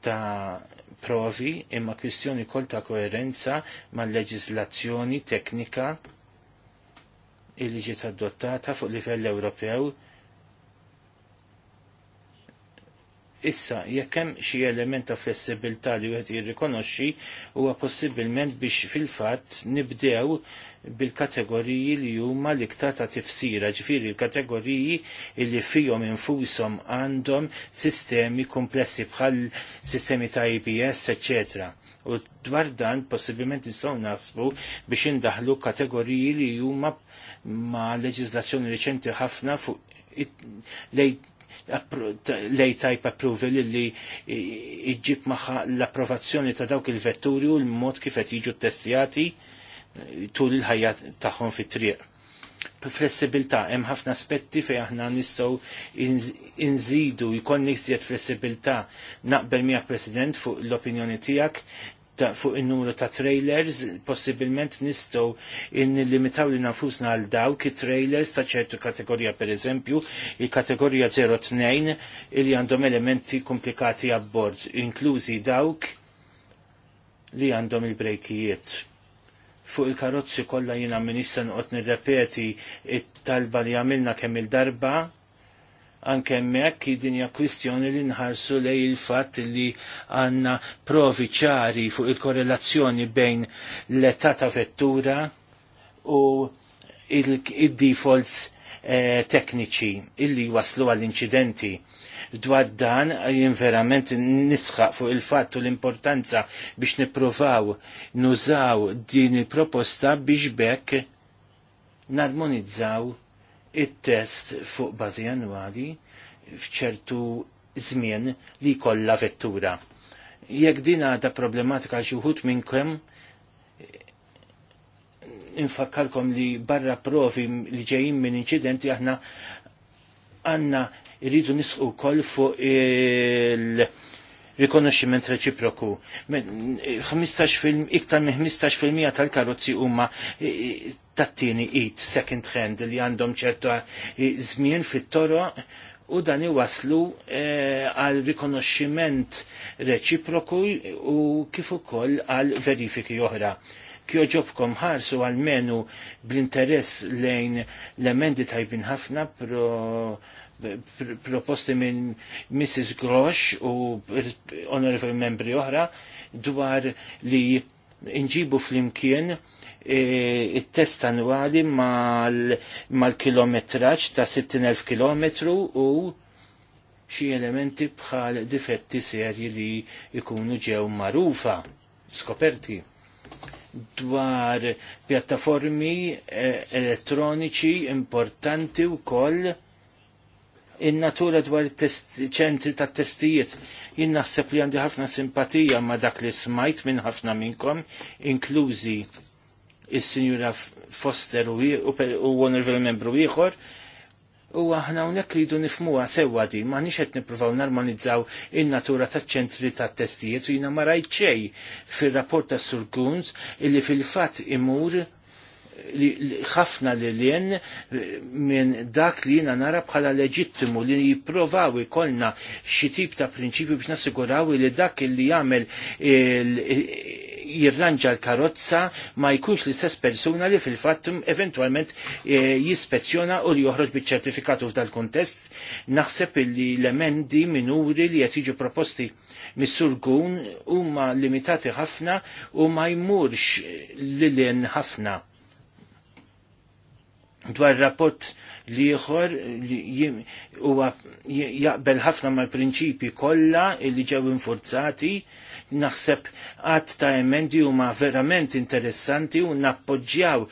ta' provi imma kwistjoni kol ta' koerenza mal leġiżlazzjoni teknika il-liġi adottata fuq livell Ewropew Issa, jekk hemm xi element ta' flessibilità li wieħed jirrikonoxxi, huwa possibilment biex fil-fatt nibdew bil-kategoriji li huma l-iktar ta' tifsira, ġifieri l-kategoriji li fihom infushom għandhom sistemi komplessi bħal sistemi ta' IPS, etc. U dwar dan possibilment nistgħu nasbu biex indaħlu kategoriji li huma ma' leġiżlazzjoni riċenti ħafna fuq lej tajp approval li iġib maħħa l-approvazzjoni ta' dawk il-vetturi u l-mod kif qed jiġu testjati eh, tul il-ħajja tagħhom fit-triq. Flessibilità, hemm ħafna aspetti fejn aħna nistgħu inżidu jkollni iżjed flessibilità naqbel miegħek President fuq l-opinjoni tiegħek ta' fuq il-numru ta' trailers, possibilment nistow in-limitaw li nafusna għal dawk trailers ta' ċertu kategorija, per eżempju, il-kategorija 02 il-li għandhom elementi komplikati abbord, inklużi dawk li għandhom il-brejkijiet. Fuq il-karozzi kollha jiena minissa noqgħod nirrepeti it-talba li għamilna kemm il-darba anke hemmhekk din hija kwistjoni li nħarsu lej il-fatt li għandna provi ċari fuq il-korrelazzjoni bejn l-età ta' vettura u il-defaults eh, tekniċi illi waslu għall-inċidenti dwar dan jien verament nisħaq fuq il-fatt u l-importanza biex nippruvaw nużaw din il-proposta biex bekk narmonizzaw it-test fuq bażi annwali fċertu żmien li kolla vettura. Jekk din għada problematika xi wħud minnkom infakkarkom li barra provi li ġejjin minn incidenti aħna għanna rridu nisqu kol fuq il- rikonoxximent reċiproku. 15 eh, film, iktar minn 15% tal-karozzi huma eh, eh, tat-tieni it second hand li għandhom ċerta żmien fit-toro u dan iwaslu għal rikonoxximent reċiproku u kif ukoll għal verifiki oħra ġobkom ħarsu għal-menu bl-interess lejn l-emendi tajbin ħafna pro proposti minn Mrs. Grosh u onorevoli membri oħra dwar li nġibu fl-imkien eh, il-test annuali mal-kilometraċ ta' 60.000 km u xie elementi bħal difetti serji li ikunu ġew marufa, skoperti dwar pjattaformi eh, elettroniċi importanti u koll in-natura dwar ċentri ta' testijiet. Jien naħseb li għandi ħafna simpatija ma' dak li smajt minn ħafna minnkom, inklużi il sinjura Foster u Honorable Membru ieħor, u aħna hawnhekk rridu nifmuha sewwa din, m'aħniex qed nippruvaw narmonizzaw in-natura taċ-ċentri tat-testijiet u jiena ma fil fir-rapport tas-Sur Kunz illi fil-fatt imur ħafna li l-jen minn dak li jina nara bħala leġittimu li jiprovaw ikolna xi tip ta' prinċipju biex nasigurawi li dak li jagħmel jirranġa l-karozza ma jkunx l-istess persuna li fil-fatt eventualment e, jispezzjona u li joħroġ biċ-ċertifikatu f'dal kontest naħseb li l-emendi minuri li qed proposti mis-sur Gun huma limitati ħafna u ma jmurx lilien ħafna dwar rapport li jħor huwa jaqbel ħafna mal-prinċipi kollha li ġew infurzati, naħseb għat ta' emendi huma verament interessanti u nappoġġjaw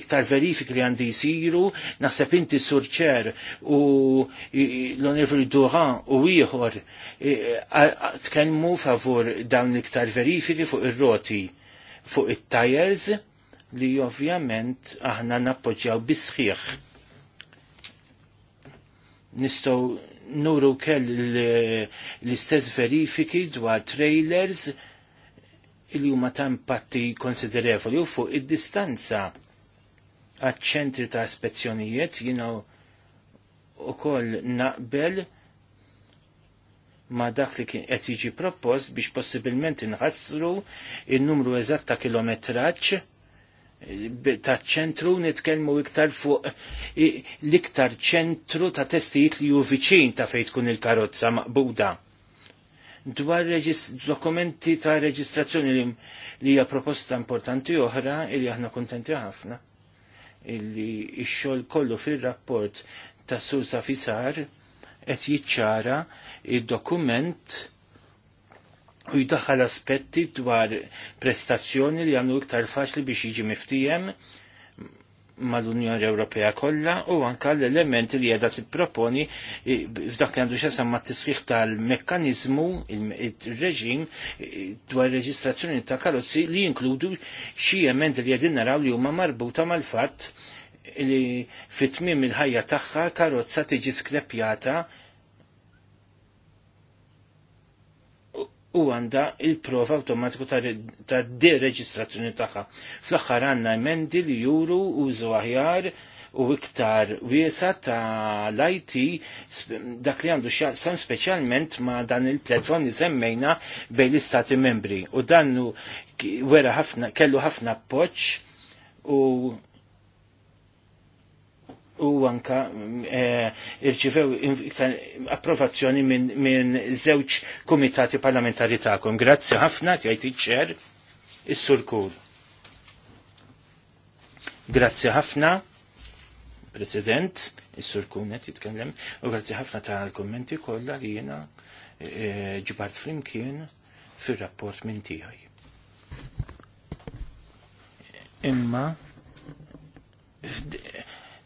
iktar verifik li għandi jisiru, naħseb inti surċer u l-Onorevoli Duran u ieħor tkellmu favur dawn l-iktar verifiki fuq ir-roti fuq it-tajers li ovvjament aħna nappoġġjaw bisħiħ. Nistgħu nuru kell l-istess verifiki dwar trailers il huma ta' impatti konsiderevoli u fuq id-distanza għaċ-ċentri ta' spezzjonijiet jina u koll naqbel ma dak li kien qed jiġi propost biex possibilment inħassru in-numru eżatt ta' kilometraġġ ta' ċentru nitkellmu iktar fuq l-iktar ċentru ta' testijiet li ju viċin ta' fejn kun il-karozza maqbuda. Dwar dokumenti ta' reġistrazzjoni li hija proposta importanti oħra li aħna kuntenti ħafna illi x-xogħol kollu fir-rapport ta' Susa Fisar qed jiċċara id-dokument u jdaħħal aspetti dwar prestazzjoni li għamlu iktar faċli biex jiġi miftijem mal-Unjoni Ewropea kollha u anka l-elementi li qiegħda tipproponi f'dak li għandu xesam ma' tisħiħ tal-mekkaniżmu il-reġim dwar reġistrazzjoni ta' karozzi li jinkludu xi elementi li qegħdin naraw li huma marbuta mal-fatt li fit tmim il-ħajja tagħha karozza tiġi skrepjata u għanda il-prova automatiku ta' dereġistrazzjoni tagħha. Fl-aħħar għandna emendi li juru użu aħjar u iktar wiesa ta' l-IT dak li għandu xaqsam speċjalment ma' dan il-platform li semmejna bejn l-istati membri. U dannu wera ħafna kellu ħafna poċ u u anka eh, irċivew approvazzjoni minn żewġ kumitati parlamentari tagħkom. Grazzi ħafna tgħid iċ-ċer is-Sur Kull. Grazzi ħafna, President, is-Sur net jitkellem, u grazzi ħafna tal-kommenti kollha li jiena eh, ġibart flimkien fir-rapport minn tiegħi. Imma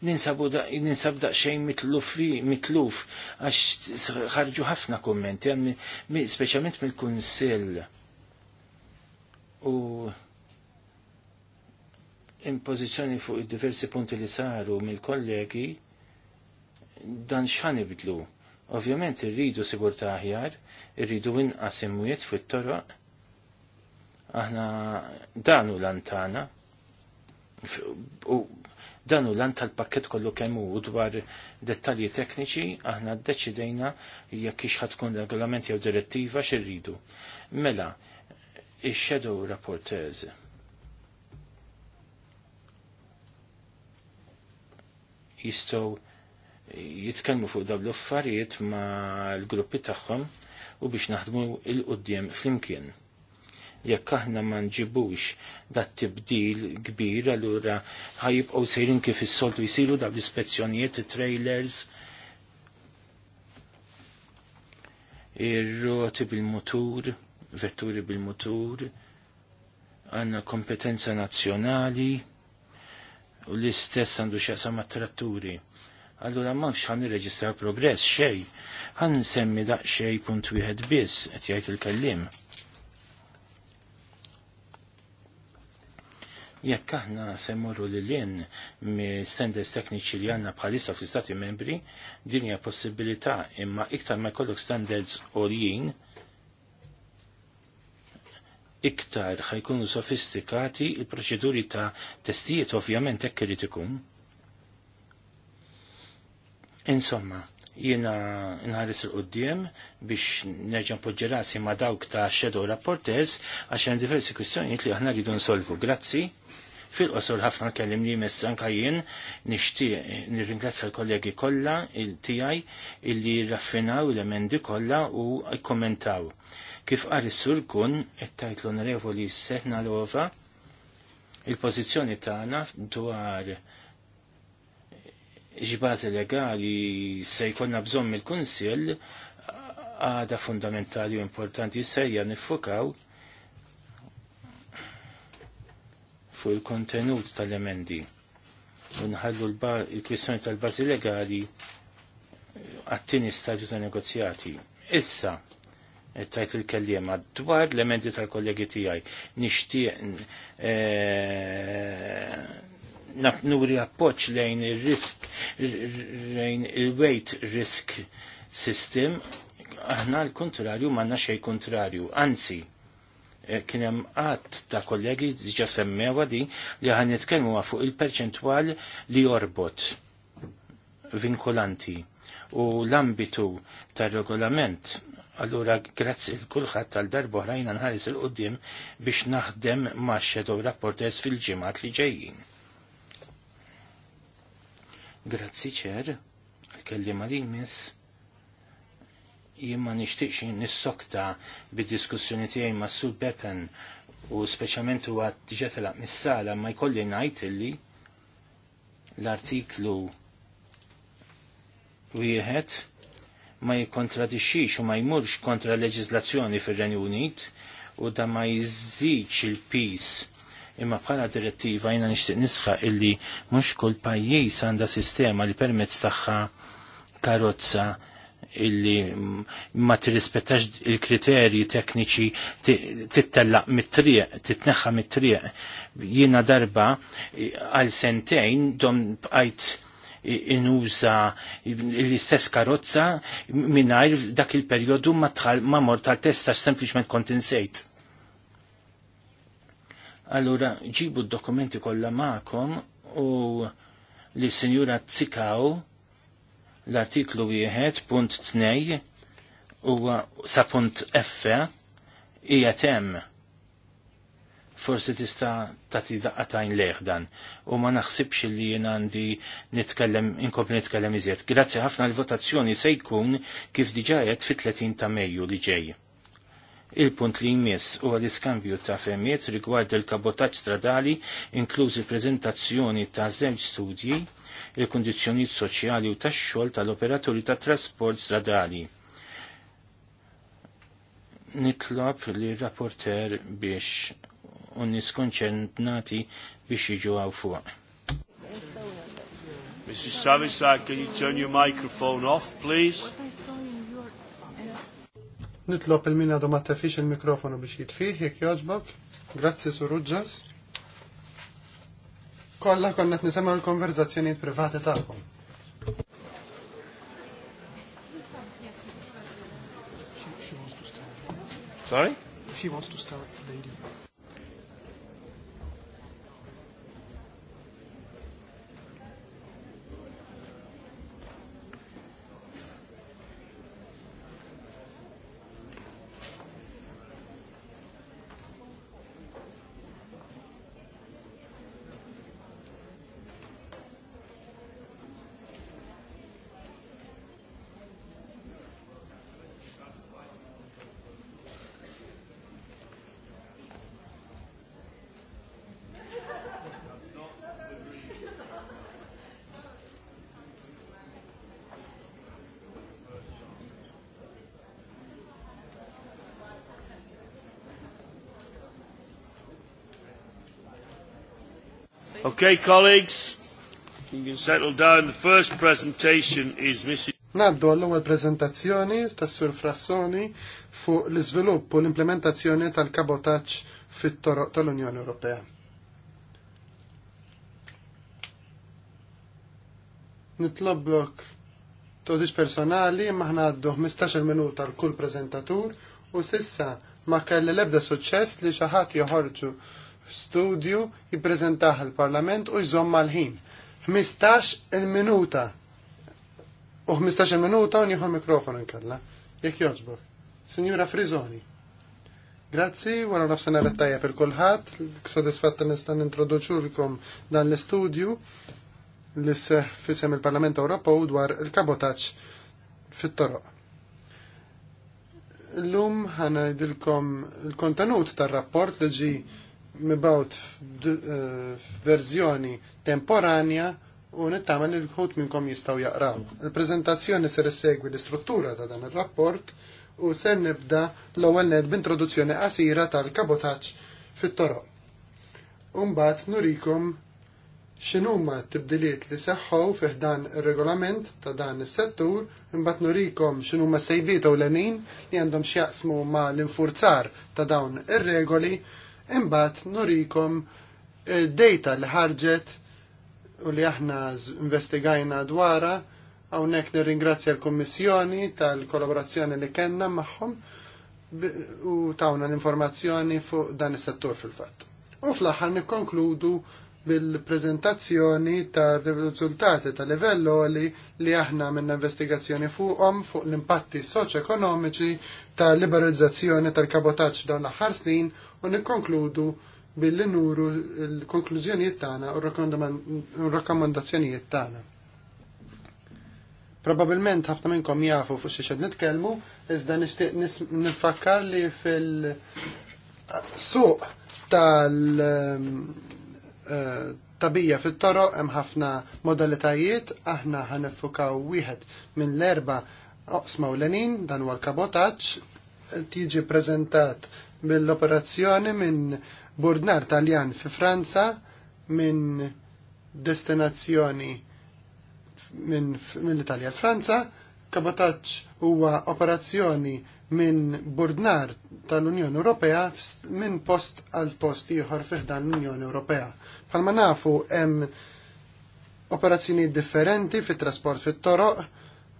ninsab daqxejn mitluf għax ħarġu ħafna kommenti, speċjalment mill-Kunsill. U impożizzjoni fuq diversi punti li saru mill-kollegi dan xan ibdlu. Ovvjament irridu sigurta aħjar, irridu inqas imwiet it toroq Aħna danu l' u Dan u lan tal-pakket kollu kemmu u dwar dettalji tekniċi aħna d-deċidejna jekk ixħat tkun regolament jew direttiva xirridu. Mela, ix-shadow rapporteurs. Jistow jitkellmu fuq dawn l-affarijiet ma l-gruppi tagħhom u biex naħdmu il-qudiem flimkien jekk aħna ma nġibux dat tibdil kbir allura ħajibqgħu sejrin kif is-soltu jsiru dawn l-ispezzjonijiet trailers ir-roti bil-mutur, vetturi bil-mutur, għanna kompetenza nazzjonali u l-istess għandu ma' tratturi. Allura ma xan reġistra progress xej, ħan nsemmi daqxej punt wieħed biss qed jgħid il-kellim. Jekk aħna semmorru li l-jen standards tekniċi li għanna bħalissa fl istati membri, din hija possibilità imma iktar ma jkollok standards orijin, iktar ħajkunu sofistikati il-proċeduri ta' testijiet ovvjament hekk irid ikun. Insomma, jiena nħares il-qoddim biex nerġan poġġerasi ma dawk ta' shadow rapporters għax hemm diversi kwistjonijiet li aħna għidu nsolvu. Grazzi. Fil-qosor ħafna kellim li mess anka jien nixtieq nirringrazzja l-kollegi kollha il-tiegħi illi raffinaw l-emendi kollha u kommentaw. Kif qal sur kun qed l-onorevoli Setna Lova il-pożizzjoni tagħna dwar ġbazi legali se jkollna bżonn mill-Kunsill għada fundamentali u importanti sejja nifukaw fuq il-kontenut tal-emendi u nħallu il-kwistjoni tal-bazi legali għattini stadju ta' negozjati. Issa, tajt il-kellima dwar l-emendi tal-kollegi tijaj, nishtiq eh, Naqnuri appoċ lejn il-risk, lejn il-weight risk system, aħna l-kontrarju manna xej kontrarju. Anzi, e, kienem għat ta' kollegi diġa semmewa di li għan nitkelmu fuq il-perċentwal li jorbot vinkolanti u l-ambitu tar regolament Allura, grazzi l-kulħat tal-darbo ħrajna nħaris il-qoddim biex naħdem ma' Shadow Rapporters fil-ġimat li ġejjin. Grazzi ċer, kelli ma għal-imis, jimma nishtiqx nissokta bid-diskussjoni tiegħi ma' Sul Beppen u speċjalment huwa diġà telaq mis-sala ma jkolli najt illi l-artiklu wieħed ma jikkontradixxix u ma jmurx kontra l leġiżlazzjoni fir-Renju Unit u da ma jżidx il-peace imma bħala direttiva jina nixtieq nisħa illi mhux kull pajjiż għandha sistema li permezz tagħha karozza illi ma tirrispettax il-kriterji tekniċi tittellaq mit-triq, titneħħa mit-triq. Jiena darba għal sentejn dom bqajt inuża l-istess karozza mingħajr dak il-perjodu ma tħall ma mort tal testa sempliċement kont insejt. Allura ġibu d-dokumenti kollha magħkom u li s-senjura Tzikaw l-artiklu wieħed punt tnej u sa punt F hija temm forsi tista' tagħti daqatajn leħ dan u ma naħsibx li jien għandi nitkellem inkompli nitkellem iżjed. Grazzi ħafna l-votazzjoni se jkun kif diġajet fit-30 ta' Mejju li ġej. Il-punt li jmiss u l-iskambju ta' fermiet rigward il-kabotaċ stradali, inklużi prezentazzjoni ta' żewġ studji, il-kondizjoniet soċjali u tax-xogħol tal-operaturi ta' trasport stradali. Nitlob li rapporter biex unnis konċernati biex jiġu għaw fuq. Mrs. Savisak, can you turn your microphone off, please? Nitlop il-min għadu ma tafix il-mikrofonu biex jitfiħ, jek joġbok. Grazzi Suruġġas. Kolla konnet nisema l konverzazzjoni privati tagħkom. Sorry? She wants to start. Okay, colleagues, you can settle down. The first presentation is Mrs. Naddu għall-ewwel preżentazzjoni tas-Sur Frassoni fuq l-iżvilupp u l-implementazzjoni tal-kabotaġġ fit-toroq tal-Unjoni Ewropea. Nitloblok todiċ personali maħna għaddu 15-il minuta l kull preżentatur u sissa ma kelli l-ebda suċċess li xi ħadd joħorġu studju jippreżentaħ il-Parlament u jżomm mal-ħin. 15 il-minuta. U 15 il-minuta u nieħu mikrofonu nkalla. Jekk joġbu. Signora Frizzoni. Grazzi, wara nafsana rettajja per kulħadd, sodisfatta nistan introduċulkom dan l-istudju li seħ fissem il-Parlament u dwar il-kabotaġġ fit-toroq l-lum ħanajdilkom il-kontenut tal-rapport li ġi mibawt f'verżjoni eh, temporanja u nittamen il l-ħut minnkom jistaw jaqraw. Il-prezentazzjoni ser segwi l-istruttura ta' dan il-rapport u ser nibda l-ewwel ned b'introduzzjoni qasira tal-kabotaġġ fit-toroq. Umbat nurikom x'inhuma t-tibdiliet li seħħu fih dan ir-regolament ta' dan is-settur, imbagħad nurikom x'inhuma sejbiet ewlenin li għandhom x'jaqsmu ma' l-infurzar ta' dawn ir-regoli imbagħad nurikom eh, data li ħarġet u li aħna investigajna dwara hawnhekk nirringrazzja l-Kummissjoni tal-kollaborazzjoni li kellna magħhom u tawna l-informazzjoni fuq dan is-settur fil-fatt. U fl-aħħar nikkonkludu bil-prezentazzjoni tal riżultati tal livello li li aħna minna investigazzjoni fuqhom fuq l-impatti soċ-ekonomiċi tal liberalizzazzjoni tal-kabotaċ dawn l-aħħar snin u nikkonkludu billi nuru l-konklużjonijiet tagħna u r-rakkomandazzjonijiet tagħna. Probabilment ħafna minnkom jafu fuq xi xed nitkellmu, iżda nixtieq nifakkar li fil-suq tal eh, tabija fit-toro hemm ħafna modalitajiet, aħna ħanefukaw wieħed minn l-erba' oqsma u lenin dan huwa l-kabotaġġ tiġi preżentat mill-operazzjoni minn Burdnar Taljan fi Franza minn destinazzjoni mill-Italja l-Franza, kabotaċ huwa operazzjoni minn Burdnar tal-Unjoni Ewropea minn post għal post ieħor fiħdan l-Unjoni Ewropea. ma nafu hemm operazzjoni differenti fit-trasport fit-toroq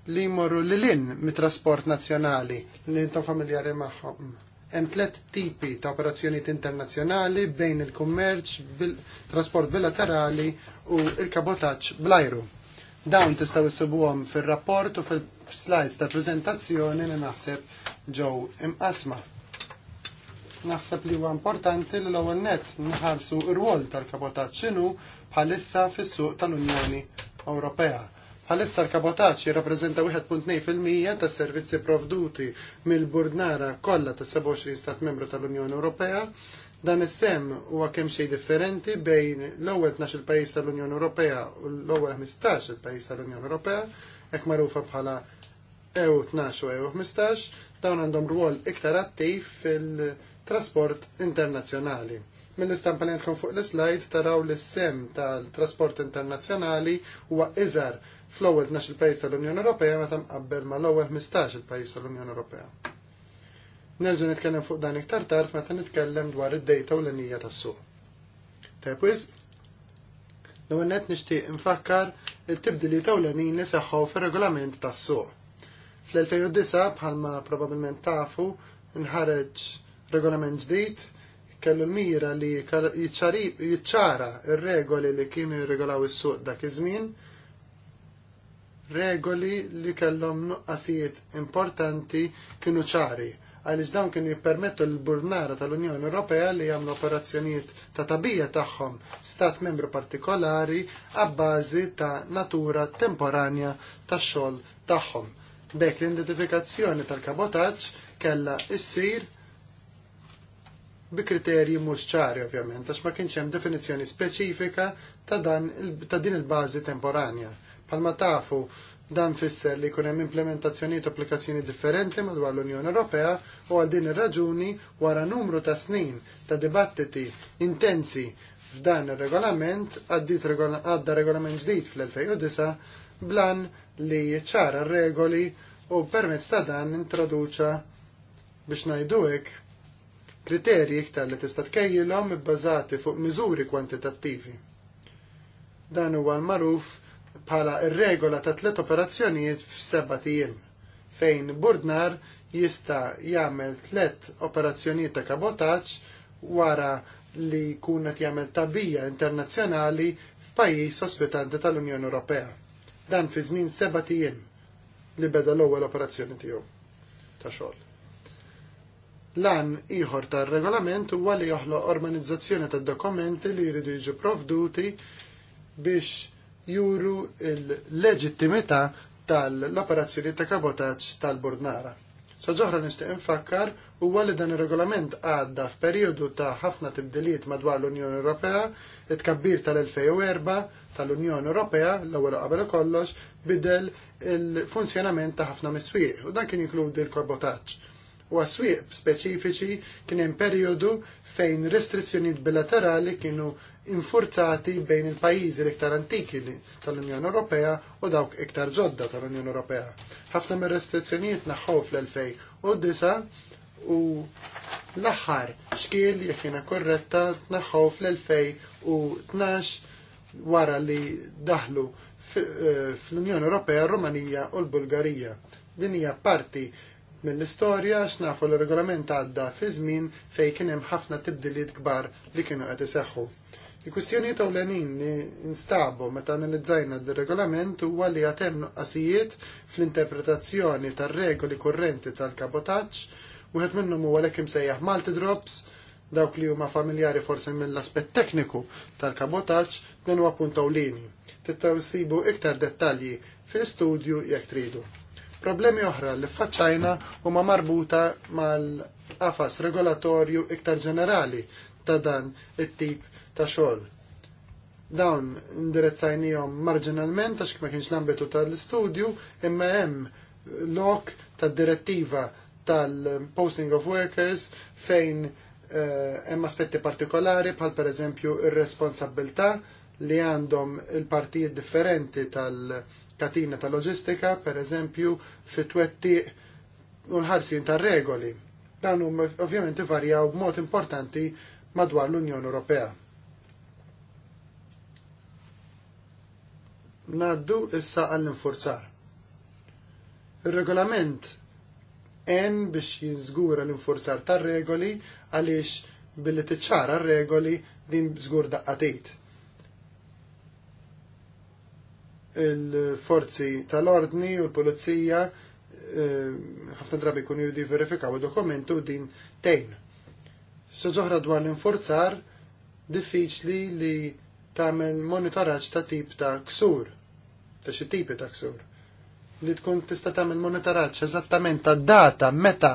li jmorru li lin mit-trasport nazzjonali li intom familjari magħhom Hemm tliet tipi ta' operazzjonijiet internazzjonali bejn il-kummerċ, trasport bilaterali u il-kabotaġġ bl-ajru. Dawn tistgħu issibuhom fir-rapport u fil-slides ta' preżentazzjoni li naħseb ġew imqasma. Naħseb li huwa importanti li l-ewwel nett nħarsu r wol tal-kabotaġġ x'inhu bħalissa fis-suq tal-Unjoni Ewropea Bħalissa l-kabotaċ jirrapprezenta 1.2% tas servizzi provduti mill-burnara kollha tas 27 stat membru tal-Unjoni Ewropea. Dan is-sem huwa kemm xejn differenti bejn l-ewwel 12 il-pajjiż tal-Unjoni Ewropea u l-ewwel 15 il-pajjiż tal-Unjoni Ewropea, hekk magħrufa bħala EU 12 u EU 15, e dawn għandhom rwol iktar attiv fil-trasport internazzjonali. Mill-istampa li fuq l-slide taraw li s-sem tal-trasport internazzjonali huwa iżar fl-ewwel 12 pajjiż tal-Unjoni Ewropea meta mqabbel mal-ewwel 15 il-pajjiż tal-Unjoni Ewropea. Nerġa' nitkellem fuq dan iktar tard meta nitkellem dwar id-dejta u l linija tas-suq. Tajb l-ewwel nett nixtieq infakkar il-tibdili tawlenin li seħħu fir-regolament tas-suq. Fl-2009 bħalma probabbilment tafu nħareġ regolament ġdid kellu l-mira li jiċċara ir-regoli li kienu jirregolaw is-suq dak iż-żmien regoli li kellhom nuqqasijiet importanti kienu ċari għaliex dawn kienu jippermettu l-burnara tal-Unjoni Ewropea li jagħmlu operazzjonijiet ta' tabija tagħhom stat membru partikolari għabbażi ta' natura temporanja tax-xogħol tagħhom. Bek l-identifikazzjoni tal-kabotaġġ kellha issir bi kriterji mhux ċari ovvjament għax ma kienx hemm definizzjoni speċifika ta' dan ta' din il-bażi temporanja. Palma tafu dan fisser li kunem implementazzjoniet u applikazzjoni differenti madwar l-Unjoni Ewropea u għal din ir-raġuni wara numru ta' snin ta' dibattiti intensi f'dan ir-regolament għaddit għadda regolament ġdid fl-2009 blan li ċara regoli u permezz ta' dan introduċa biex ngħidu kriteri iktar li tista' tkejjilhom ibbażati fuq miżuri kwantitattivi. Dan huwa l-magħruf bħala ir-regola ta' tliet operazzjonijiet f'seba' tiem fejn Burdnar jista' jagħmel tliet operazzjonijiet ta' kabotaġġ wara li jkun qed jagħmel tabija internazzjonali f'pajjiż ospitanti tal-Unjoni Ewropea. Dan fi żmien seba' tiem li beda l-ewwel operazzjoni tiegħu ta' xogħol. Lan ieħor tar-regolament huwa li joħloq organizzazzjoni tad-dokumenti li jridu jiġu provduti biex juru l-leġittimità tal-operazzjoni ta' kabotaġġ tal-Bordnara. Sa ġoħra nistgħu infakkar huwa li dan ir-regolament għadda f'perjodu ta' ħafna tibdiliet madwar l-Unjoni Ewropea, it-kabbir tal-2004 tal-Unjoni Ewropea l-ewwel qabel kollox bidel il-funzjonament ta' ħafna miswieq u dan kien jinkludi l kabotaċ U għaswieq speċifiċi kien hemm perjodu fejn restrizzjonijiet bilaterali kienu infurzati bejn il-pajjiżi l-iktar antiki tal-Unjoni Ewropea u dawk iktar ġodda tal-Unjoni Ewropea. Ħafna mir restrizzjonijiet naħħu fl-2009 u l-aħħar xkiel jekk jiena korretta tnaħħu fl-2012 wara li daħlu eh, fl-Unjoni Ewropea Rumanija u l-Bulgarija. Din hija parti mill-istorja x'nafu l-regolament għadda fi żmien fejn kien hemm ħafna tibdiliet kbar li kienu qed iseħħu. Il-kustjoni ta' l-għanin li instabu meta analizzajna d-regolament u għalli għatem għasijiet fl-interpretazzjoni tar regoli korrenti tal-kabotaċ u għet minnum u għalek imsejjaħ Malti Drops dawk li huma familjari forse mill-aspet tekniku tal-kabotaċ dan huwa punt lini. Tistgħu jsibu iktar dettalji fil-studju jekk tridu. Problemi oħra li faċċajna huma marbuta mal-qafas regolatorju iktar ġenerali ta' dan it-tip ta' xogħol. Dawn indirizzajnijhom marginalment għax ma kienx l-ambitu tal-istudju, imma hemm lok tad-direttiva tal-posting of workers fejn eh, hemm uh, aspetti partikolari bħal pereżempju ir-responsabilità li għandhom il-partijiet differenti tal-katina tal-loġistika, pereżempju fit twetti u l-ħarsin tar-regoli. Dan ovvjament varjaw b'mod importanti madwar l-Unjoni Ewropea. Naddu issa għall-infurzar. Il-regolament en biex jinżgura l-infurzar tar regoli għaliex billi tiċċara regoli din żgur daqqatejt. Il-forzi tal-ordni u l-pulizija eh, ħafna drabi kun jridu verifikaw dokumentu din tejn. Soġoħra dwar l-infurzar diffiċli li tagħmel monitoraġġ ta' tip ta' ksur ta' xi tipi ta' ksur. Li tkun tista' tagħmel monitoraġġ eżattament ta' data meta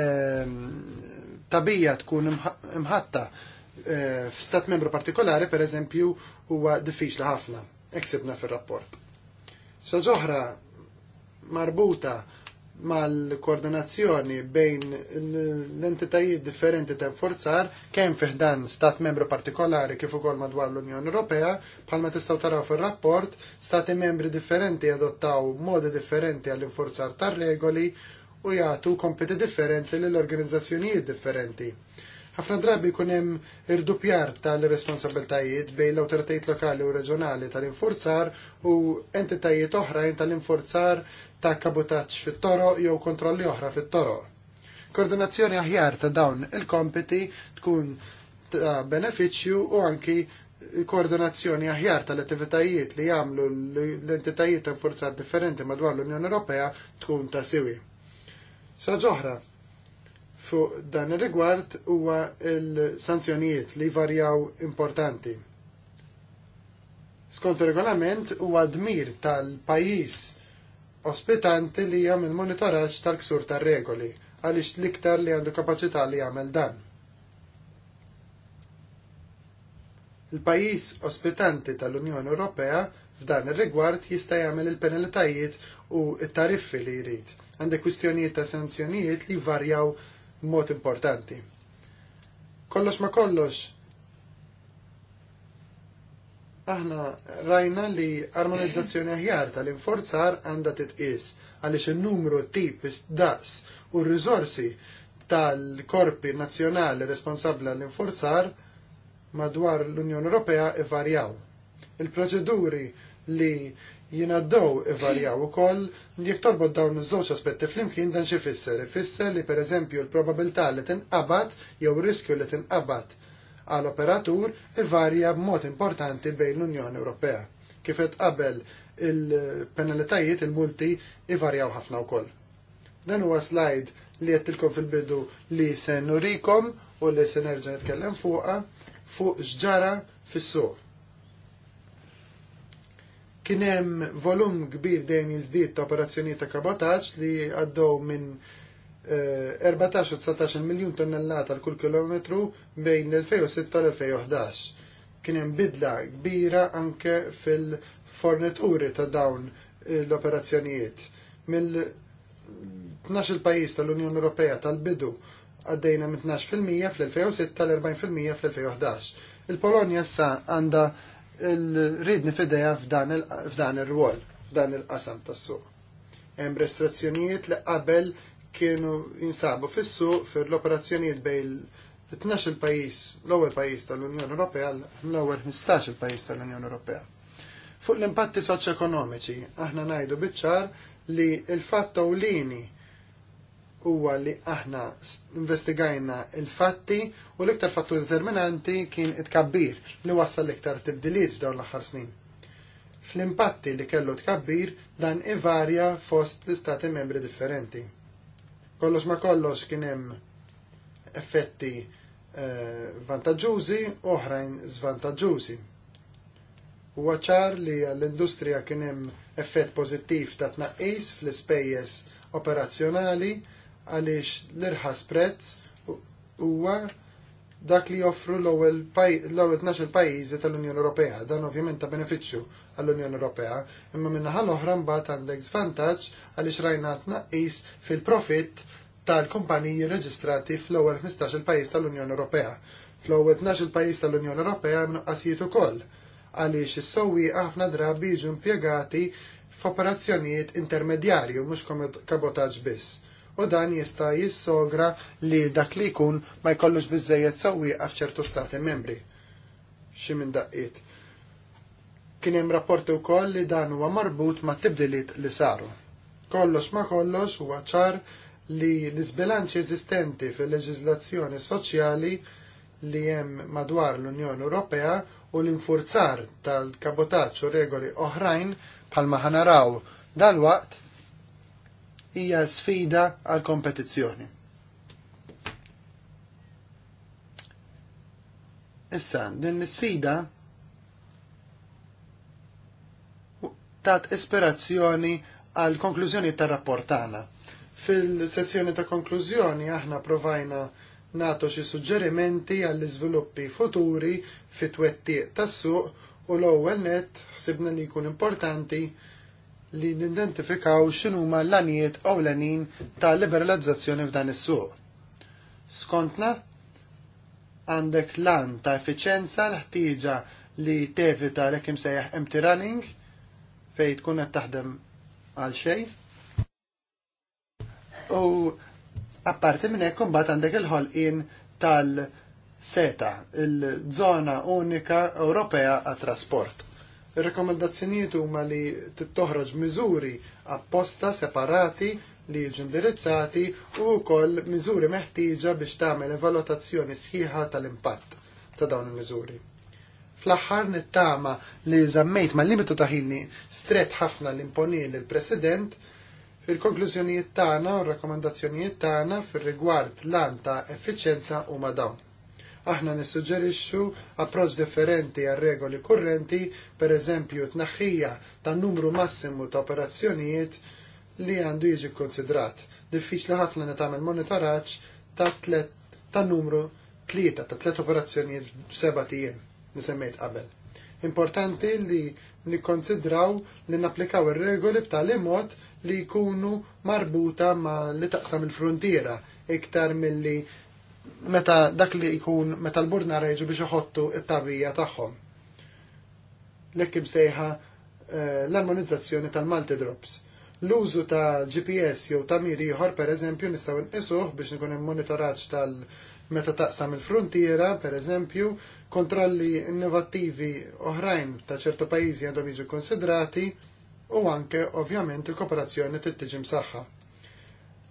ehm, tabija tkun imħatta eh, f'stat membru partikolari, per eżempju, huwa diffiċli ħafna. Eksibna fir-rapport. Sa ġoħra marbuta mal-koordinazzjoni bejn l-entitajiet differenti ta' forzar kemm fih dan stat membru partikolari kif ukoll madwar l-Unjoni Ewropea, bħalma tistgħu taraw fir-rapport, stati membri differenti adottaw modi differenti għall inforzar tar-regoli u jagħtu kompiti differenti lill organizzazzjonijiet differenti. Ħafna drabi jkun hemm irdupjar tal-responsabiltajiet bejn l-awtoritajiet lokali u reġjonali tal-infurzar u entitajiet oħrajn tal-infurzar ta' kabutaċ fit toro jew kontrolli oħra fit-toroq. Koordinazzjoni aħjar ta' dawn il-kompiti tkun ta' beneficju u anki koordinazzjoni aħjar tal-attivitajiet li jagħmlu l-entitajiet ta' forzat differenti madwar l-Unjoni Ewropea tkun ta' siwi. Sa ġoħra, fuq dan ir-rigward huwa l-sanzjonijiet li varjaw importanti. Skont ir regolament huwa dmir tal-pajjiż ospitanti li il monitoraġġ tal-ksur tar-regoli għaliex l-iktar li għandu kapaċità li jagħmel dan. Il-pajjiż ospitanti tal-Unjoni Ewropea f'dan ir-rigward jista' jagħmel il-penalitajiet u t-tariffi li jrid. Għandek kwistjonijiet ta' sanzjonijiet li varjaw mod importanti. Kollox ma kollox aħna rajna li armonizzazzjoni aħjar tal-inforzar għandha titqis għaliex in-numru tip daqs u r-riżorsi tal-korpi nazzjonali responsabbli għall-inforzar madwar l-Unjoni Ewropea ivarjaw. Il-proċeduri li jinaddow ivarjaw ukoll jekk torbod dawn iż-żewġ aspetti flimkien dan xifisser. Ifisser li pereżempju l-probabilità li tinqabad jew riskju li tinqabad għal operatur ivarja b'mod importanti bejn l-Unjoni Ewropea. Kifet qabel il-penalitajiet il-multi ivarjaw ħafna wkoll. Dan huwa slide li jettilkom fil-bidu li se nurikom u li se nerġa' nitkellem fuqha fuq xġara fis-suq. Kien hemm volum kbir dejjem jiżdied ta' operazzjonijiet ta' kabotaġġ li għaddew minn 14-19 eh, miljun tonnellata l-kull kilometru bejn l-2006 l-2011. Kien hemm bidla kbira anke fil-fornituri ta' dawn eh, l-operazzjonijiet. Mill-12 pajjiż tal-Unjoni Ewropea tal-bidu għaddejna mit 12% fl-2006 l-40% fl-2011. Il-Polonja sa għandha l-ridni fideja f'dan ir-rwol, f'dan il-qasam tas-suq. Hemm restrizzjonijiet li qabel kienu jinsabu fissu l operazzjonijiet bejn 12 pajis, l-ewwel pajis tal-Unjoni Ewropea l-ewwel 15 pajis tal-Unjoni Ewropea. Fuq l-impatti soċ-ekonomiċi, aħna ngħidu biċ-ċar li l-fatt ewlieni huwa li aħna investigajna il-fatti u l-iktar fattu determinanti kien it-kabbir li wassal l-iktar tibdiliet f'dawn l-aħħar snin. Fl-impatti li kellu tkabbir dan ivarja fost l-istati membri differenti. Kollox ma kollox kien hemm effetti eh, vantaġġużi oħrajn żvantaġġużi. Huwa ċar li l-industrija kien hemm effett pożittiv ta' tnaqqis fl-ispejjeż operazzjonali għaliex l-irħas prezz huwa dak li joffru l-ewwel 12 pajjiżi tal-Unjoni Ewropea, dan ovvjament ta' benefiċċju għall-Unjoni Ewropea, imma minnaħa l-oħra mbagħad għandek żvantaġġ għaliex rajna tnaqqis fil-profitt tal-kumpaniji reġistrati fl-ewwel 15-il pajjiż tal-Unjoni Ewropea. Fl-ewwel 12-il pajjiż tal-Unjoni Ewropea hemm nuqqasijiet ukoll għaliex is-sewwi ħafna drabi jiġu impjegati f'operazzjonijiet intermedjarju mhux kabotaġġ biss u dan jista' jissogra li dak li jkun ma jkollux biżejjed sewwieqa f'ċertu stati membri. Xi minn daqqiet. Kien hemm rapporti wkoll li dan huwa marbut ma' tibdiliet li saru. Kollox ma' kollox huwa ċar li l-isbilanċi eżistenti fil-leġiżlazzjoni soċjali li hemm madwar l-Unjoni Ewropea u l-infurzar tal-kabotaċċ u regoli oħrajn bħalma ħanaraw dal-waqt hija sfida għal kompetizzjoni. Issa, din l-sfida tat ispirazzjoni għal konklużjoni tar rapportana. Fil-sessjoni ta' konklużjoni aħna provajna nato xi suġġerimenti għall iżviluppi futuri fit twettiq tas-suq u l-ewwel net ħsibna li jkun importanti li nidentifikaw x'inhuma l l ewlenin ta' liberalizzazzjoni f'dan is-suq. Skontna, għandek lan ta' effiċenza l-ħtieġa li tevita l-ekim sejjaħ empty running, fej tkun qed taħdem għal xejn. U apparti minn hekk imbagħad għandek il-ħolqien tal-seta, il-żona unika Ewropea għat-trasport. Ir-rekomendazzjonijiet huma li tittoħroġ miżuri apposta separati li jiġu indirizzati u wkoll miżuri meħtieġa biex tagħmel evalutazzjoni sħiħa tal-impatt ta' dawn il-miżuri fl-aħħar nittama li zammejt ma' limitu taħilni stret ħafna l-imponi l-President il-konklużjonijiet tagħna u r-rakkomandazzjonijiet tagħna fir-rigward lan ta' effiċenza huma dawn. Aħna nissuġġerixxu approċċ differenti għal regoli kurrenti, per eżempju tnaħħija ta' numru massimu ta' operazzjonijiet li għandu jiġi konsidrat. Diffiċli ħafna li tagħmel monitoraġġ ta' tlet ta' numru tlieta ta' tlet operazzjonijiet seba' tiem li semmejt qabel. Importanti li nikkonsidraw li napplikaw ir-regoli b'tali mod li jkunu marbuta ma li taqsam il-frontiera iktar milli meta dak li jkun meta l burna jiġu biex iħottu it-tabija tagħhom. Lekk imsejħa eh, l-armonizzazzjoni tal-Malti Drops. L-użu ta' GPS jew ta' miri ieħor pereżempju nistgħu nqisuh biex nkun hemm monitoraġġ tal- meta taqsam il-frontiera, pereżempju, kontrolli innovattivi oħrajn ta' ċertu pajjiżi għandhom jiġu konsidrati u anke ovvjament il-kooperazzjoni tittiġi msaħħa.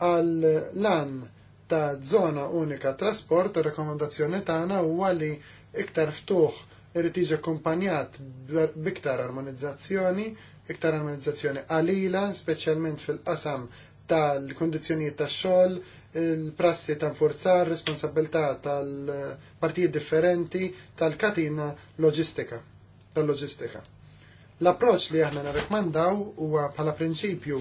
Għal lan ta' zona unika trasport, rekomendazzjoni tagħna huwa li iktar ftuħ irid jiġi akkumpanjat biktar armonizzazzjoni, iktar armonizzazzjoni qalila, speċjalment fil-qasam tal-kondizzjonijiet tax-xogħol, il-prassi ta' forzar, responsabilità tal-partijiet differenti, tal-katina loġistika, tal-loġistika. L-approċ li aħna nirrekmandaw huwa bħala prinċipju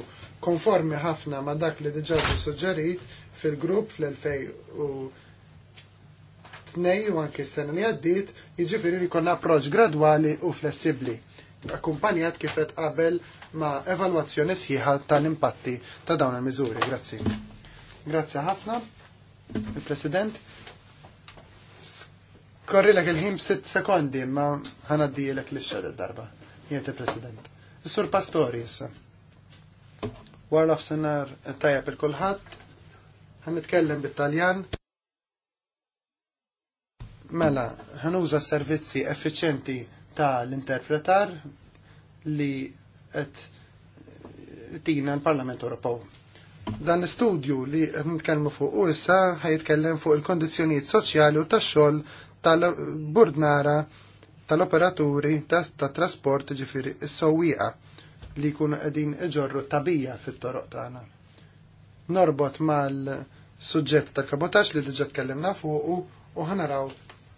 konformi ħafna ma' dak li diġa suġġerit fil-grupp fl-2002 u anki s-sena li għaddit, jiġifieri li konna approċ gradwali u flessibli akkumpanjat kifet qabel ma' evalwazzjoni sħiħa tal-impatti ta' dawn il-miżuri. Grazzi. Grazzi ħafna, il-President. l il-ħim sitt sekondi, ma ħana d l darba Jiet il-President. Is-Sur Pastori jessa. Warlof senar per il Għan itkellem bit-Taljan. Mela, ħanuża servizzi effiċenti ta' l-interpretar li qed tina l-Parlament Ewropew Dan l-istudju li nitkellmu fuq u issa ħajitkellem fuq il-kondizzjonijiet soċjali u tax-xogħol tal-burdnara tal-operaturi tat trasport ġifiri s-sowieqa li jkunu qegħdin iġorru tabija fit-toroq tagħna. Norbot mal-suġġett tal-kabotaġġ li diġà tkellimna fuq u ħanaraw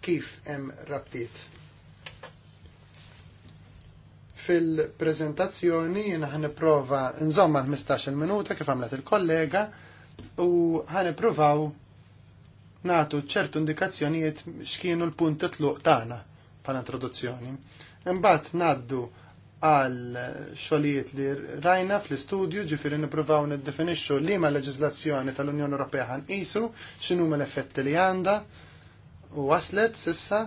kif hemm rabtiet fil-prezentazzjoni jena prova nżomma l-15 minuta kif għamlet il-kollega u provaw natu ċertu indikazzjonijiet x'kienu l-punti tluq tagħna bħala introduzzjoni. Imbagħad naddu għal xogħlijiet li rajna fl-istudju ġifieri nippruvaw niddefinixxu liema leġizlazzjoni tal-Unjoni Ewropea ħanqisu, x'inhuma l-effetti li għandha u waslet sissa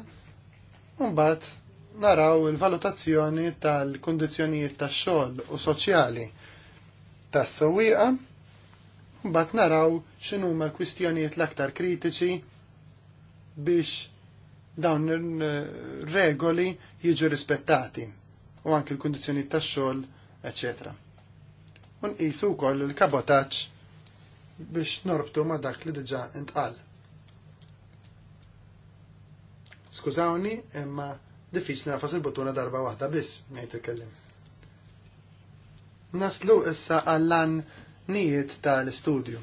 u mbagħad naraw il-valutazzjoni tal-kondizjonijiet tax-xogħol u soċjali tas-sewwieqa mbagħad naraw x'inhu huma l-kwistjonijiet l-aktar kritiċi biex dawn ir-regoli jiġu rispettati u anke l-kundizzjonijiet tax-xogħol, eċċetera. U nqisu wkoll il-kabotaġġ biex norbtu ma' dak li diġà intqal. Skużawni, imma diffiċli nafas il-buttuna darba waħda biss, ngħid il-kellim. Naslu issa għallan nijiet tal-istudju.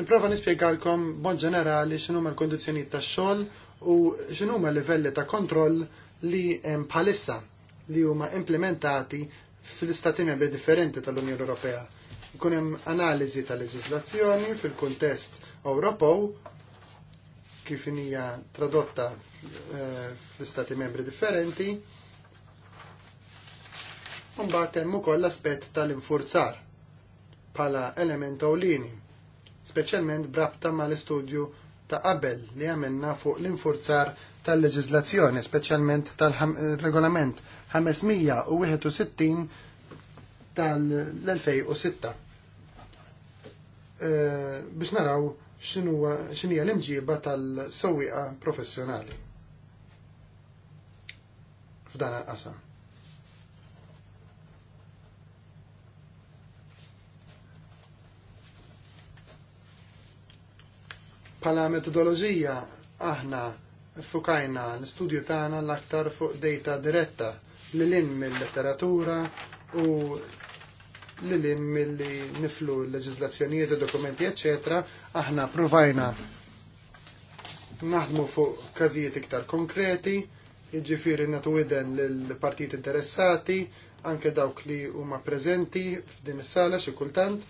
Niprofa nispjegalkom bon ġenerali x'inhuma l-kondizzjonijiet tax-xogħol u x'inhuma l-livelli ta' kontroll li hemm bħalissa li huma implementati fl-istati membri differenti tal-Unjoni Ewropea. Ikun hemm analiżi tal-leġiżlazzjoni fil-kuntest Ewropew kif hija tradotta Eh, fl-istati membri differenti. Mbagħad hemm ukoll l-aspett tal-infurzar bħala element awlini, speċjalment brabta mal-istudju ta' qabel li għamilna fuq l-infurzar tal leġizlazzjoni speċjalment tal-regolament 561 tal-2006 biex naraw xinija l-imġiba tal-sowiqa professjonali f'dan il-qasam. Pala metodoloġija aħna fukajna l-studju tagħna l-aktar fuq data diretta li l mill-letteratura u li l mill-li niflu l-leġizlazzjonijiet, dokumenti, eccetera, aħna provajna naħdmu fuq każijiet iktar konkreti, jiġifieri natu widen lill-partit interessati, anke dawk li huma preżenti f'din is-sala xi kultant,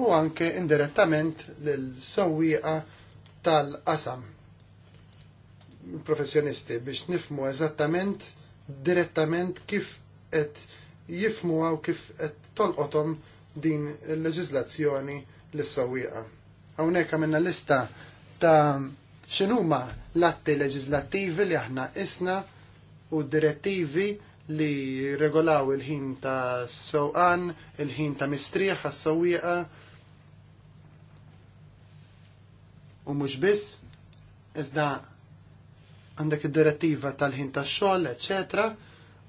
u anke indirettament lill-sewwieqa tal-qasam professjonisti biex nifmu eżattament direttament kif qed jifmu għaw kif qed tolqotom din il-leġizlazzjoni l sewwieqa Hawnhekk għamilna lista ta' x'inhuma l-atti leġislattivi li aħna isna u direttivi li regolaw il-ħin ta' sewqan, il-ħin ta' mistrieħ għas-sewwieqa. U mhux biss, iżda għandek id-direttiva tal-ħin tax-xogħol, eċetera,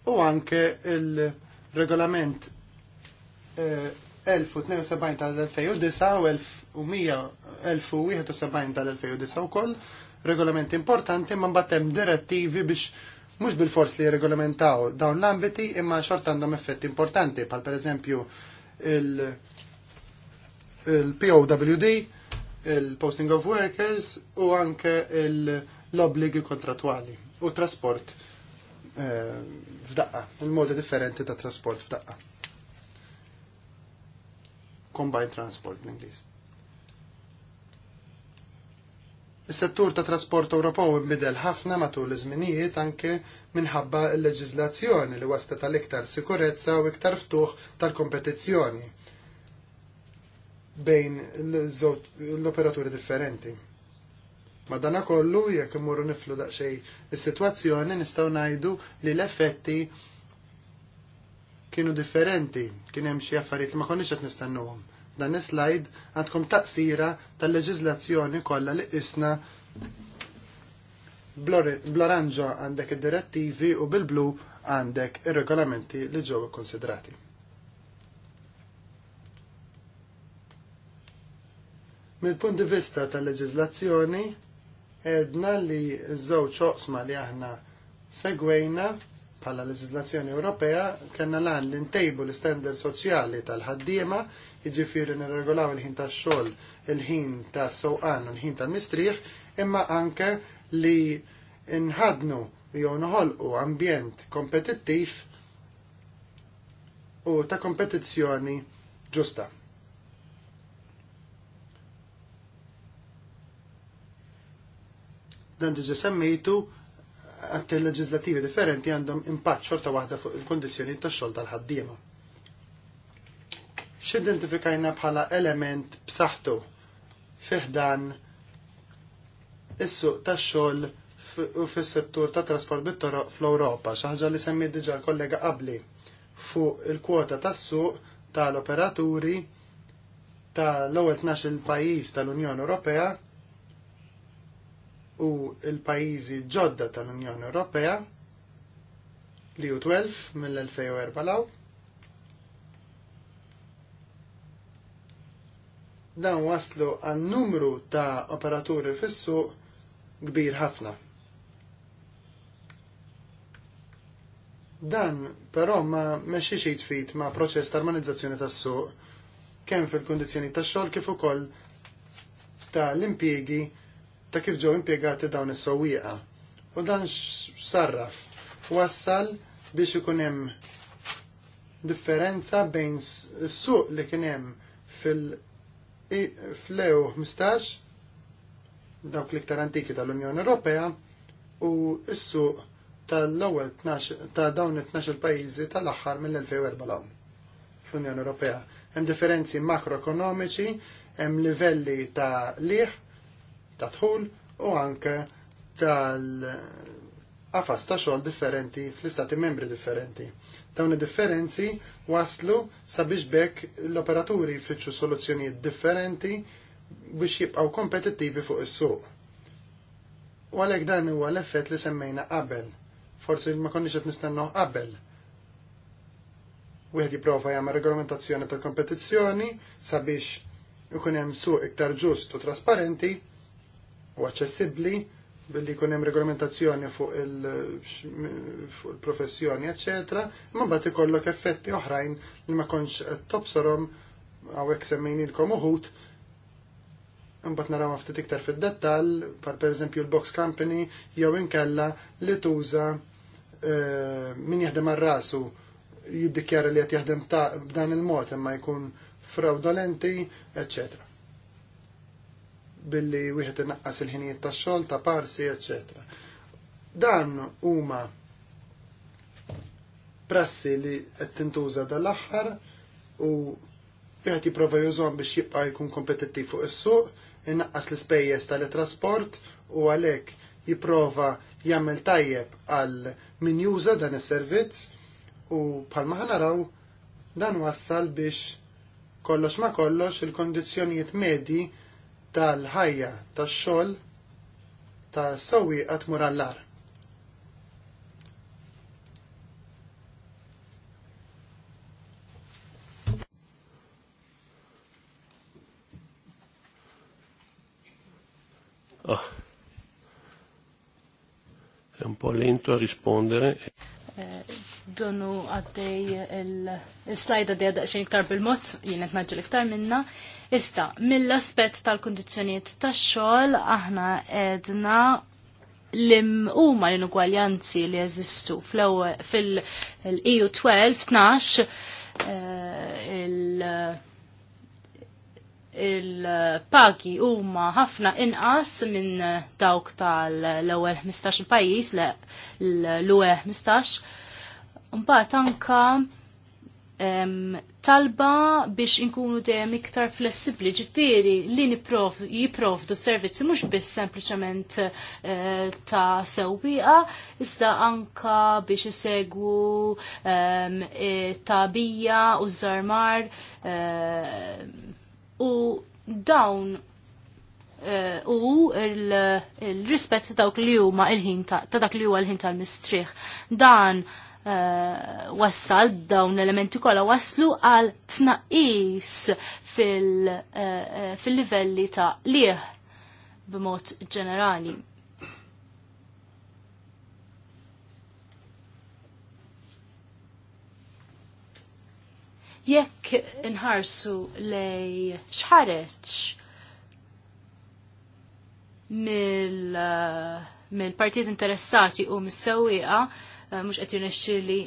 u anke il-regolament 1072 eh, tal-2009 u 1071 tal-2009 u koll regolamenti importanti ma mbagħad hemm direttivi biex mhux bil-fors li regolamentaw dawn l-ambiti imma xort għandhom effetti importanti pal per eżempju il-POWD, il powd il posting of Workers u anke l-obligi kontratwali u trasport eh, f'daqqa, il-modi differenti ta' trasport f'daqqa. Combined transport bl-Inglis. Is-settur ta' trasport Ewropew imbidel ħafna matul iż-żminijiet anke minħabba l-leġiżlazzjoni li wasta tal-iktar sikurezza u iktar ftuħ tal-kompetizzjoni bejn l-operaturi differenti. Madana kollu, jekk imorru niflu daqsxejn is-sitwazzjoni nistgħu ngħidu li l-effetti kienu differenti, kien hemm xi affarijiet li ma konniex qed nistennuhom dan is slide għandkom taqsira tal-leġiżlazzjoni kollha li isna bl oranġo għandek id-direttivi u bil-blu għandek ir-regolamenti li ġew ikkonsidrati. Mill-punt di vista tal-leġiżlazzjoni edna li żewġ oqsma li aħna segwejna bħala leġiżlazzjoni Ewropea kellna lan l-intejbu l istender soċjali tal-ħaddiema iġifiri nirregolaw il-ħin tax-xogħol, il-ħin tas-sewqan u l-ħin ta' mistriħ, imma anke li nħadnu jew noħolqu ambjent kompetittiv u ta' kompetizzjoni ġusta. Dan diġa semmejtu għatti leġislativi differenti għandhom impatt xorta waħda fuq il-kondizjoni tax-xogħol tal-ħaddiema x'identifikajna bħala element b'saħħtu fiħdan is-suq tax-xogħol u fis-settur tat trasport bit-toroq fl-Ewropa, xi ħaġa li semmi diġà l-kollega qabli fuq il-kwota tas-suq tal-operaturi tal-ewwel il pajjiż tal-Unjoni Ewropea u l-pajjiżi ġodda tal-Unjoni Ewropea li u 12 mill-2004 law dan waslu għal numru ta' operaturi fis-suq kbir ħafna. Dan però ma mexxiex jitfit ma' proċess ta' armonizzazzjoni tas-suq kemm fil-kundizzjoni tax-xogħol kif ukoll tal impiegi ta' kif ġew impjegati dawn is-sewwieqa. U dan sarraf wassal biex ikun hemm differenza bejn s-suq li kien hemm fil- flew 15 dawk l-iktar antiki tal-Unjoni Ewropea u issu suq tal-ewwel ta' dawn it-12 pajjiżi tal-aħħar mill-2004 l fl-Unjoni Ewropea. Hemm differenzi makroekonomiċi, hemm livelli ta' liħ, ta' dħul u anke tal għafas ta' xogħol differenti fl-istati membri differenti. Dawn id-differenzi waslu sabiex bekk l-operaturi jfittxu soluzzjonijiet differenti biex jibqgħu kompetittivi fuq is-suq. U għalhekk dan huwa l-effett li semmejna qabel. Forsi ma konniex qed nistennu qabel. Wieħed jipprova jagħmel regolamentazzjoni tal-kompetizzjoni sabiex ikun hemm suq iktar ġust u trasparenti u aċċessibbli billi jkun hemm regolamentazzjoni fuq il-professjoni, eccetera, imma mbagħad ikollok effetti oħrajn li ma kontx qed hawnhekk semmejnilkom uħud imbagħad naraw ftit iktar fid-dettall, par pereżempju l-box company jew inkella li tuża e, min jaħdem ar-rasu jiddikjara li qed jaħdem ta' b'dan il-mod imma jkun fraudolenti, eccetera billi wieħed inqas il-ħinijiet tax-xogħol ta' parsi, eċetera. Dan huma prassi li qed tintuża dal-aħħar u wieħed jipprova jużhom biex jibqa' jkun kompetittiv fuq is-suq, inqas l-ispejjeż tal-trasport u għalhekk jipprova jagħmel tajjeb għal min juża dan is-servizz u bħalma ħanaraw dan wassal biex kollox ma kollox il-kondizzjonijiet medji tal-ħajja tax xol ta' sewwi għat murallar. Oh. Ah. È un po' lento a rispondere. Eh donu għaddej il-slajda di għadda xejn iktar bil-mod, jienet naġġel iktar minna, Ista, mill-aspett tal-kondizjoniet tax-xogħol aħna edna lim huma l-inugwaljanzi li jeżistu fil-EU 12 12 il-pagi huma ħafna inqas minn dawk tal-ewwel 15 pajjiż l-UE 15 Mbagħad anka um, talba biex inkunu dejjem iktar flessibbli ġifieri li niprof, jipprovdu servizzi mhux biss sempliċement uh, ta' sewwieqa, iżda anka biex isegwu um, e, tabija u żarmar uh, u dawn uh, u il-rispett il ta' dawk li huma il-ħin ta' dak li huwa l-ħin tal-mistrieħ. Dan Eh, wassal dawn elementi kollha waslu għal tnaqis eh, eh, fil-livelli ta' liħ b'mod ġenerali. Jekk inħarsu lej xħareċ mill-partijiet interessati u mis-sewwieqa, Eh, mhux qed li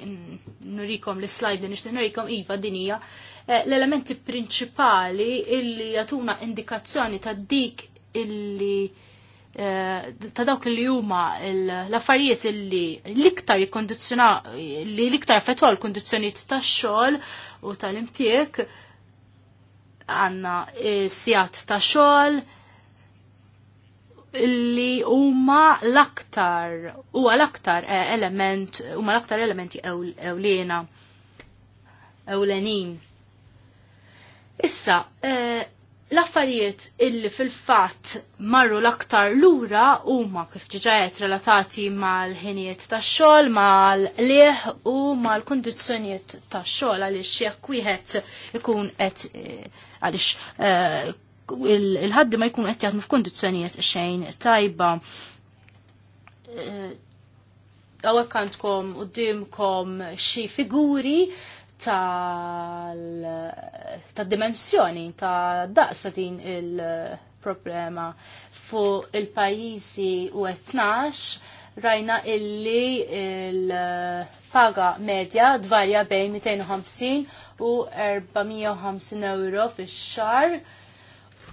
nurikom l-slide li nixtieq nurikom iva din hija eh, l-elementi prinċipali illi jagħtuna indikazzjoni ta' dik illi eh, ta' dawk li huma l-affarijiet illi l-iktar jikkondizzjonaw li l-iktar fetol l-kondizzjonijiet tax-xogħol u tal-impjeg għandna sijat ta' xogħol, li huma l-aktar huwa l-aktar eh, element huma l-aktar elementi ewlena ewlenin. Issa, eh, l-affarijiet illi fil-fatt marru l-aktar lura huma kif ġiġajet relatati mal-ħinijiet tax xogħol, mal-leħ u mal-kundizzjonijiet tax xogħol għaliex jekk wieħed ikun qed eh, għaliex il-ħaddi ma jkun qed jaħdmu f'kundizzjonijiet xejn tajba. Eh, għawek għandkom dimkom xi figuri tal-dimensjoni ta' daqsa din il-problema fuq il-pajjiżi u etnax rajna illi il-paga medja dvarja bejn 250 u 450 euro fix-xar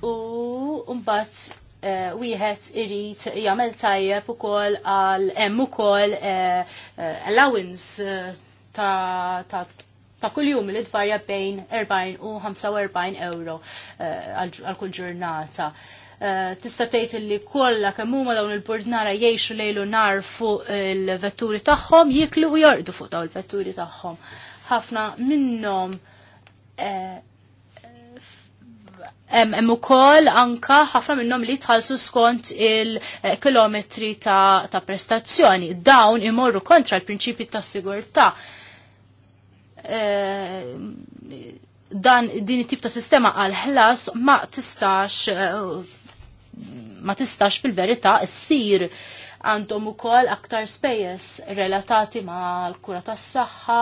u mbagħad eh, wieħed irid jagħmel tajjeb ukoll għal hemm ukoll eh, eh, allowance ta' ta' ta' kuljum li tvarja bejn 40 u 45 euro għal kull ġurnata. Tista' tgħid li kollha kemm huma dawn il-burdnara jgħixu lejlu nar fuq il-vetturi tagħhom, jiklu u jorqdu fuq dawn il-vetturi tagħhom. Ħafna minnhom Hemm ukoll anka ħafna minnhom li tħallsu skont il-kilometri eh, ta', ta prestazzjoni. Dawn imorru kontra l-prinċipji ta' sigurtà. Eh, dan din it-tip ta' sistema għal ħlas ma tistax eh, ma tistax fil-verità ssir għandhom ukoll aktar spejjeż relatati mal kura tas-saħħa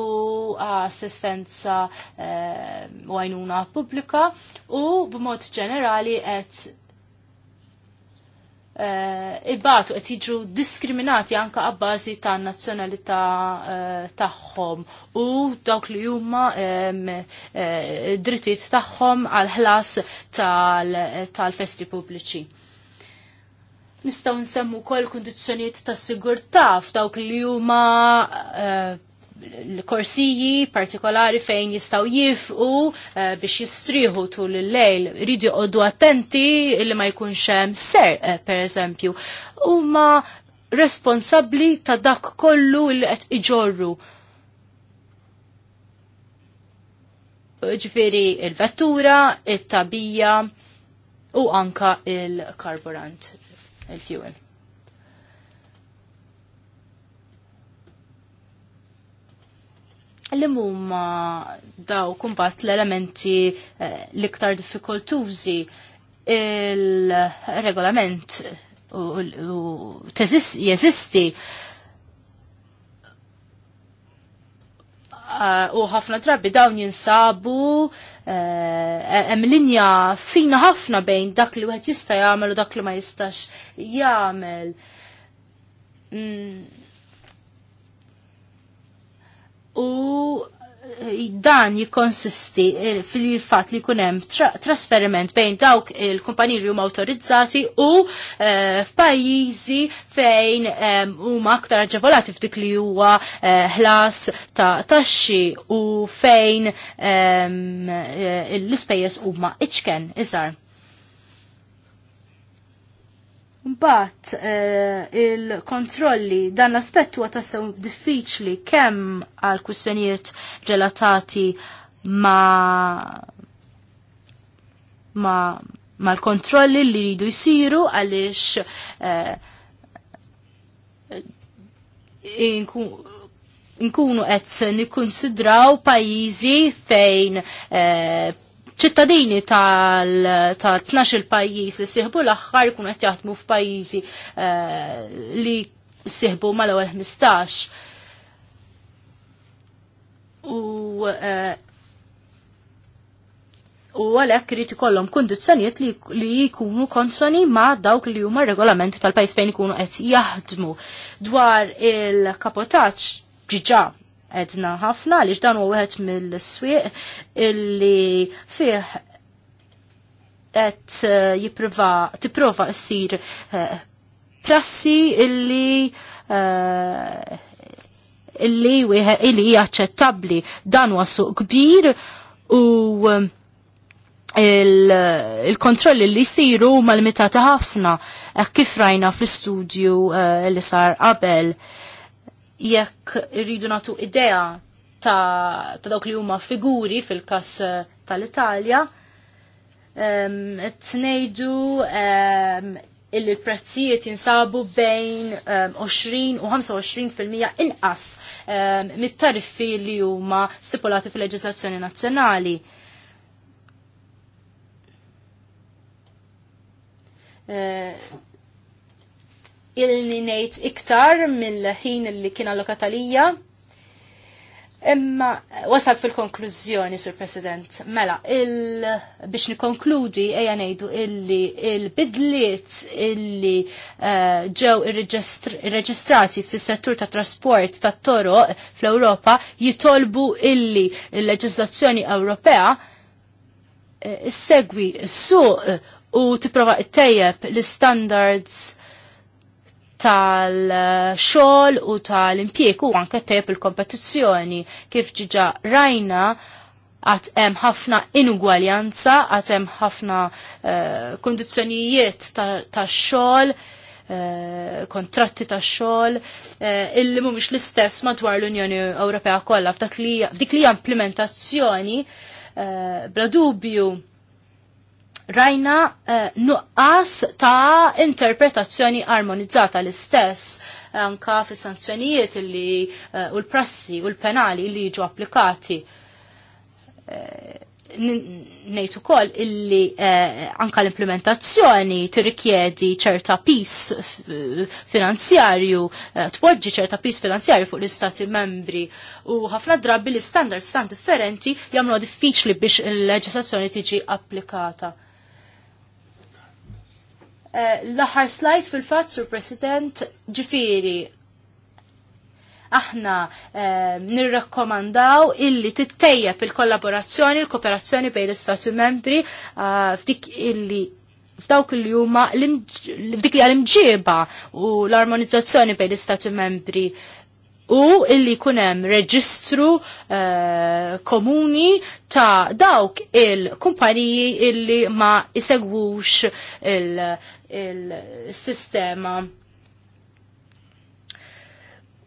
u assistenza eh, u għajnuna pubblika u b'mod ġenerali qed eh, ibbatu qed jiġu diskriminati anka għabbazi ta' nazzjonalità eh, tagħhom u dawk li huma drittijiet tagħhom għal ħlas tal-festi pubbliċi. Nistgħu nsemmu wkoll kundizzjonijiet ta' sigurtà f'dawk li huma l-korsiji partikolari fejn jistaw jifqu eh, biex jistriħu tul il-lejl. Ridu għoddu attenti li ma jkunx hemm serq, eh, per eżempju. Huma responsabli ta' dak kollu li qed iġorru. Ġifiri il-vettura, it-tabija u anka il-karburant, il-fuel. li mumma daw kumbat l-elementi eh, l-iktar diffikultużi il-regolament u jeżisti eh, u ħafna drabi dawn jinsabu eh, hemm linja fina ħafna bejn dak li wieħed jista' jagħmel u dak li ma jistax jagħmel mm u eh, dan jikonsisti eh, fil-fat li kunem tra trasferiment bejn dawk il-kumpaniji li huma autorizzati u e, f'pajjiżi fejn huma aktar aġevolati f'dik li huwa ħlas ta' taxxi u fejn e, l-ispejjeż huma iċken iżgħar. Mbagħad eh, il-kontrolli dan l-aspett huwa tassew diffiċli kemm għal kwistjonijiet relatati ma ma mal-kontrolli li jridu jsiru għaliex eh, inkunu qed nikkunsidraw pajjiżi fejn eh, ċittadini tal-12 pajjiż li siħbu l-aħħar kun qed jaħdmu f'pajjiżi eh, li sieħbu mal-ewwel 15. U eh, u għalhekk irid ikollhom kundizzjonijiet li jkunu konsoni ma' dawk li huma regolamenti tal-pajjiż fejn ikunu qed jaħdmu dwar il-kapotaġġ ġiġa edna ħafna għaliex dan huwa wieħed mill-swieq illi fih qed eh, jipprova tipprova ssir eh, prassi illi eh, illi illi hija aċċettabbli dan huwa suq kbir u il-kontrolli li jsiru mal-mitata ħafna kif rajna fl-istudju li sar qabel. Uh, jekk irridu natu idea ta', ta dawk li huma figuri fil-kas eh, tal-Italja, um, t-nejdu um, ehm, il-prezzijiet jinsabu bejn um, ehm, 20 u 25% inqas um, mit-tariffi li huma stipulati fil-leġislazzjoni nazzjonali. Uh, il-li ngħid iktar mill-ħin li kien allokatalija. Imma wasad fil-konklużjoni, Sur President, mela, il biex nikonkludi eja ngħidu illi il-bidliet illi uh, ġew irreġistrati fis-settur ta' trasport ta' toro fl-Ewropa jitolbu illi il-leġislazzjoni Ewropea eh, segwi s-suq u tipprova tejjeb l-standards tal-xol u tal-impjek u anke tejb il-kompetizzjoni kif ġiġa rajna għat hemm ħafna inugwaljanza, għat hemm ħafna eh, kondizjonijiet tax-xogħol, ta eh, kontratti tax-xogħol eh, illi mhumiex l-istess madwar l-Unjoni Ewropea kollha f'dik li hija implementazzjoni bla dubju rajna uh, nuqqas ta' interpretazzjoni armonizzata l-istess anka fis sanzjonijiet li eh, u l-prassi u l-penali li ġu applikati. Uh, eh, nejt ukoll illi uh, anka l-implementazzjoni tirrikjedi ċerta pis finanzjarju, t tpoġġi ċerta pis finanzjarju fuq l-istati membri u ħafna drabi l standard stand differenti jagħmlu diffiċli biex il-leġislazzjoni tiġi applikata. Eh, l-aħħar slajt fil-fatt, Sur President, ġifiri, aħna eh, nirrakkomandaw illi tittejja il-kollaborazzjoni, l kooperazzjoni bejn l-Stati membri eh, f'dik illi f'dawk li huma f'dik li għal-imġiba u l-armonizzazzjoni bejn l-Stati membri u illi kunem reġistru komuni ta' dawk il-kumpaniji illi ma isegwux il- il-sistema.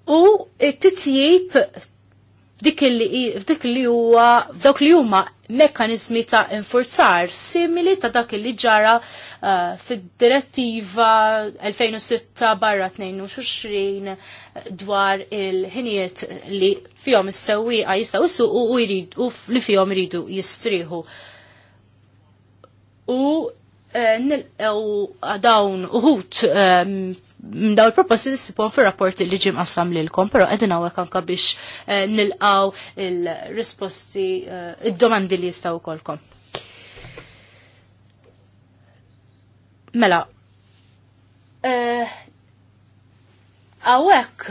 U it-titjib dik li huwa dawk li huma mekkanizmi ta' infurzar simili ta' dak li ġara uh, fid-direttiva 2006 barra 22 dwar il-ħinijiet li fihom is-sewwieqa jistgħu issuqu u jridu li fihom iridu jistrieħu. U Eh, nil-ew eh, dawn uħut eh, daw il-proposti s-sipon fil rapporti li ġim għassam li l-kom, pero għedin għawek anka biex nilqaw il-risposti, il-domandi li jistaw kolkom. Mela, għawek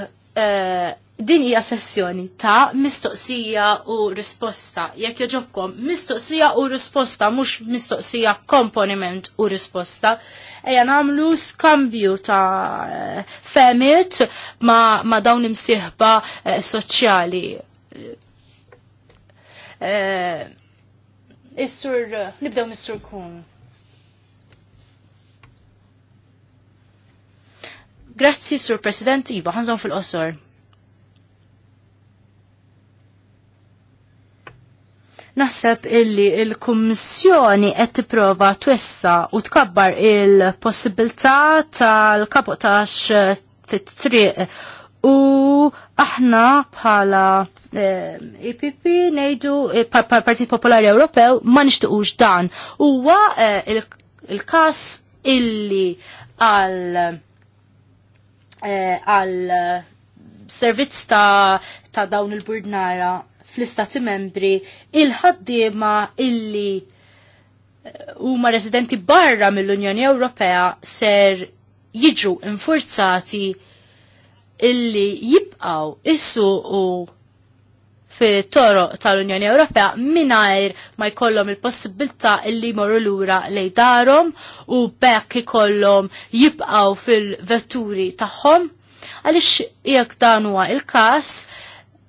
Din hija sessjoni ta' mistoqsija u risposta. Jekk joġobkom mistoqsija u risposta mhux mistoqsija komponiment u risposta. Ejja nagħmlu skambju ta' eh, femit ma, ma dawn imsieħba eh, soċjali. Eh, Is-sur, nibdew mis-sur kun. Grazzi, Sur President Iva, ħanżon fil-qosor. Naħseb illi il-Kummissjoni qed tipprova twissa u tkabbar il-possibilità tal kabotax fit-triq u aħna bħala IPP eh, e nejdu eh, Partit Popolari Ewropew ma nixtiqux dan. Huwa eh, il-każ illi għal għal servizz ta' dawn il-burdnara fl-istati membri il-ħaddiema illi eh, huma residenti barra mill-Unjoni Ewropea ser jiġu infurzati illi jibqaw issu u fi toro tal-Unjoni Ewropea minajr ma jkollhom il-possibilità illi moru lura lej darom u bekk ikollhom jibqaw fil-vetturi tagħhom. Għaliex jekk dan huwa il-każ,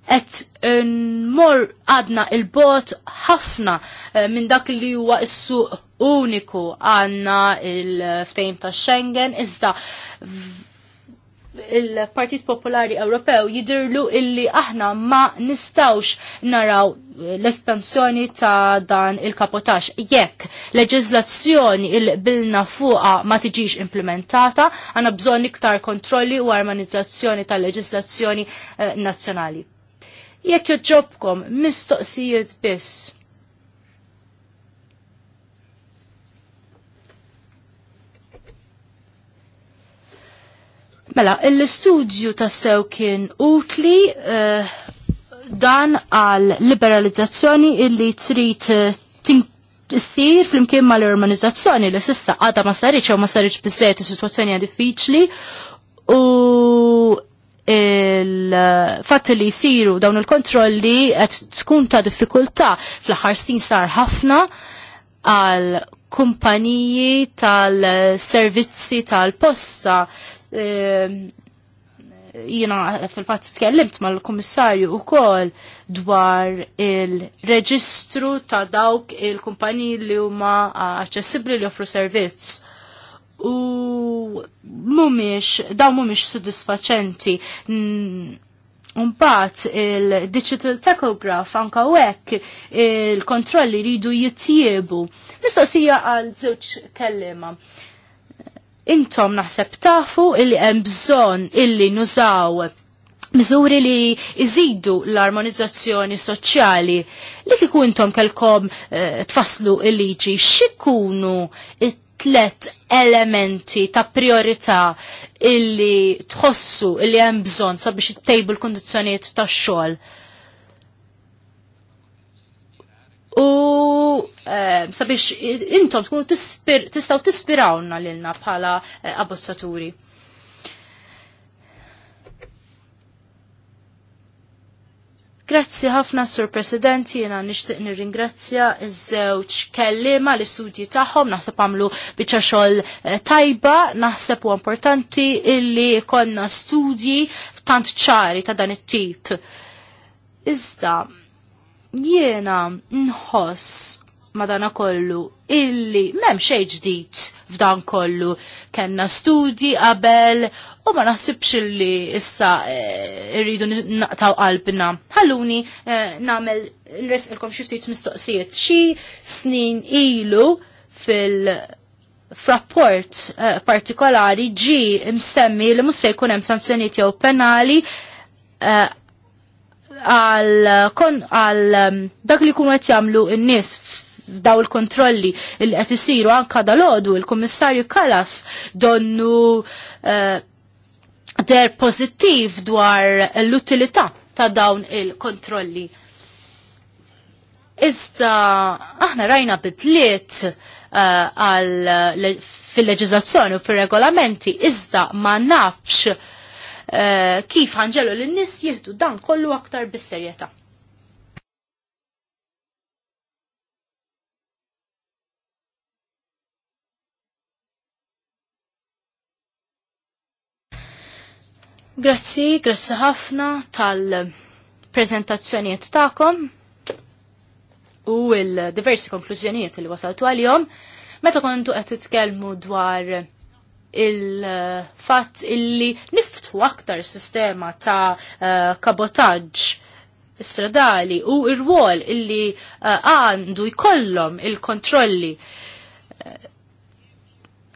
qed eh, mor għadna il-bot ħafna eh, minn dak li huwa s-suq uniku għanna il-ftejm ta' Schengen iżda il-Partit Popolari Ewropew jidirlu illi aħna ma nistawx naraw l-espansjoni ta' dan il-kapotax. Jekk leġizlazzjoni il-bilna fuqa ma tiġix implementata, għana bżon iktar kontrolli u armonizzazzjoni ta' leġizlazzjoni eh, nazzjonali. Jekk joġobkom mistoqsijiet biss. Mela, l-istudju tassew kien utli uh, dan għal liberalizzazzjoni illi trid eh, issir flimkien mal urbanizzazzjoni li sissa għada ma sarriċ u ma sarriċ bizzet situazzjoni diffiċli u il-fatt li jisiru dawn il-kontrolli qed tkun ta' diffikulta fl-aħħar snin sar ħafna għal kumpaniji tal-servizzi tal-posta. Ehm, jina fil-fatt tkellimt mal-Kummissarju kol dwar il-reġistru ta' dawk il-kumpaniji li huma aċċessibbli li joffru servizz u mumiex, daw mumiex soddisfaċenti. Mm, Umbat il-digital tachograph anka wek il-kontrolli ridu jittiebu. Mistoqsija għal żewġ kellima. Intom naħseb tafu illi hemm bżonn illi nużaw miżuri li iżidu l-armonizzazzjoni soċjali. Li kikun intom kelkom eh, tfasslu il-liġi, xikunu it tlet elementi ta' priorità illi tħossu illi hemm bżonn sabiex ittejbu l-kondizzjonijiet tax-xogħol. U eh, sabiex intom tkunu tistgħu tispirawna lilna bħala eh, abbozzaturi. Grazzi ħafna Sur President, jiena nixtieq nirringrazzja iż-żewġ kellima l-istudji tagħhom, naħseb għamlu biċċa xogħol eh, tajba, naħseb u importanti illi konna studji tant ċari ta' dan it-tip. Iżda jiena nħoss madana kollu illi mem xej ġdid f'dan kollu kenna studji qabel u ma naħsibx illi issa eh, irridu naqtaw qalbna. Ħalluni eh, namel nresqilkom xi ftit mistoqsijiet xi snin ilu fil frapport eh, partikolari ġi msemmi li mhux se jkun hemm sanzjonijiet jew penali għal kon għal mm, dak li kunu qed jagħmlu n-nies daw il-kontrolli li qed isiru anka dalodu il-Kummissarju Kalas donnu uh, der pozittiv dwar l-utilità ta' dawn il-kontrolli. Iżda aħna rajna bidliet eh, għal fil-leġizazzjoni u fil-regolamenti, iżda ma nafx uh, kif ħanġelu l-nis jihdu dan kollu aktar bis-serjetà. Grazzi, grazzi ħafna tal-prezentazzjonijiet ta'kom u il-diversi konklużjonijiet li wasaltu għal-jom. Meta kontu qed titkellmu dwar il fat illi niftu aktar sistema ta' eh, kabotaġġ stradali u ir-rwol illi eh, għandu jkollhom il-kontrolli. il kontrolli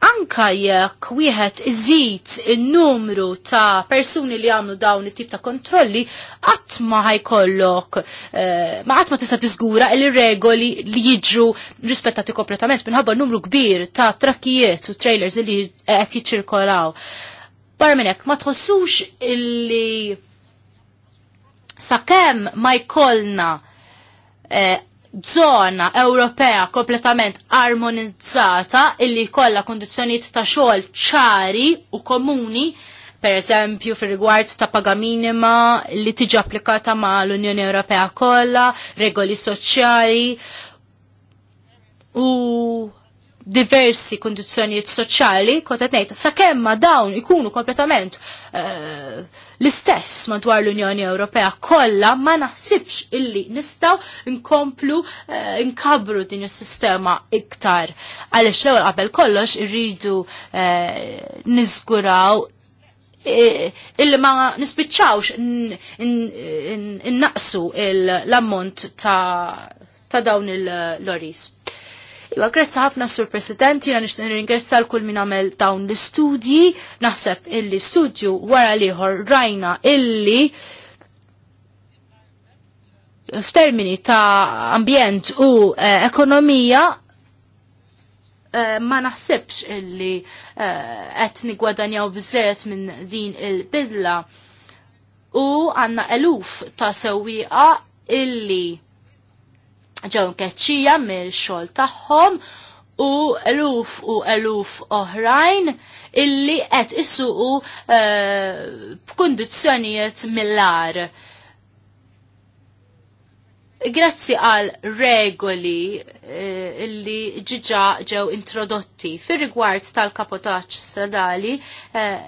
anka jekk wieħed iżid in-numru ta' persuni li għamlu dawn it-tip ta' kontrolli, qatt ma ħajkollok, eh, ma qatt ma tista' tiżgura il regoli li jiġru rispettati kompletament minħabba numru kbir ta' trakkijiet u trailers li qed jiċċirkolaw. Barra minn hekk ma tħossux illi sakemm ma jkollna eh, zona Ewropea kompletament armonizzata illi kolla kondizjoniet ta' xogħol ċari u komuni per eżempju fil rigward ta' paga minima li tiġi applikata ma' l-Unjoni Ewropea kollha, regoli soċjali u diversi kondizjonijiet soċjali, kotet ngħid, sakemm ma dawn ikunu kompletament uh, l-istess madwar l-Unjoni Ewropea kollha ma naħsibx illi nistgħu nkomplu uh, nkabru din is-sistema iktar. Għaliex l-ewwel qabel kollox irridu uh, niżguraw illi ma nispiċċawx innaqsu l-ammont ta' ta' dawn il-loris. Iwa grazzi ħafna sur President, jina nix nirringrazza l-kull min għamel dawn l-istudji, naħseb illi studju wara liħor rajna illi f'termini ta' ambjent u eh, ekonomija eh, ma naħsibx illi eh, qed eh, nigwadanjaw bżet minn din il-bidla u għanna eluf ta' sewwieqa illi ġew nkeċċija mill-xogħol tagħhom u eluf u eluf oħrajn illi qed issuqu b'kundizzjonijiet eh, mill-ar. Grazzi għal regoli eh, illi ġiġa ġew introdotti fir rigward tal-kapotaċ stradali eh,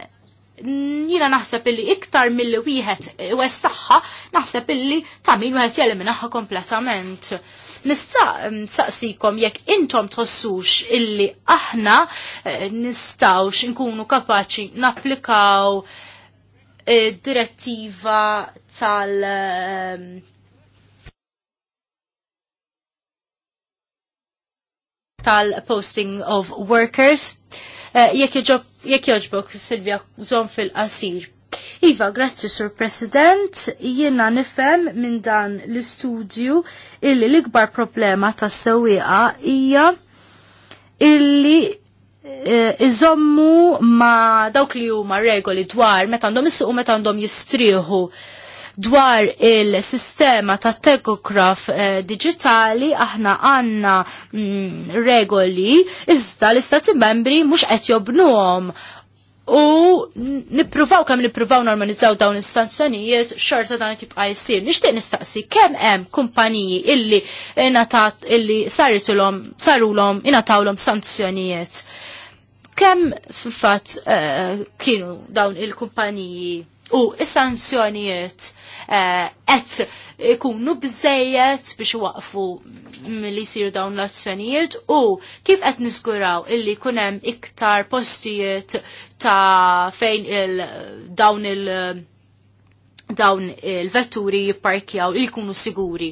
jina naħseb illi iktar mill wieħed wessaħħa naħseb illi ta' min wieħed jeliminaħħa kompletament nistaqsikom jekk intom tħossux illi aħna eh, nistawx nkunu kapaċi napplikaw eh, direttiva tal ehm, tal-posting of workers. Eh, jekk joġbok Silvia zon fil-qasir Iva, grazzi Sur President, jiena nifhem minn dan l-istudju illi l-ikbar problema tas sewwieqa hija illi e, iżommu ma dawk li huma regoli dwar meta għandhom issuqu meta għandhom jistrieħu dwar il-sistema ta' tekograf eh, digitali aħna għanna mm, regoli iżda l-istati membri mux qed jobnuhom U nippruvaw kemm nippruvaw normalizzaw dawn is-sanzjonijiet xorta dan tibqa' jsir. Nixtieq nistaqsi kemm hemm kumpaniji illi ingħatat illi saritulhom sarulhom ingħatawlhom sanzjonijiet. Kemm fil-fatt eh, kienu dawn il-kumpaniji u is-sanzjonijiet qed uh, ikunu bżejjed biex waqfu li sir dawn l-azzjonijiet u kif qed niżguraw illi jkun hemm iktar postijiet ta' fejn il dawn il dawn il-vetturi jipparkjaw li jkunu siguri.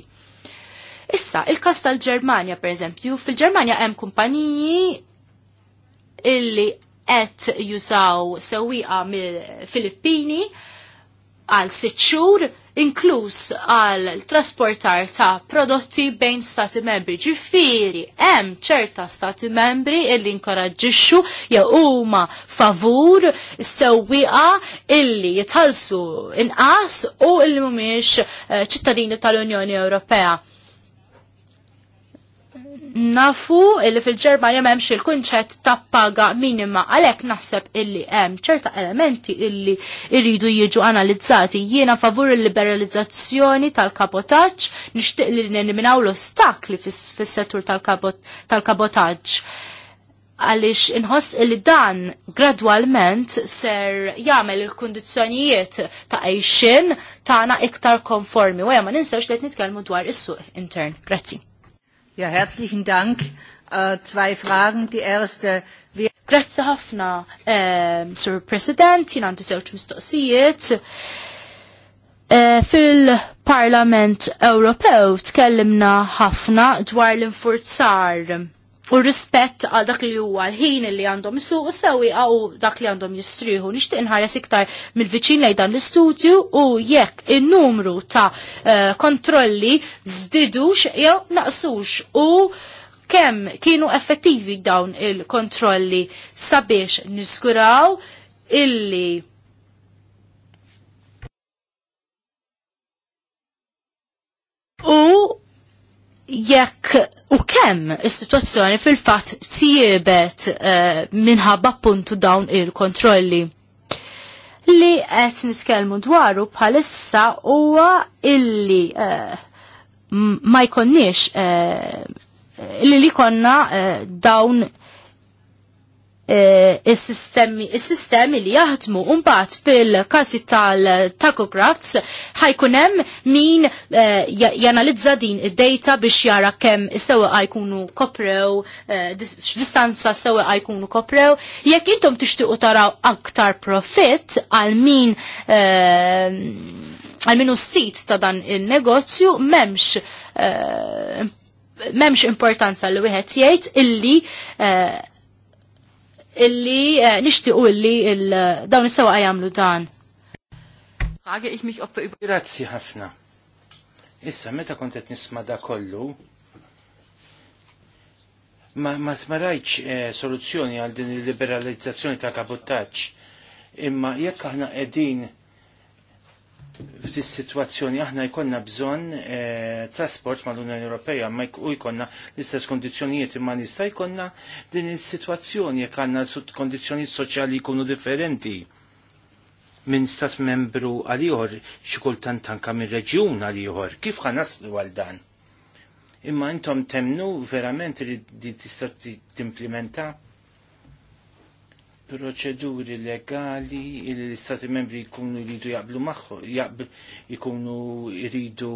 Issa, il-kas tal-Ġermanja, per eżempju, fil-Ġermanja hemm kumpaniji illi qed jużaw sewwieqa mill-Filippini għal sitt xhur inkluż għal trasportar ta' prodotti bejn stati membri. Ġifiri, hemm ċerta stati membri illi inkoraġġixxu jew huma favur sewwieqa illi jitħallsu inqas u illi mhumiex eh, ċittadini tal-Unjoni Ewropea nafu illi fil-Ġermanja m'hemmx il-kunċett ta' paga minima għalhekk naħseb illi hemm ċerta elementi illi jridu jiġu analizzati jiena favur il-liberalizzazzjoni tal-kabotaġġ nixtieq li neliminaw l-ostakli fis-settur tal-kabotaġġ għalix inħoss il dan gradualment ser jagħmel il-kundizzjonijiet ta' għajxin tagħna iktar konformi u ma ninsewx li qed nitkellmu dwar is-suq intern. Grazzi. Ja, herzlichen Dank. Uh, zwei Fragen. Die erste, wie... Grazzi ħafna, eh, Sur President, jina għandi zewċ mistoqsijiet. Ehm, Fil-Parlament Ewropew tkellimna ħafna dwar l-infurzar u rispett għal dak li huwa l-ħin li għandhom su u sewi għaw dak li għandhom jistriħu. Nishtiq nħares iktar mill-viċin lej dan l-istudju u jekk il-numru ta' uh, kontrolli zdidux jew naqsux u kemm kienu effettivi dawn il-kontrolli sabiex niskuraw illi u jekk u kemm is-sitwazzjoni fil-fatt tjibet eh, minħabba puntu dawn il-kontrolli li qed niskelmu dwaru bħalissa huwa illi eh, ma jkonniex eh, illi li li konna dawn Eh, il-sistemi il li jaħdmu mbagħad fil-kasi tal-tachographs ħajkunem min eh, janalizza din id-data biex jara kem sewa għajkunu koprew, eh, distanza sewa għajkunu koprew. Jekk intom tixtiequ taraw aktar profit għal min għal minu sit ta' dan il-negozju memx memx importanza li wieħed jgħid illi illi eh, nixtiequ illi dawn is-sewqa jagħmlu dan. Frage ich mich ob wir über Grazzi ħafna. Issa meta kont qed nisma' da kollu, ma, ma smarajċ eh, soluzzjoni għal din il-liberalizzazzjoni ta' kabottaċ. Imma jekk aħna qegħdin f'dis situazzjoni aħna jkollna bżonn e, trasport mal-Unjoni Ewropea ma u jkollna l-istess kondizzjonijiet imma nista' jkollna din is-sitwazzjoni jekk għandna kondizzjonijiet soċjali jkunu differenti minn stat membru għal ieħor xi kultant anke minn reġjun għal ieħor. Kif naslu għal dan? Imma intom temnu verament li tista' timplementa? proċeduri legali li l-istati membri jkunu jridu jaqblu magħhom, jkunu jridu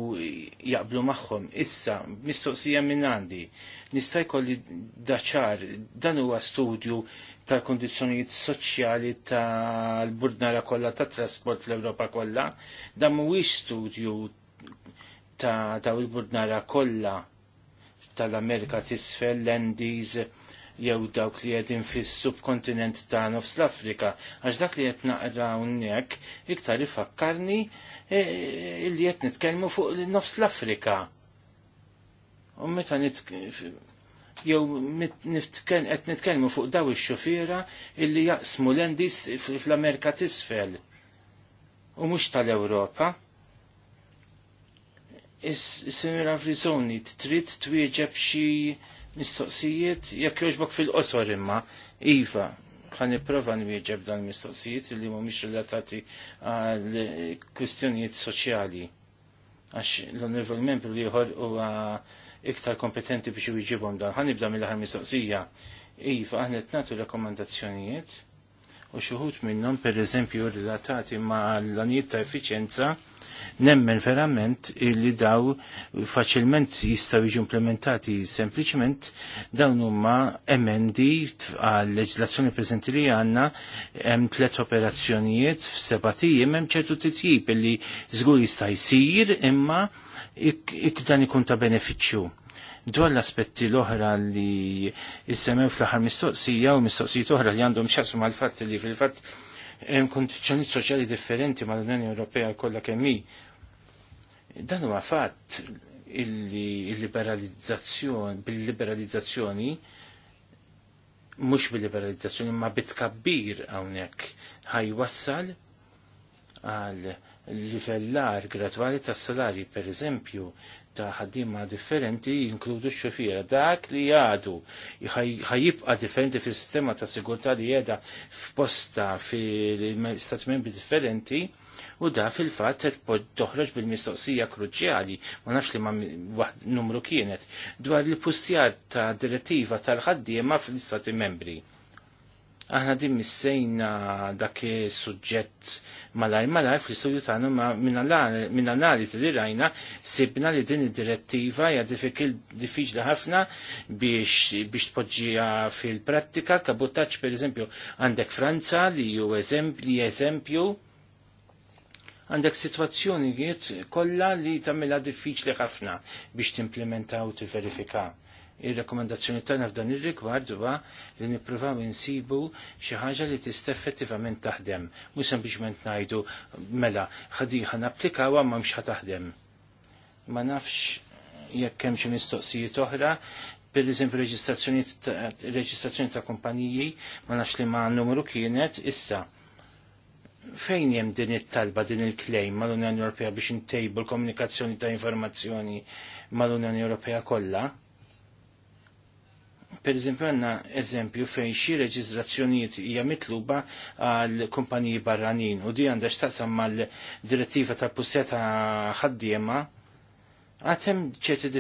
jaqblu magħhom. Issa, mistoqsija minn għandi, nista' jkolli daċar dan huwa studju tal-kondizzjonijiet soċjali tal-burdnara kollha tat-trasport fl-Ewropa kollha, dan mhuwiex studju ta' il-burdnara kollha tal-Amerika tisfel, l-Endiz, jew dawk li qegħdin fi subkontinent ta' nofs l-Afrika, għax dak li qed naqra hawnhekk iktar ifakkarni e, e, li qed nitkellmu fuq nofs l-Afrika. U meta jew qed nitkellmu fuq daw ix-xufiera illi jaqsmu l-endis fl-Amerika t'isfel u mhux tal-Ewropa. Is-Sinjura Frizzoni trid twieġeb xi mistoqsijiet jekk jogħġbok fil-qosor imma iva ħan nipprova nwieġeb dan mistoqsijiet li mhumiex relatati għal kwistjonijiet soċjali għax l-onorevol membru li jħor u iktar kompetenti biex jġibhom dan. Ħan nibda mill-aħħar mistoqsija. Iva, aħna qed nagħtu rakkomandazzjonijiet u xuħut minnhom pereżempju relatati ma' l-anijiet ta' effiċenza Nemmen verament li daw faċilment jistaw jiġu implementati sempliciment dawn huma emendi għal leġislazzjoni preżenti li għandna hemm tliet operazzjonijiet f'sebatijiem hemm ċertu titjib li żgur jista' jsir imma ik, ik dan ikun ta' benefiċċju dwar l-aspetti l-oħra li jissemew fl-ħar mistoqsija u mistoqsijiet oħra li għandhom xasum għal-fat li fil-fat hemm kondizzjoni soċjali differenti mal-Unjoni Ewropea kollha kemm hi. Dan huwa fatt il liberalizzazzjoni bil-liberalizzazzjoni mhux bil-liberalizzazzjoni ma bitkabbir hawnhekk ħajwassal għal livell lar gradwali tas salarji pereżempju ta' ħaddima differenti jinkludu x xofir Dak li għadu ħajibqa differenti fis sistema ta' sigurtà li jeda f'posta fil-stat membri differenti u da fil-fat toħroġ bil-mistoqsija kruċjali, ma nafx li ma waħd numru kienet, dwar il-pustjar ta' direttiva tal-ħaddiema fil-istati membri Aħna din missejna dak suġġett malaj malaj fl-istudju tagħna ma minn analiżi li rajna sibna li din id-direttiva hija diffiċli ħafna biex biex tpoġġiha fil-prattika kabotaġġ pereżempju għandek Franza li ju eżempju eżempju għandek situazzjoni kollha li tagħmilha diffiċli ħafna biex timplementa u tiverifika. Ir-rakkomandazzjoni tagħna f'dan ir-rigward huwa li nippruvaw insibu xi ħaġa li tista' effettivament taħdem, mhux sempliċement ngħidu mela ħadiħa napplikawha ma mhux taħdem. Ma nafx jekk hemm xi mistoqsijiet oħra, per eżempju reġistrazzjoni ta' kumpaniji ma nafx li ma' numru kienet issa fejn jem din it-talba din il-klejm mal-Unjoni Ewropea biex intejbu l-komunikazzjoni ta' informazzjoni mal-Unjoni Ewropea kollha? Per eżempju għanna eżempju fejn xi reġistrazzjonijiet hija mitluba għal kumpaniji barranin u di għandha x'taqsam mal-direttiva ta' pusseta ħaddiema għatem ċerti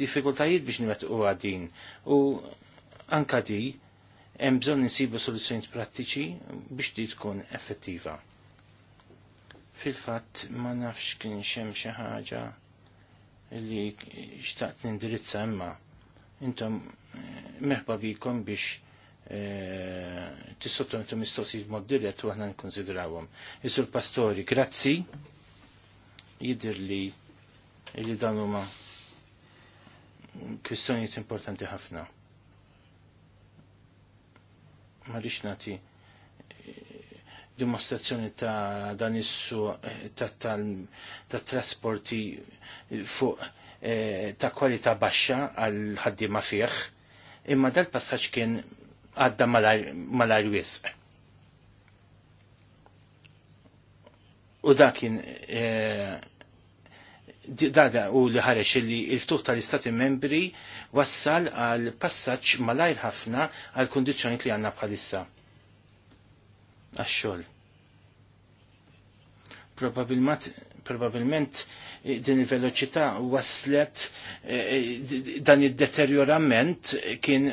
diffikultajiet biex u għadin u anka di hemm bżonn insibu soluzzjonijiet prattiċi biex di tkun effettiva. Fil-fatt ma nafx kien xem xi ħaġa li xtaqt nindirizza imma intom meħba bikom biex eh, tissottometu mistoqsijiet mod dirett u aħna nkonsidrawhom. Isur Pastori, grazzi. Jidir li li dan huma kwistjonijiet importanti ħafna. Ma rix nagħti eh, dimostrazzjoni ta' dan issu ta' trasporti fuq eh, ta' kwalità baxxa għal ħaddiema fih imma dal-passaġġ kien għadda malar wisq. U eh, da kien dada u li ħarex li il-ftuħ tal-istati membri wassal għal passaċ malajr ħafna għal kondizjoni li għanna bħalissa. Għaxxol. Probabilmat probabilment eh, din il-veloċità waslet eh, eh, dan id-deterjorament kien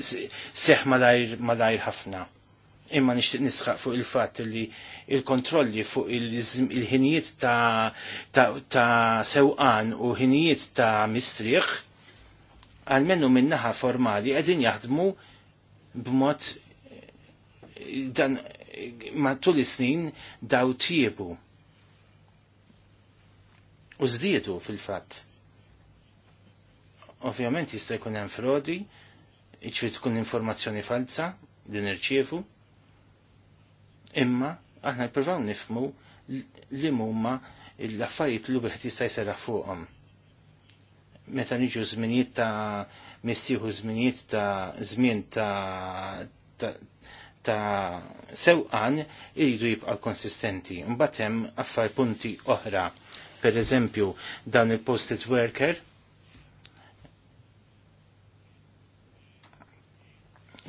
seħ malajr malajr ħafna. Imma nixtieq nisħaq fuq il-fatt li il-kontrolli fuq il-ħinijiet ta', ta, ta sewqan u ħinijiet ta' mistrieħ għalmenu minnaħa formali qegħdin jaħdmu b'mod dan matul is-snin daw tiebu u zdietu fil-fatt. Ovvjament jista' jkun hemm frodi, iċfi tkun informazzjoni falsa li nirċievu, imma aħna nippruvaw nifmu li huma l-affarijiet li wieħed jista' jserraħ fuqhom. Meta niġu żminijiet ta' mistieħu żminijiet ta' żmien ta' ta', ta sewqan iridu jibqa' konsistenti. Mbagħad hemm affar punti oħra per eżempju dan il-posted worker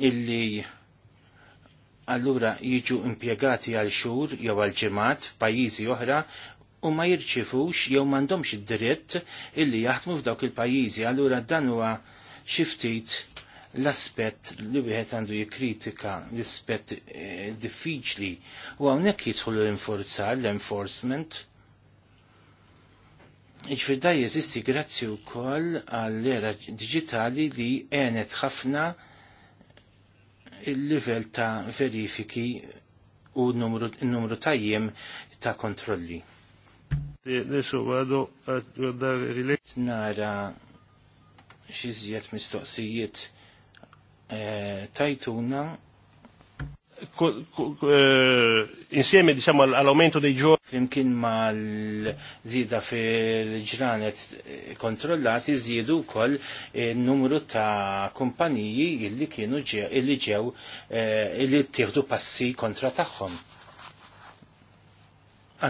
illi allura jiġu impiegati għal xur jew għal ġemat f'pajjiżi oħra u ma jirċifux jew m'għandhomx id-dritt illi jaħdmu f'dawk il-pajjiżi. Allura dan huwa xi ftit l-aspett li wieħed għandu jikkritika l-aspett eh, diffiċli u hawnhekk jidħlu l-infurzar, l-enforcement. l enforzar l enforcement Iġfirda jeżisti grazzi u koll għall-era digitali li għenet ħafna il-level ta' verifiki u n-numru tajjem ta' kontrolli. Nisu għadu għaddar rilet. Nara xizjiet mistoqsijiet eh, tajtuna. Eh, insieme diciamo, all'aumento dei giorni. Flimkien ma l-zida fil-ġranet eh, kontrollati zidu kol eh, numru ta' kompaniji illi kienu ġew illi ġew eh, illi tieħdu passi kontra tagħhom.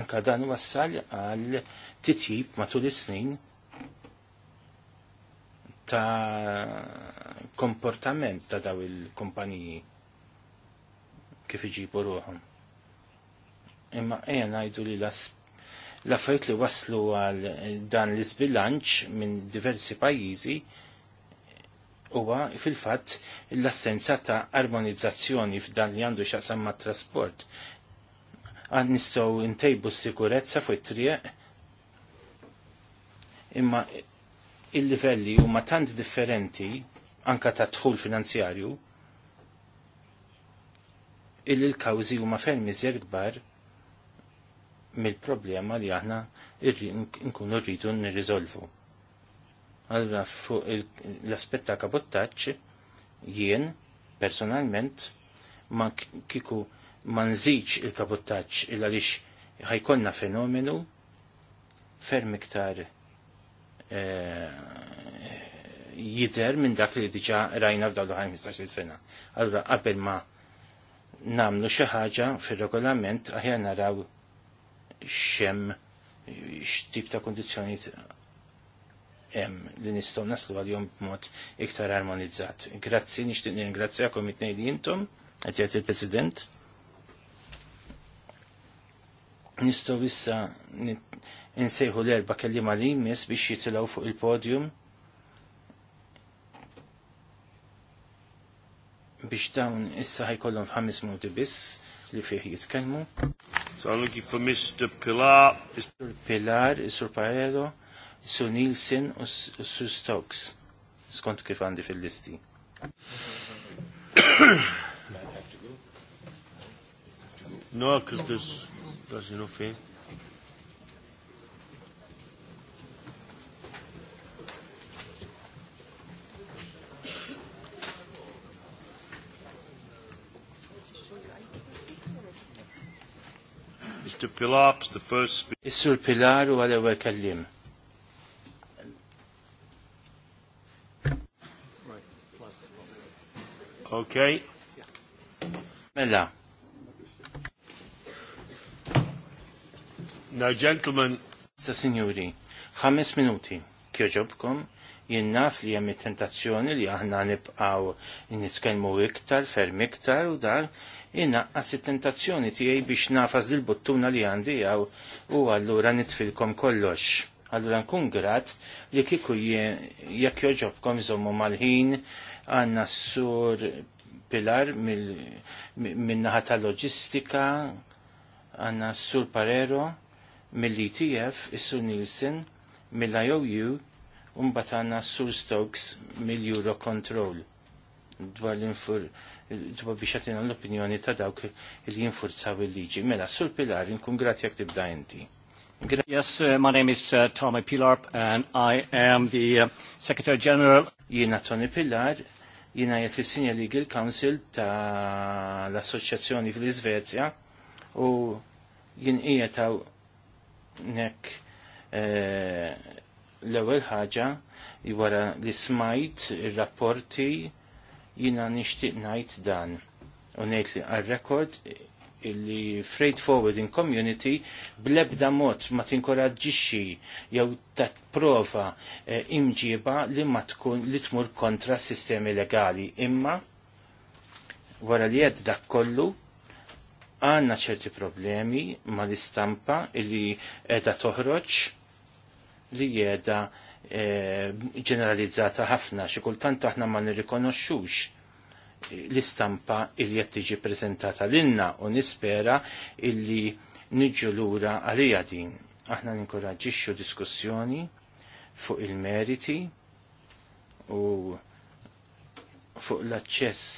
Anka dan wassal għal titjib matul is-snin ta' komportament ta' daw il-kumpaniji kif iġibu ruħom imma ejja ngħidu li l-affarijiet li waslu għal dan l-isbilanċ minn diversi pajjiżi huwa fil-fatt l-assenza ta' armonizzazzjoni f'dan li għandu x'aqsam trasport. Għad ah, nistgħu ntejbu s-sikurezza fuq it-triq imma il-livelli huma tant differenti anka ta' dħul finanzjarju illi l-kawżi huma ferm iżjed kbar mill-problema li aħna nkunu rridu nirriżolvu. Allura fuq l-aspett ta' jien personalment ma kiku ma nżidx il kabottaċ illa lix ħajkonna fenomenu ferm iktar e, jider minn dak li diġa rajna f'dawlu l-15 sena. Allura qabel ma namlu xi ħaġa fir-regolament aħjar naraw xem x'tip ta' kondizjoniet hemm li nistgħu naslu għalihom b'mod iktar armonizzat. Grazzi nixtieq ningrazzjakom it-tnejn li intom qed il-President. Nistgħu issa insejħu l-erba' kelliema li jmiss biex jitilgħu fuq il-podium. biex dawn issa ħajkollhom f'ħames minuti biss li fih jitkellmu. So I'm looking for Mr. Pilar. Mr. Pilar, Mr. Paedo, Mr. Nielsen u Sur Stokes. Skont kif għandi fil-listi. no, because there's, there's enough here. Mr. Pilar, the first speaker. is Pilar u are ewwel kellim. Okay. Mela. Now, gentlemen. Sa signori, ħames minuti kjoġobkom jien naf li jemmi tentazzjoni li aħna nibqgħu nitkellmu iktar ferm iktar u dar innaqqas it-tentazzjoni tiegħi biex nafas dil-buttuna li għandi għaw u allura nitfilkom kollox. Allura nkun grat li kieku jekk joġobkom żommu mal-ħin għandna sur pilar min-naħa tal-loġistika għandna sur Parero mill-ITF, is-sur Nielsen, mill-IOU, un bata għanna sur Stokes mill Control. dwar l infur ġba biex għatina l-opinjoni ta' dawk li jinfurzaw il-liġi. Mela, sur Pilar, nkun grati għak tibda inti. Yes, uh, my name is uh, Tommy Pilar and I am the uh, Secretary General. Jina Tony Pilar, jina jati il-Senior Legal Council ta' l-Assoċjazzjoni fil-Izvezja u jien jgħet nek eh, l-ewel ħaġa wara li smajt il-rapporti jina nishtiq najt dan u li għal-rekord illi freight forwarding community blebda mod ma tinkoraġġixxi jew tapprova prova eh, imġiba li ma tkun li tmur kontra s-sistemi legali imma wara li qed dak kollu għandna ċerti problemi ma l-istampa illi qiegħda toħroġ li qiegħda E, ġeneralizzata ħafna, xi kultant aħna ma nirrikonoxxux l-istampa il qed tiġi preżentata lilna u nispera illi niġġu lura għalija din. Aħna ninkoraġġixxu diskussjoni fuq il-meriti u fuq l-aċċess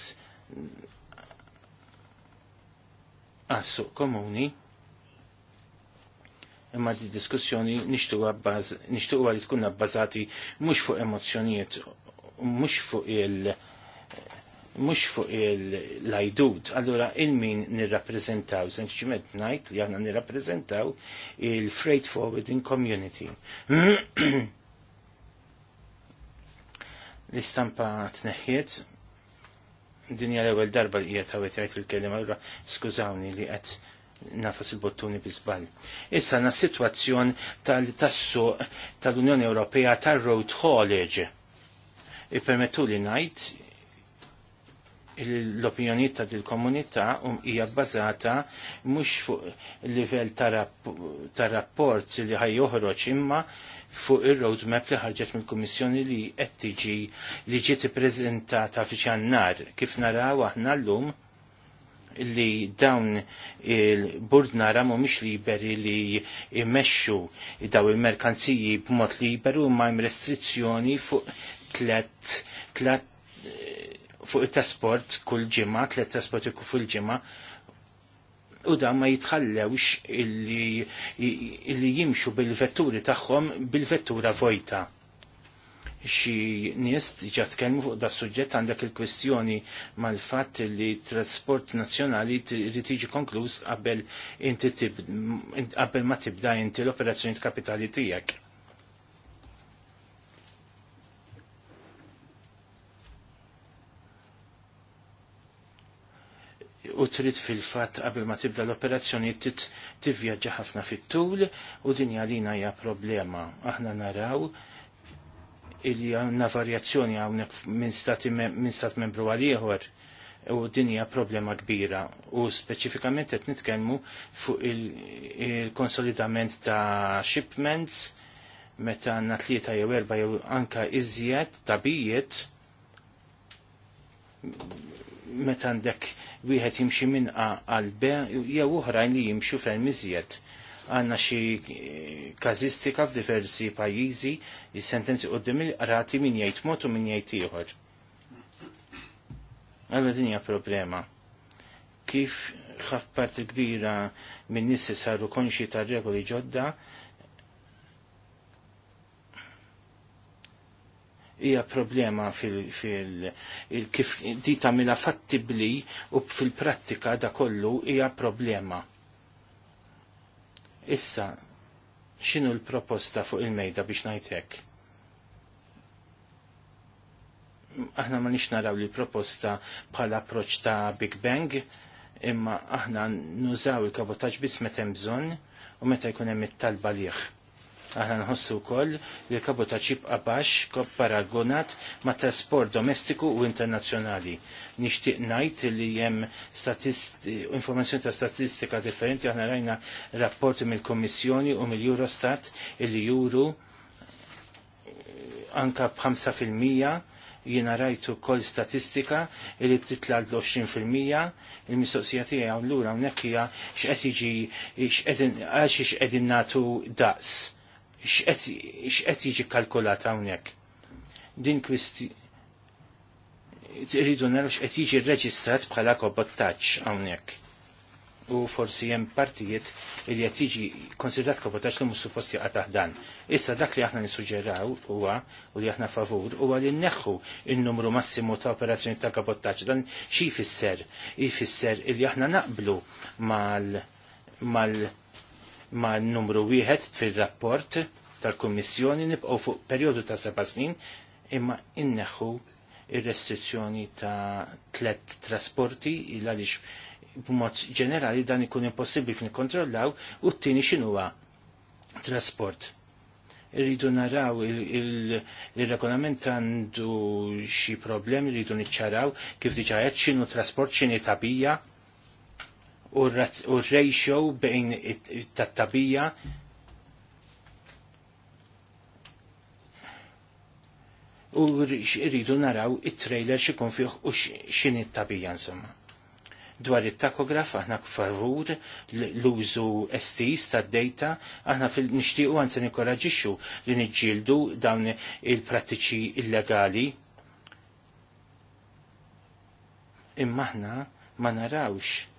għas-suq komuni imma di diskussjoni nixtuqa li tkun bbażati mhux fuq emozzjonijiet mhux fuq il- mux fuq il-lajdud, allora il-min nirrapprezentaw, senċiment najt li għanna nir-rapprezentaw il-freight forwarding community. L-istampa tneħħiet, dinja l-ewel darba li jgħet għawet il-kelima, allora skużawni li għet nafas il-bottuni bizbal. Issa na situazzjon tal-tassu tal-Unjoni Ewropea tal-Road College. Ipermetu li najt l-opinjoni ta' dil-komunità um hija bbażata mhux fuq livell ta' rapport li ħaj joħroġ imma fuq ir-roadmap li ħarġet mill-Kummissjoni li qed tiġi li ġiet ippreżentata fi ċannar kif naraw aħna llum lum li dawn il-burdnara mhumiex liberi li jmexxu daw il-merkanziji b'mod liberu ma' restrizzjoni fuq tlet tlet fuq it-trasport kull ġimgħa, tlet trasport ikun fuq il-ġimgħa u da ma jitħallewx illi, illi jimxu bil-vetturi tagħhom bil-vettura vojta xi nies diġà tkellmu fuq da suġġett għandek il-kwestjoni mal-fatt li trasport nazzjonali trid tiġi konkluż qabel inti qabel ma tibda inti l-operazzjoni kapitali tiegħek. u trid fil-fatt qabel ma tibda l-operazzjoni tivvjaġġa ħafna fit-tul u din għalina hija problema. Aħna naraw illi għanna varjazzjoni għawnek minn stat membru għal u dinja problema kbira u speċifikament qed nitkellmu fuq il-konsolidament il ta' shipments meta għanna tlieta jew erba jew anka iżjed tabijiet meta għandek wieħed jimxi minqa għal be jew oħrajn li jimxu fejn iżjed għanna xi eh, kazistika f'diversi pajjiżi is-sentenzi qudiem il-qrati min jgħid mod u min jgħid ieħor. Allora din hija problema. Kif xaf parti kbira minn nissi saru konxi ta' regoli ġodda, hija problema fil, fil kif di tagħmilha fattibbli u fil-prattika da kollu hija problema. Issa, xinu l-proposta fuq il-mejda biex najtek? Aħna ma nix naraw li proposta bħala approċ ta' Big Bang, imma aħna nużaw il-kabotaġ bis meta hemm bżonn u meta jkun hemm it-talba liħ Aħna nħossu wkoll li l ta' jibqa' baxx paragonat ma' trasport domestiku u internazzjonali. Nixtieq ngħid li hemm informazzjoni ta' statistika differenti aħna rajna rapporti mill komissjoni u mill-Eurostat li juru eh, anka b'5 jina rajtu kol statistika li titla l-20% il-mistoqsija tiegħi allura hawnhekk hija x'qed iġi għal xi x'qegħdin nagħtu daqs x'qed jiġi kalkulat hawnhekk. Din kwisti rridu nagħmlu x'qed jiġi rreġistrat bħala kobottaġġ hawnhekk. U forsi hemm partijiet li qed jiġi konsidrat kobottaġġ li mhux suppost jaqa' taħdan. Issa dak li aħna nissuġġeraw huwa u li aħna favur huwa li nneħħu in-numru massimu ta' operazzjoni ta' kabottaġġ dan xi jfisser? Jfisser li aħna naqblu mal mal ma' numru wieħed fil-rapport tal-Kummissjoni nibqgħu fuq perjodu ta' seba' snin imma inneħħu ir-restrizzjoni ta' tlet trasporti il għaliex b'mod ġenerali dan ikun impossibbli kif nikkontrollaw u t-tieni x'inhuwa trasport. Irridu naraw il-regolament għandu xi problemi rridu niċċaraw kif diġa qed x'inhu trasport x'inhi tabija u r-ratio bejn tat-tabija u rridu naraw it-trailer xikun fih u xin it-tabija insomma. Dwar it-takograf aħna favur l-użu estis ta' data aħna fil-nishtiqu għanse nikoraġixxu li niġġieldu dawn il-prattiċi illegali. Imma aħna ma narawx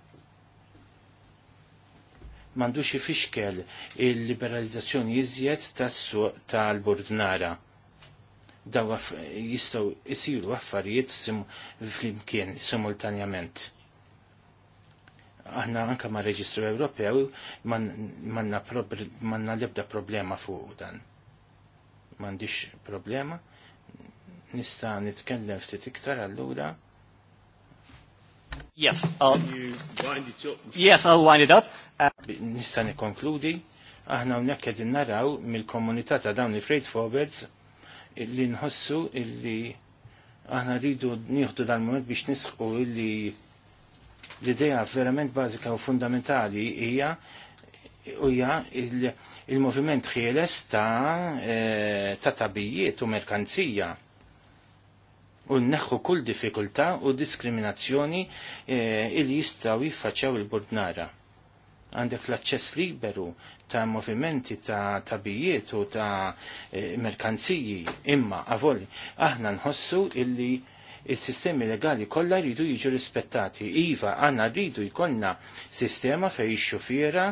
mandux ifixkel il-liberalizzazzjoni iżjed tas-suq tal-burdnara. Daw jistgħu jsiru affarijiet flimkien simultanjament. Aħna anka ma' reġistru Ewropew manna man l-ebda problema fuq dan. M'għandix problema, nista' nitkellem ftit iktar allura Yes, I'll um, wind it up. Yes, I'll wind it up. Uh, nista' nikkonkludi, aħna hawnhekk naraw mill-komunità ta' dawn il-freight forwards li nħossu illi aħna rridu nieħdu dal-moment biex nisħu illi l-idea verament bażika u fundamentali hija uja il-moviment ħieles ta' eh, ta' tabijiet u merkanzija u nneħħu kull difikulta u diskriminazzjoni eh, il jistaw jiffaċċaw il-Burdnara. Għandek l-aċċess liberu ta' movimenti ta' tabijiet u ta' eh, merkanziji imma għavoli aħna nħossu illi il-sistemi legali kollha jridu jiġu rispettati. Iva, għanna rridu jkollna sistema fej xufiera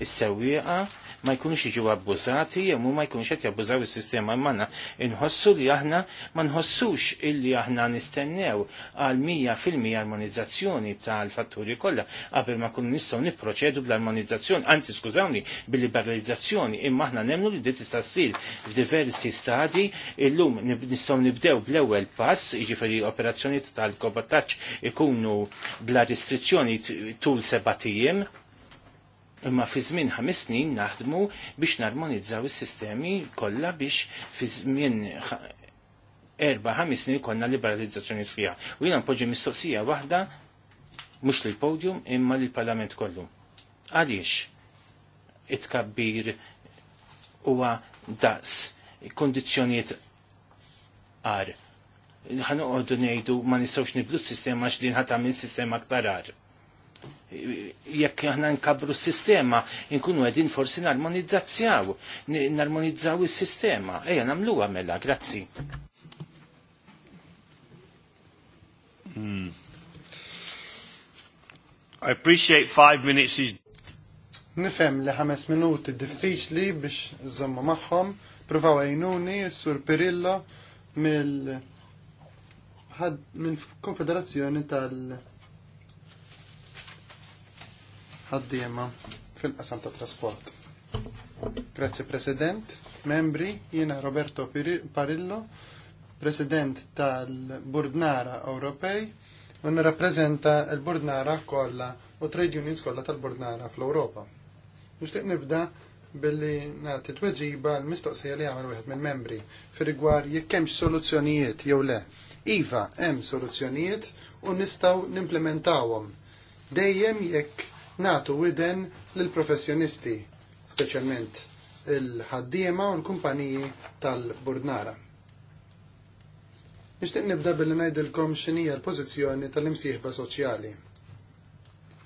is-sewwieqa ma jkunux jiġu abbużati jew ma jkunux qed jabbużaw is-sistema manna inħossu li aħna ma nħossux illi aħna nistennew għal 100% armonizzazzjoni tal-fatturi kollha qabel ma kun nistgħu nipproċedu bl-armonizzazzjoni, anzi skużawni bil-liberalizzazzjoni imma aħna nemmnu li dit tista' ssir f'diversi stadi illum nistgħu nibdew bl-ewwel pass, jiġifieri operazzjonijiet tal-kobotaġġ ikunu bla restrizzjoni tul seba' tiem imma fi żmien ħames snin naħdmu biex narmonizzaw is-sistemi kollha biex fi żmien erba ħames snin konna liberalizzazzjoni sħiħa. U jiena npoġġi mistoqsija waħda mhux lill podium imma lill parlament kollu. Għaliex it-kabbir huwa daqs kondizzjonijiet għar. Ħanuqodu ngħidu ma nistgħux nibdu s-sistema li nħatam minn sistema aktar għar jekk aħna nkabru s-sistema, nkunu għedin forsi narmonizzazzjaw, narmonizzaw is-sistema. Ejja namlu għamela, grazzi. Hmm. I appreciate five minutes is... Nifem li ħames minuti diffiċli biex zommu maħħom, provaw għajnuni, sur Perilla, mill-konfederazzjoni tal- ħaddiema fil-qasam ta' trasport. Grazzi President, membri, jiena Roberto Parillo, President tal-Burdnara Ewropej u nirrappreżenta l-Burdnara kollha u trade unions kollha tal-Burdnara fl-Ewropa. Nixtieq nibda billi nagħti tweġiba l-mistoqsija li għamil wieħed mill-membri fir-rigwar jekk hemmx soluzzjonijiet jew le. Iva, hemm soluzzjonijiet u nistgħu nimplementawhom. Dejjem jekk natu widen lill-professjonisti, speċjalment il-ħaddiema u l-kumpaniji tal-Burdnara. Nixtieq nibda billi ngħidilkom x'inija l-pożizzjoni tal-imsieħba soċjali.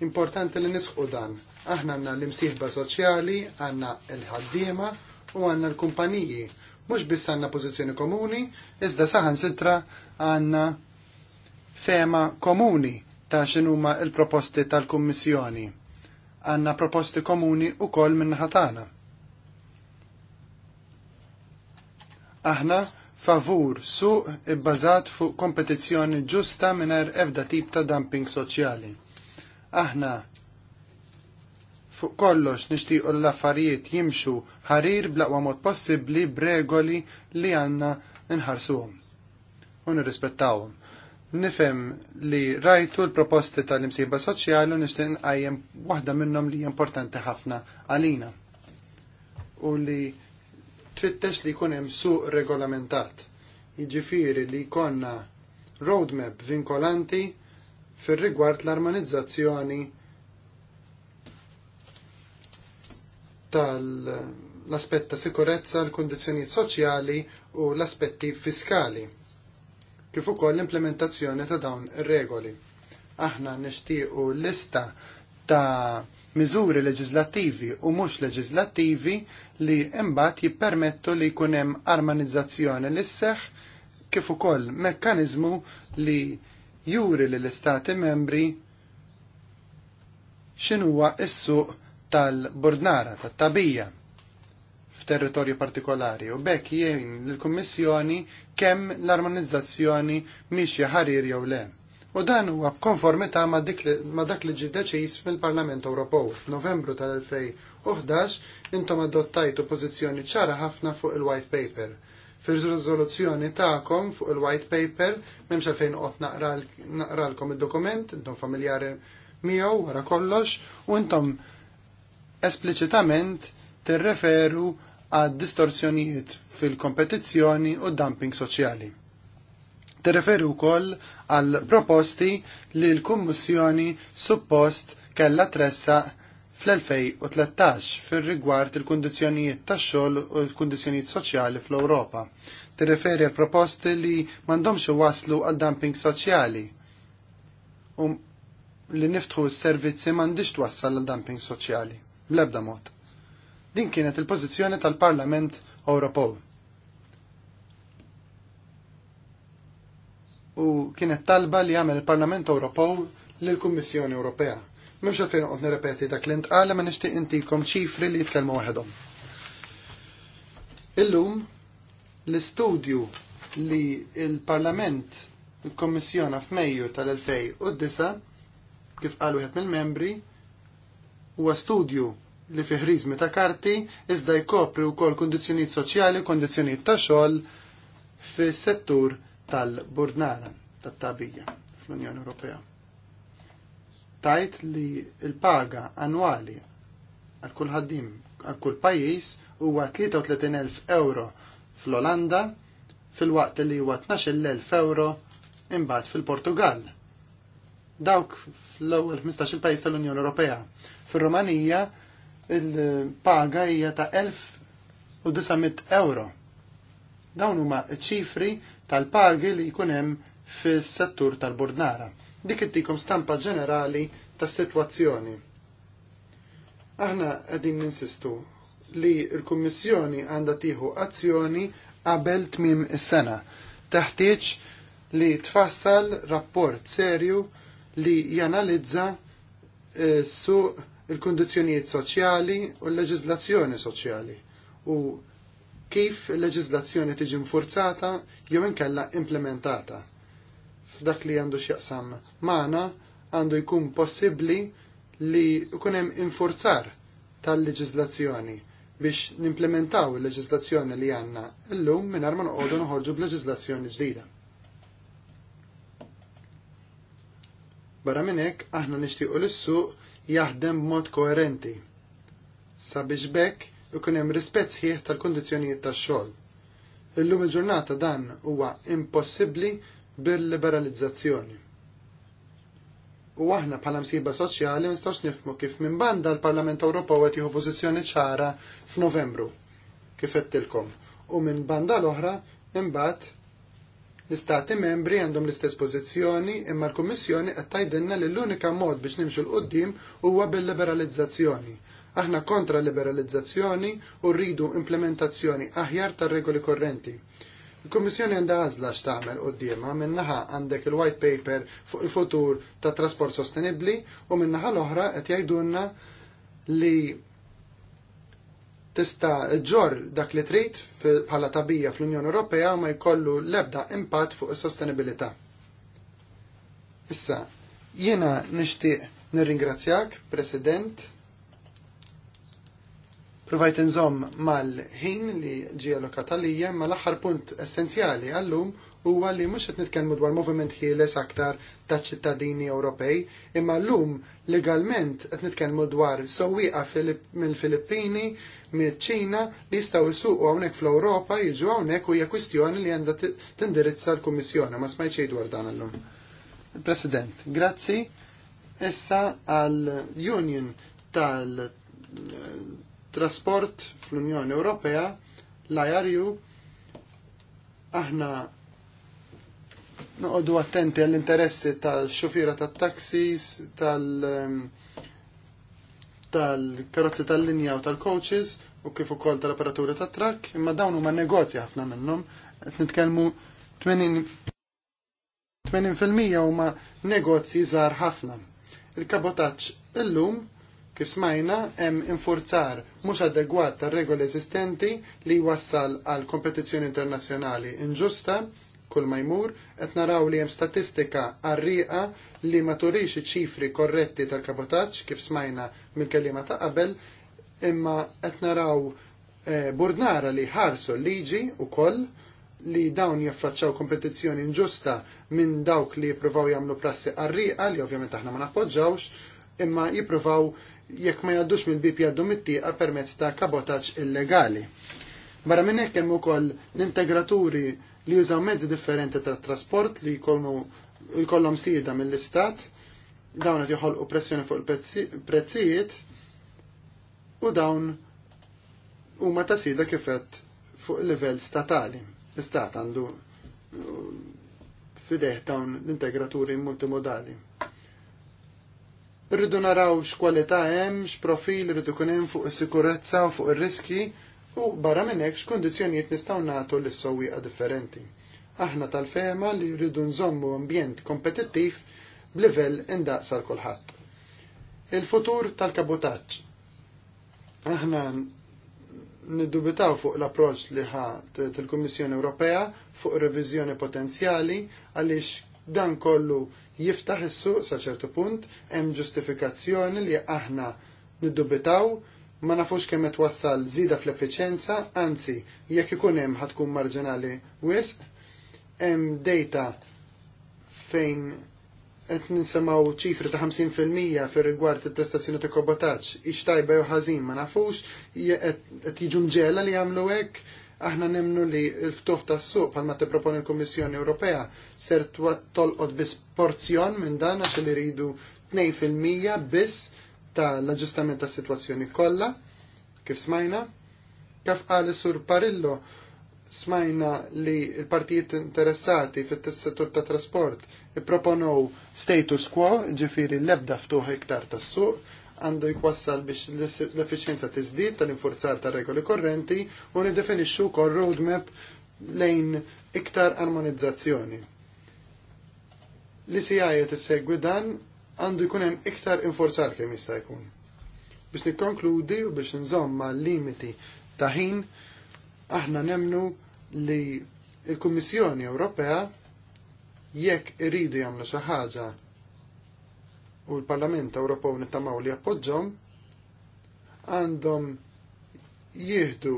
Importanti li nisħu dan. Aħna għandna l-imsieħba soċjali, għandna l-ħaddiema u għandna l-kumpaniji. Mhux biss għandna pożizzjoni komuni, iżda saħan sitra għandna fema komuni ta' xinuma l-proposti tal-Kummissjoni. Għanna proposti komuni wkoll minn ħatana. Aħna favur suq ibbażat fuq kompetizzjoni ġusta mingħajr ebda tip ta' dumping soċjali. Aħna fuq kollox nixtiequ l-affarijiet jimxu ħarir blaqwa mod possibbli b'regoli li għandna nħarsuhom u nirrispettawhom nifhem li rajtu l-proposti tal-imsiba soċjali u nixtieq nqajjem waħda minnhom li importanti ħafna għalina u li tfittex li jkun hemm suq regolamentat. Jiġifieri li jkollna roadmap vinkolanti fir-rigward l-armonizzazzjoni tal-aspett ta' sikurezza, l-kundizzjonijiet soċjali u l-aspetti fiskali kif ukoll l-implementazzjoni ta' dawn ir-regoli. Aħna nixtiequ lista ta' miżuri leġislattivi u mhux leġislattivi li imbagħad jippermettu li jkun hemm armanizzazzjoni li seħħ kif ukoll mekkaniżmu li juri li l-istati membri x'inhuwa s-suq tal-bordnara, tat-tabija f'territorju partikolari u bekk jgħin l-Kummissjoni kemm l-armonizzazzjoni mixja ħarir jew le. U dan huwa b'konformità ma, ma dak li ġie deċiż mill-Parlament Ewropew f'Novembru tal-2011 intom adottajtu pożizzjoni ċara ħafna fuq il-White Paper. Fir-riżoluzzjoni tagħkom fuq il-White Paper m'hemmx għalfejn qod naqralkom id-dokument, intom familjari miegħu wara kollox, u intom espliċitament tirreferu għad distorsjonijiet fil-kompetizzjoni u dumping soċjali. Tirreferi wkoll għal proposti li l-Kummissjoni suppost kella tressa fl-2013 fil-rigward il-kondizjonijiet tax-xogħol u l-kondizjonijiet soċjali fl-Ewropa. Tereferi għal proposti li m'għandhomx waslu għal dumping soċjali. Um, li niftħu s-servizzi m'għandix twassal għal dumping soċjali. Bl-ebda mod. Din kienet il-pożizzjoni tal-Parlament Ewropew. U kienet talba li għamel il-Parlament Ewropew lill-Kummissjoni Ewropea. Memx għalfejn qod nirrepeti dak li ntqala ma nixtieq intikom ċifri li jitkellmu waħedhom. Illum l-istudju li il-Parlament kommissjona f'Mejju tal-2009 kif qal wieħed mill-membri huwa studju li fi ħriżmi ta' karti iżda jkopri wkoll kundizzjonijiet soċjali, kundizzjonijiet ta' xogħol fis-settur tal-burnara tat-tabija fl-Unjoni Ewropea. Tajt li l-paga annwali għal kull ħaddim għal kull pajjiż huwa 33,000 euro fl-Olanda fil-waqt li huwa 12,000 euro imbagħad fil-Portugal. Dawk fl-ewwel 15-il pajjiż tal-Unjoni Ewropea. Fir-Rumanija il-paga hija ta' 1900 euro. Dawn huma ċifri tal-pagi li jkun hemm fis-settur tal-bordnara. Dik ittikom stampa ġenerali tas-sitwazzjoni. Aħna qegħdin ninsistu li l-Kummissjoni għandha tieħu azzjoni qabel tmiem is-sena. Teħtieġ li tfassal rapport serju li janalizza s-suq eh, il-kondizjonijiet soċjali u l-leġizlazzjoni soċjali u kif il-leġizlazzjoni tiġi mfurzata jew inkella implementata. F'dak li għandu x'jaqsam magħna għandu jkun possibbli li jkun hemm infurzar tal-leġizlazzjoni biex nimplementaw il-leġizlazzjoni li għanna l-lum minn ma noqogħdu noħorġu b'leġizlazzjoni ġdida. Barra minn hekk aħna nixtiequ l-issuq jaħdem b'mod koerenti sabiex bekk ikun hemm rispett sħiħ tal-kundizzjonijiet tax-xogħol. Illum il-ġurnata dan huwa impossibbli bil-liberalizzazzjoni. U aħna bħala msiba soċjali nistax nifmu kif minn banda l-Parlament Ewropew qed jieħu pożizzjoni ċara f'Novembru kif qedtilkom u minn banda l-oħra imbagħad L-istati membri għandhom l-istess pożizzjoni imma l-Kummissjoni qed tgħidilna li l-unika mod biex nimxu l-qudiem huwa bil-liberalizzazzjoni. Aħna kontra liberalizzazzjoni u rridu implementazzjoni aħjar tar-regoli korrenti. Il-Kommissjoni għandha għażla x'tagħmel qudiemha minnaħa għandek il-white paper fuq il-futur ta' trasport sostenibbli u minnaħa l-oħra qed jgħidulna li tista' ġor dak li trid bħala tabija fl-Unjoni Ewropea ma jkollu l-ebda impatt fuq is-sostenibilità. Issa, jiena nixtieq nirringrazzjak, President, Provajt nżomm mal-ħin li ġie allokat għalija, ma l-aħħar punt essenzjali għallum huwa li mhux qed nitkellmu dwar moviment ħieles aktar ta' ċittadini Ewropej, imma llum legalment qed nitkellmu dwar sewwieqa mill-Filippini, miċ-Ċina li jistgħu jsuqu hawnhekk fl-Ewropa jiġu hawnhekk u hija kwistjoni li għandha tindirizza l-Kummissjoni ma smajt xejn dwar dan illum. President, grazzi. Issa għal-Union tal-Trasport fl-Unjoni Ewropea, l-IRU, aħna noqodu attenti għall-interessi tal-xufira tal-taxis, tal-, -taxis, tal tal-karozzi tal-linja u tal-coaches u kif ukoll tal-apparaturi tat trakk, imma dawn huma negozji ħafna minnhom. Qed nitkellmu 80% huma negozji żgħar ħafna. Il-kabotaġġ illum kif smajna hemm infurzar mhux adegwat tar-regoli eżistenti li jwassal għal kompetizzjoni internazzjonali inġusta kull ma jmur, qed naraw li hemm statistika arriqa li ma turix iċifri ċifri korretti tal-kabotaġġ kif smajna mill kelliema ta' qabel, imma qed naraw eh, burdnara burnara li ħarsu liġi wkoll li dawn jaffaċċaw kompetizzjoni inġusta minn dawk li jippruvaw jagħmlu prassi qarriqa li ovvjament aħna ma nappoġġawx, imma jippruvaw jekk ma jgħaddux mill-bib jgħaddu mit-tieqa permezz ta' kabotaġġ illegali. Barra minn hekk hemm ukoll l-integraturi li jużaw mezzi differenti ta' trasport li jkollhom sieda mill-istat, dawn qed joħolqu pressjoni fuq il-prezzijiet u dawn huma ta' sieda kifet fuq il-livell statali. L-istat għandu fideħ dawn l-integraturi multimodali. Rridu naraw x'kwalità hemm, x'profil rridu kun hemm fuq is-sikurezza u fuq ir-riski u barra minn hekk x'kundizzjonijiet nistgħu nagħtu lis-sewwieqa differenti. Aħna tal-fema li rridu nżommu ambjent kompetittiv b'livell indaqsar kulħadd. Il-futur tal-kabutaġġ. Aħna niddubitaw fuq l-approċ li ħat il-Kummissjoni Ewropea fuq reviżjoni potenzjali għaliex dan kollu jiftaħ is-suq sa ċertu punt hemm ġustifikazzjoni li aħna niddubitaw ma nafux kemm qed wassal zida fl-effiċenza, anzi jekk ikun hemm ħadkun marġinali wisq, hemm data fejn qed nisimgħu ċifri ta' 50% fir rigward il-prestazzjoni ta' kobotaġġ, ix tajba jew ħażin ma nafux, qed jiġu mġela li jagħmlu hekk, aħna nemnu li l-ftuħ tas suq bħalma proponi l-Kummissjoni Ewropea ser tolqod biss porzjon minn dan għax li ridu 2% biss Ta l aġġustament ta' situazzjoni kollha, kif smajna, kif qal sur Parillo smajna li l-partijiet interessati fit-settur ta' trasport proponow status quo, ġifiri l-ebda ftuħ iktar tas-suq, għandu jkwassal biex l-efficienza tizdid tal-infurzar ta' regoli korrenti u nidefinixxu wkoll roadmap lejn iktar armonizzazzjoni. L-ICI is-segwi dan għandu jkun hemm iktar inforzar kemm jista' jkun. Biex nikkonkludi u biex nżomm mal-limiti ta' ħin, aħna nemnu li il-Kummissjoni Ewropea jekk iridu jagħmlu xi ħaġa u l-Parlament Ewropew nittamaw li appoġġhom, għandhom jieħdu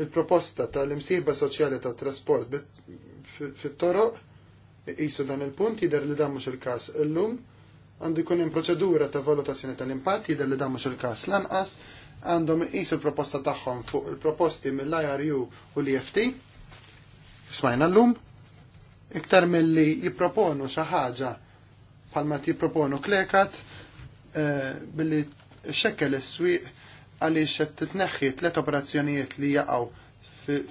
il-proposta tal-imsieħba soċjali tat trasport fit-toroq, jisu dan il-punt, jidher li dan mhux il-każ illum, għandu jkun hemm proċedura ta' valutazzjoni tal-impatt jidher li dan mhux il-każ lanqas għandhom iqisu l-proposta tagħhom fuq il-proposti mill-IRU u l-EFT smajna llum iktar milli jipproponu xi ħaġa bħalma jipproponu klekat eh, billi xekkel is-swieq għaliex qed titneħħi tliet operazzjonijiet li jaqgħu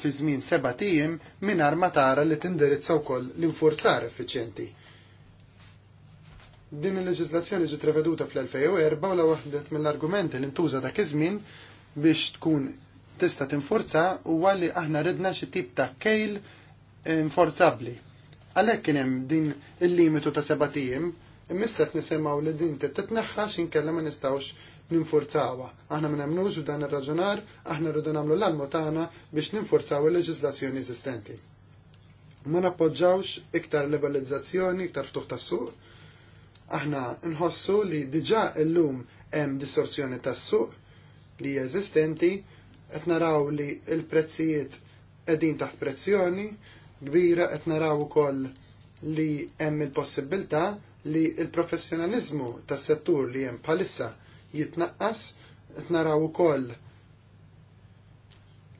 fi żmien seba' tiem mingħajr ma tara li tindirizza wkoll l-infurzar effiċjenti. Din il-leġislazzjoni ġiet reveduta fl-2004 u la waħdet mill-argumenti li ntuża dak iż-żmien biex tkun tista' tinforza huwa li aħna ridna xi tip ta' kejl inforzabbli. Għalhekk kien hemm din il-limitu ta' seba' tiem, imissa qed nisimgħu li din titneħħax inkella ma nistgħux ninfurzawa. Aħna ma nagħmlux dan ir-raġunar, aħna rridu nagħmlu l-almu tagħna biex ninfurzaw il-leġiżlazzjoni eżistenti ma nappoġġawx iktar liberalizzazzjoni, iktar ftuħ tas-suq, Aħna nħossu li diġa illum hemm distorsjoni tas-suq li eżistenti, qed naraw li l-prezzijiet qegħdin taħt prezzjoni kbira qed naraw ukoll li hemm il-possibilità li il-professjonaliżmu tas-settur li hemm bħalissa jitnaqqas, qed naraw ukoll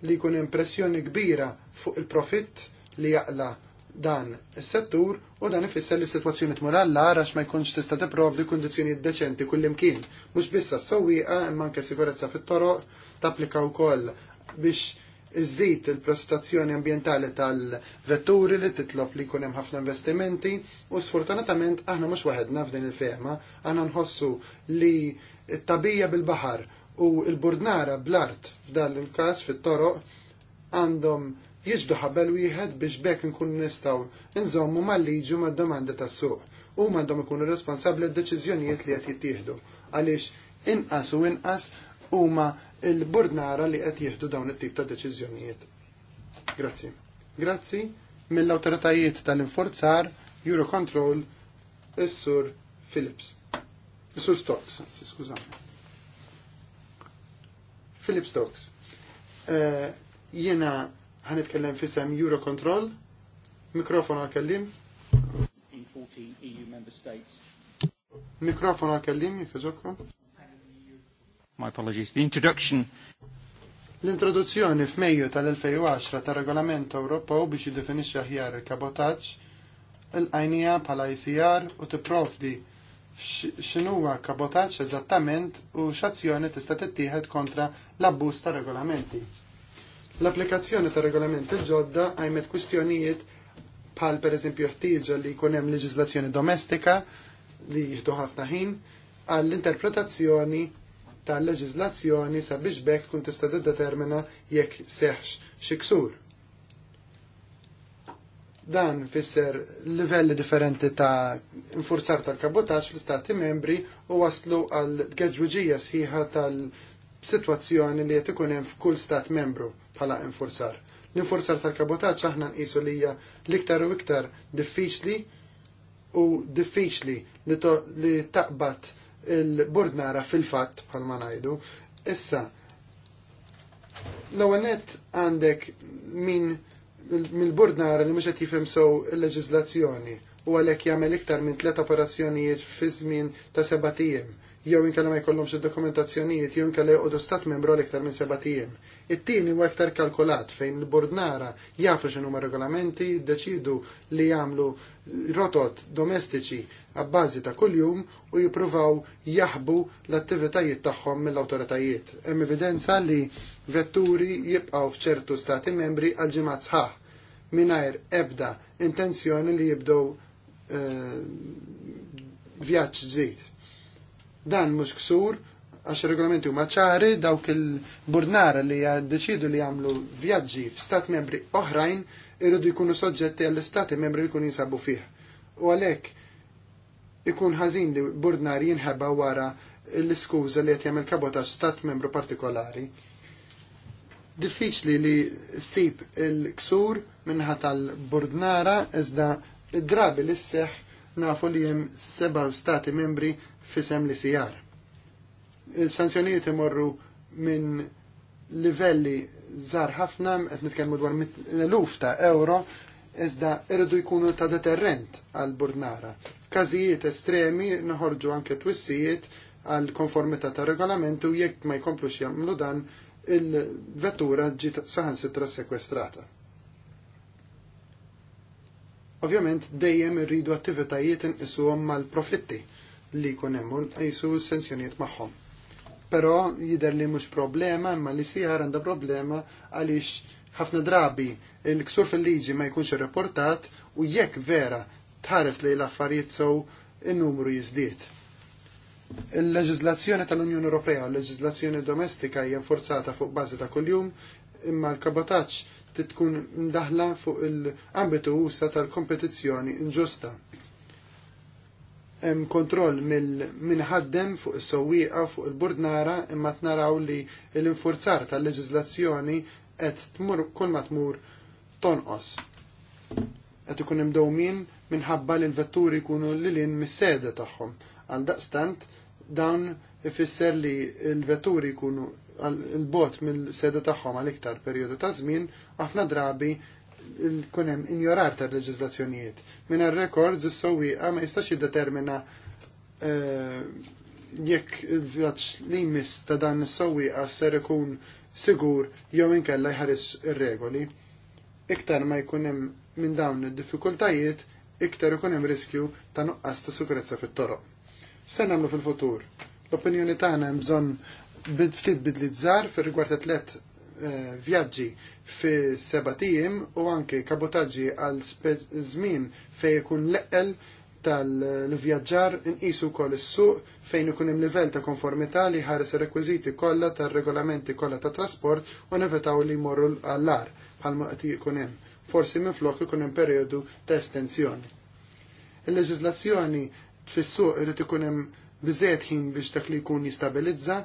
li jkun impressjoni kbira fuq il-profitt li jaqla dan is-settur u dan ifisser li s-sitwazzjoni tmur l għax ma jkunx tista' tipprovdi kundizzjonijiet deċenti kullimkien. Mhux biss sewwieqa imman anke sigurezza fit-toroq tapplika wkoll biex iżid il-prestazzjoni ambjentali tal-vetturi li titlob li jkun hemm ħafna investimenti u sfortunatament aħna mhux waħedna f'din il-fehma, aħna nħossu li t-tabija bil-baħar u l-burdnara bl-art f'dan il-każ fit-toroq għandhom jiġdu ħabel wieħed biex bekk nkunu nistgħu nżommu mal-liġi mad-domanda tas-suq u m'għandhom ikunu responsabbli d-deċiżjonijiet li qed jittieħdu għaliex inqas u inqas huma l-burdnara li qed jieħdu dawn it-tip ta' deċiżjonijiet. Grazzi. Grazzi mill-awtoritajiet tal-infurzar Eurocontrol is-sur Philips, Is-sur Stokes, skużani. Philip Stokes. Uh, eh, jena ħanitkellem fissem Eurocontrol. Mikrofon għal-kellim. Mikrofon għal-kellim, jekħeġokku. My apologies. The introduction. L-introduzzjoni f'Mejju tal-2010 ta' regolament u biex jiddefinixxi aħjar il-kabotaġġ il-għajnija bħala ICR u tipprovdi x'inhuwa kabotaġġ eżattament u x'azzjoni tista' tittieħed kontra l-abbuż ta' regolamenti. L-applikazzjoni ta' regolament il-ġodda għajmet kwistjonijiet bħal per eżempju ħtieġa li jkun hemm leġislazzjoni domestika li jieħdu ħafna ħin għall-interpretazzjoni tal-leġiżlazzjoni sabiex bekk kun tista' determina jekk seħx xi ksur. Dan fisser livelli differenti ta' infurzar tal-kabotaġġ fl-istati membri u waslu għal gedruġija sħiħa tal situazzjoni li qed ikun hemm f'kull stat membru bħala infurzar. L-infurzar tal-kabotaġġ aħna nqisu li hija l-iktar u iktar diffiċli u diffiċli li, li taqbad il-bordnara fil-fatt bħalma ngħidu. Issa l-ewwel nett għandek min mill-bordnara li mhux qed jifhem sew il-leġiżlazzjoni u għalhekk jagħmel iktar minn tliet operazzjonijiet fi żmien ta' seba' tiem jew inkella ma jkollhomx id-dokumentazzjonijiet jew inkella joqogħdu stat membru għal iktar minn seba' tim, It-tieni huwa iktar kalkulat fejn il-bord nara jafu x'inhu huma regolamenti, jiddeċidu li jagħmlu rotot domestiċi għabbażi ta' kuljum u jippruvaw jaħbu l-attivitajiet tagħhom mill-awtoritajiet. Hemm evidenza li vetturi jibqgħu f'ċertu stati membri għal ġimgħat sħaħ mingħajr ebda intenzjoni li jibdew uh, vjaġġ ġdid Dan mhux ksur għax regolamenti huma ċari dawk il-burnara li jaddeċidu li jagħmlu vjaġġi f-stat membri oħrajn irridu jkunu soġġetti għall-istati membri li jkunu jinsabu fih. U għalhekk ikun ħażin li burnar jinħeba wara l-iskuża li qed jagħmel il-kabotax stat membru partikolari. Diffiċli li ssib il-ksur minnħat tal-burdnara iżda id-drabi li sseħħ nafu li hemm seba' stati membri fisem li sijar. Il-sanzjonijiet imorru minn livelli żar ħafna, qed nitkellmu dwar eluf ta' euro, iżda irridu jkunu ta' deterrent għal burnara. F'każijiet estremi noħorġu anke twissijiet għal konformità ta' regolamentu jekk ma jkomplux jagħmlu dan il-vettura ġiet saħansitra sekwestrata. Ovvjament dejjem irridu attivitajiet inqisuhom mal-profitti li jkun hemm u s sensjoniet magħhom. Però jidher li mhux problema imma li siħar għandha problema għaliex ħafna drabi il-ksur fil-liġi ma jkunx irreportat u jekk vera tħares li l-affarijiet sew in-numru jiżdied. Il-leġizlazzjoni tal-Unjoni Ewropea, l-leġizlazzjoni domestika hija forzata fuq bażi ta' kuljum, imma l-kabotaġġ titkun mdaħla fuq il-ambitu usa tal-kompetizzjoni inġusta hemm kontroll minn ħaddem fuq is-sewwieqa fuq il-burdnara imma tnaraw li l-infurzar tal-leġiżlazzjoni qed tmur kull ma tmur tonqos. Qed ikun hemm dowmin minħabba li l-vetturi jkunu lilin mis-seda tagħhom. Għal daqstant dawn ifisser li l-vetturi jkunu l bot mill-seda tagħhom għal iktar perjodu ta' żmien ħafna drabi kunem injorar ta' leġizlazzjonijiet. Minna rekords is-sewwieqa ma jistax jiddetermina eh, jekk il-vjaġġ li jmiss ta' dan is-sewwieqa ser ikun sigur jew inkella jħares ir-regoli. Iktar ma jkun hemm minn dawn id-diffikultajiet, iktar ikun hemm riskju ta' nuqqas ta' sikurezza fit-toroq. Se nagħmlu fil-futur? L-opinjoni tagħna hemm bid ftit bidli żgħar fir rigward tliet Eh, vjaġġi fi seba' tim u anke kabotaġġi għal żmien fejn ikun leqel tal-vjaġġar inqisu wkoll is-suq fejn ikun hemm livell ta' konformità li ħares ir-rekwiżiti kollha tar-regolamenti kollha ta' trasport u nevetaw li jmorru għall-ar bħalma qed jkun hemm. Forsi minflok ikun hemm perjodu ta' estensjoni. Il-leġiżlazzjoni fis-suq irid ikun hemm biżejjed ħin biex dak li jkun jistabilizza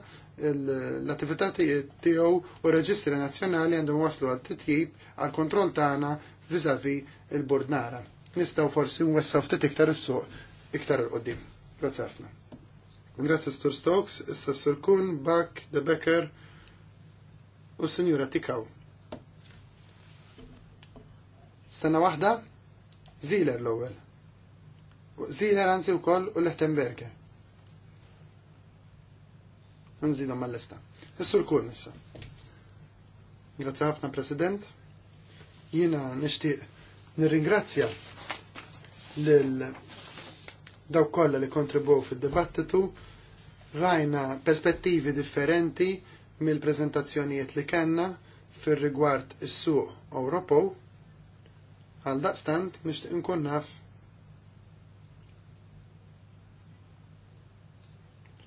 l-attività tiegħu u reġistri nazzjonali għandhom waslu għal titjib għal kontroll tagħna viżavi il-bord nara. Nistgħu forsi nwessaw ftit iktar is-suq iktar il qoddim Grazzi ħafna. Grazzi Stur Stokes, issa Sur Kun, Bak, De Becker u Sinjura Tikaw. Stanna waħda? Ziler l-ewwel. Ziler anzi wkoll u Lechtenberger nżidhom mal-lista. is kur nissa. Grazie ħafna President. Jiena nixtieq nirringrazzja l dawk kollha li kontribuw fid-dibattitu rajna perspettivi differenti mill-prezentazzjonijiet li kanna fir rigward is-suq Ewropew għal daqstant nixtieq nkun naf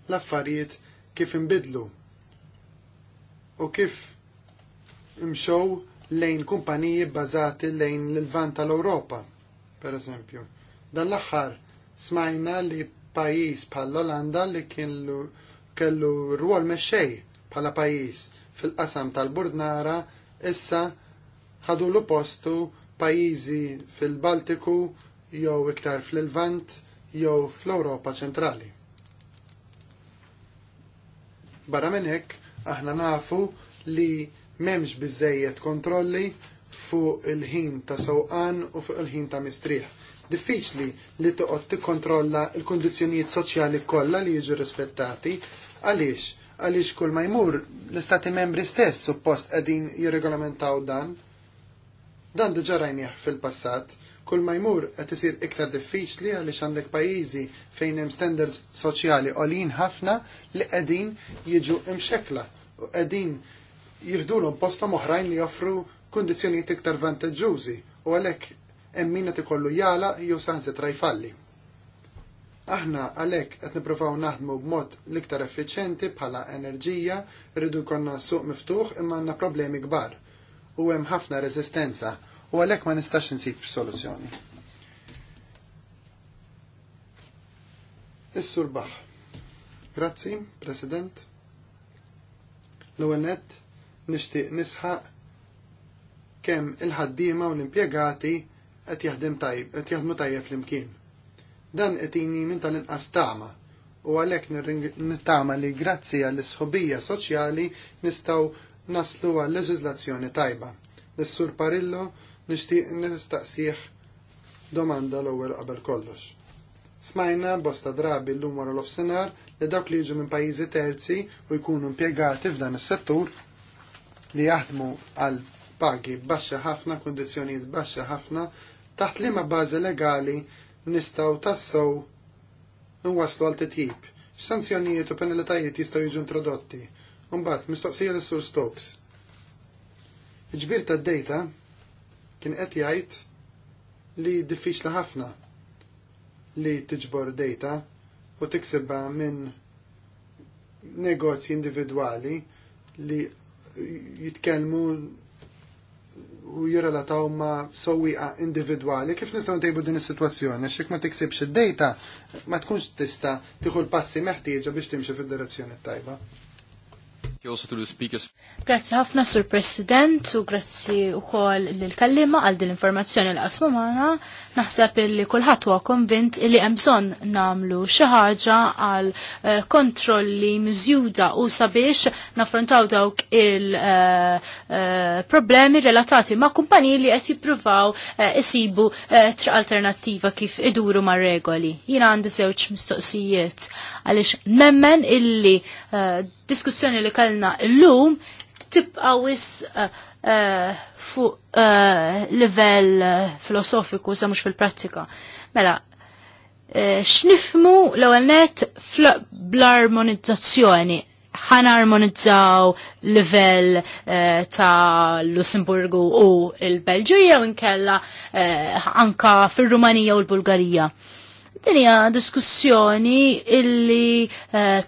l-affarijiet kif imbidlu u kif imxow lejn kumpaniji bbażati lejn l-vant tal-Ewropa, per eżempju. Dan l-aħħar smajna li pajjiż bħall-Olanda li kellu kellu rwol mexxej bħala pajjiż fil-qasam tal-Burdnara issa l postu pajjiżi fil-Baltiku jew iktar fil-Lvant jew fl-Ewropa ċentrali. Barra minn hekk aħna nafu li m'hemmx biżejjed kontrolli fuq il-ħin ta' sewqan u fuq il-ħin ta' mistrieħ. Diffiċli li toqgħod tikkontrolla l-kundizzjonijiet soċjali kollha li jiġu rispettati għaliex għaliex kull ma jmur l-istati membri stess suppost qegħdin jirregolamentaw dan. Dan diġa rajnieh fil-passat kull ma jmur qed isir iktar diffiċli għaliex għandek pajjiżi fejn hemm standards soċjali għolin ħafna li qegħdin jiġu imxekla u qegħdin jihdulhom postom oħrajn li joffru kundizzjonijiet iktar vantaġġużi u għalhekk hemm min qed ikollu jala jew sanzi trajfalli. Aħna għalhekk qed nippruvaw naħdmu b'mod l-iktar effiċjenti bħala enerġija, rridu jkollna suq miftuħ imma għandna problemi kbar u hemm ħafna reżistenza u għalhekk ma nistax insib soluzzjoni. Is-Sur Baħ. Grazzi, President. L-ewwel nett nixtieq nisħaq kemm il-ħaddiema u l-impjegati qed jaħdem tajb, jahdmu jaħdmu tajjeb flimkien. Dan qed jini minn tal-inqas tama u għalhekk nittama li grazzi għall-isħobija soċjali nistgħu naslu għal leġiżlazzjoni tajba. L-Sur Parillo nixtieq nistaqsih domanda l-ewwel qabel kollox. Smajna bosta drabi l-lum wara l-ofsenar li dawk li jiġu minn pajjiżi terzi u jkunu impjegati f'dan is-settur li jaħdmu għal pagi baxxa ħafna, kundizzjonijiet baxxa ħafna, taħt liema bażi legali nistgħu tassew nwaslu għal titjib. X'sanzjonijiet u penalitajiet jistgħu jiġu introdotti? Mbagħad mistoqsija l-Sur Stokes. Iġbir tad-dejta kien qed jgħid li diffiċli ħafna li tiġbor data u tiksibha minn negozji individwali li jitkellmu u jirrelataw ma sewwieqa individwali, kif nistgħu ntejbu din is-sitwazzjoni għax ma tiksibx id-dejta ma tkunx tista' tieħu l-passi meħtieġa biex timxi fid-direzzjoni tajba. Grazzi ħafna sur President u grazzi u kol l-kallima għal din informazzjoni l-qasmu maħna. Naħseb li kullħat huwa konvint li emson namlu xaħġa għal eh, kontrolli mżjuda u sabiex naffrontaw dawk il-problemi eh, eh, relatati ma' kumpaniji li qed jippruvaw isibu tri alternattiva kif iduru ma' regoli. Jina għandi żewġ mistoqsijiet għaliex nemmen illi diskussjoni li kellna l-lum tibqa wis uh, uh, fuq uh, livell filosofiku sa mhux fil-prattika. Mela, x'nifmu l-ewwel net bl-armonizzazzjoni ħan armonizzaw livell eh, ta' Lussemburgu u il-Belġija u nkella eh, anka fil-Rumanija u l-Bulgarija. Din hija diskussjoni illi eh,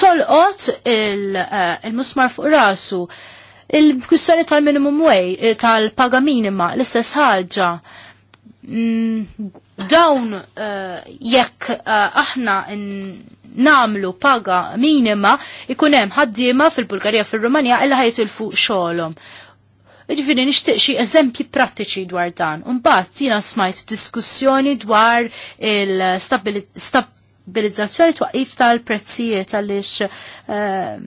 tolqot eh, il-musmar fuq rasu il-kwistjoni tal-minimum way, eh, tal-paga minima, l-istess ħaġa. Mm, dawn eh, jekk aħna namlu paga minima, ikun hemm ħaddiema fil-Bulgarija fil-Rumanija illa ħajt il-fuq xogħolhom. Iġifiri nishtiq xie eżempji prattiċi dwar dan. Imbagħad jiena smajt diskussjoni dwar il-stabilità stabilizzazzjoni twaqif tal-prezzijiet għaliex ehm,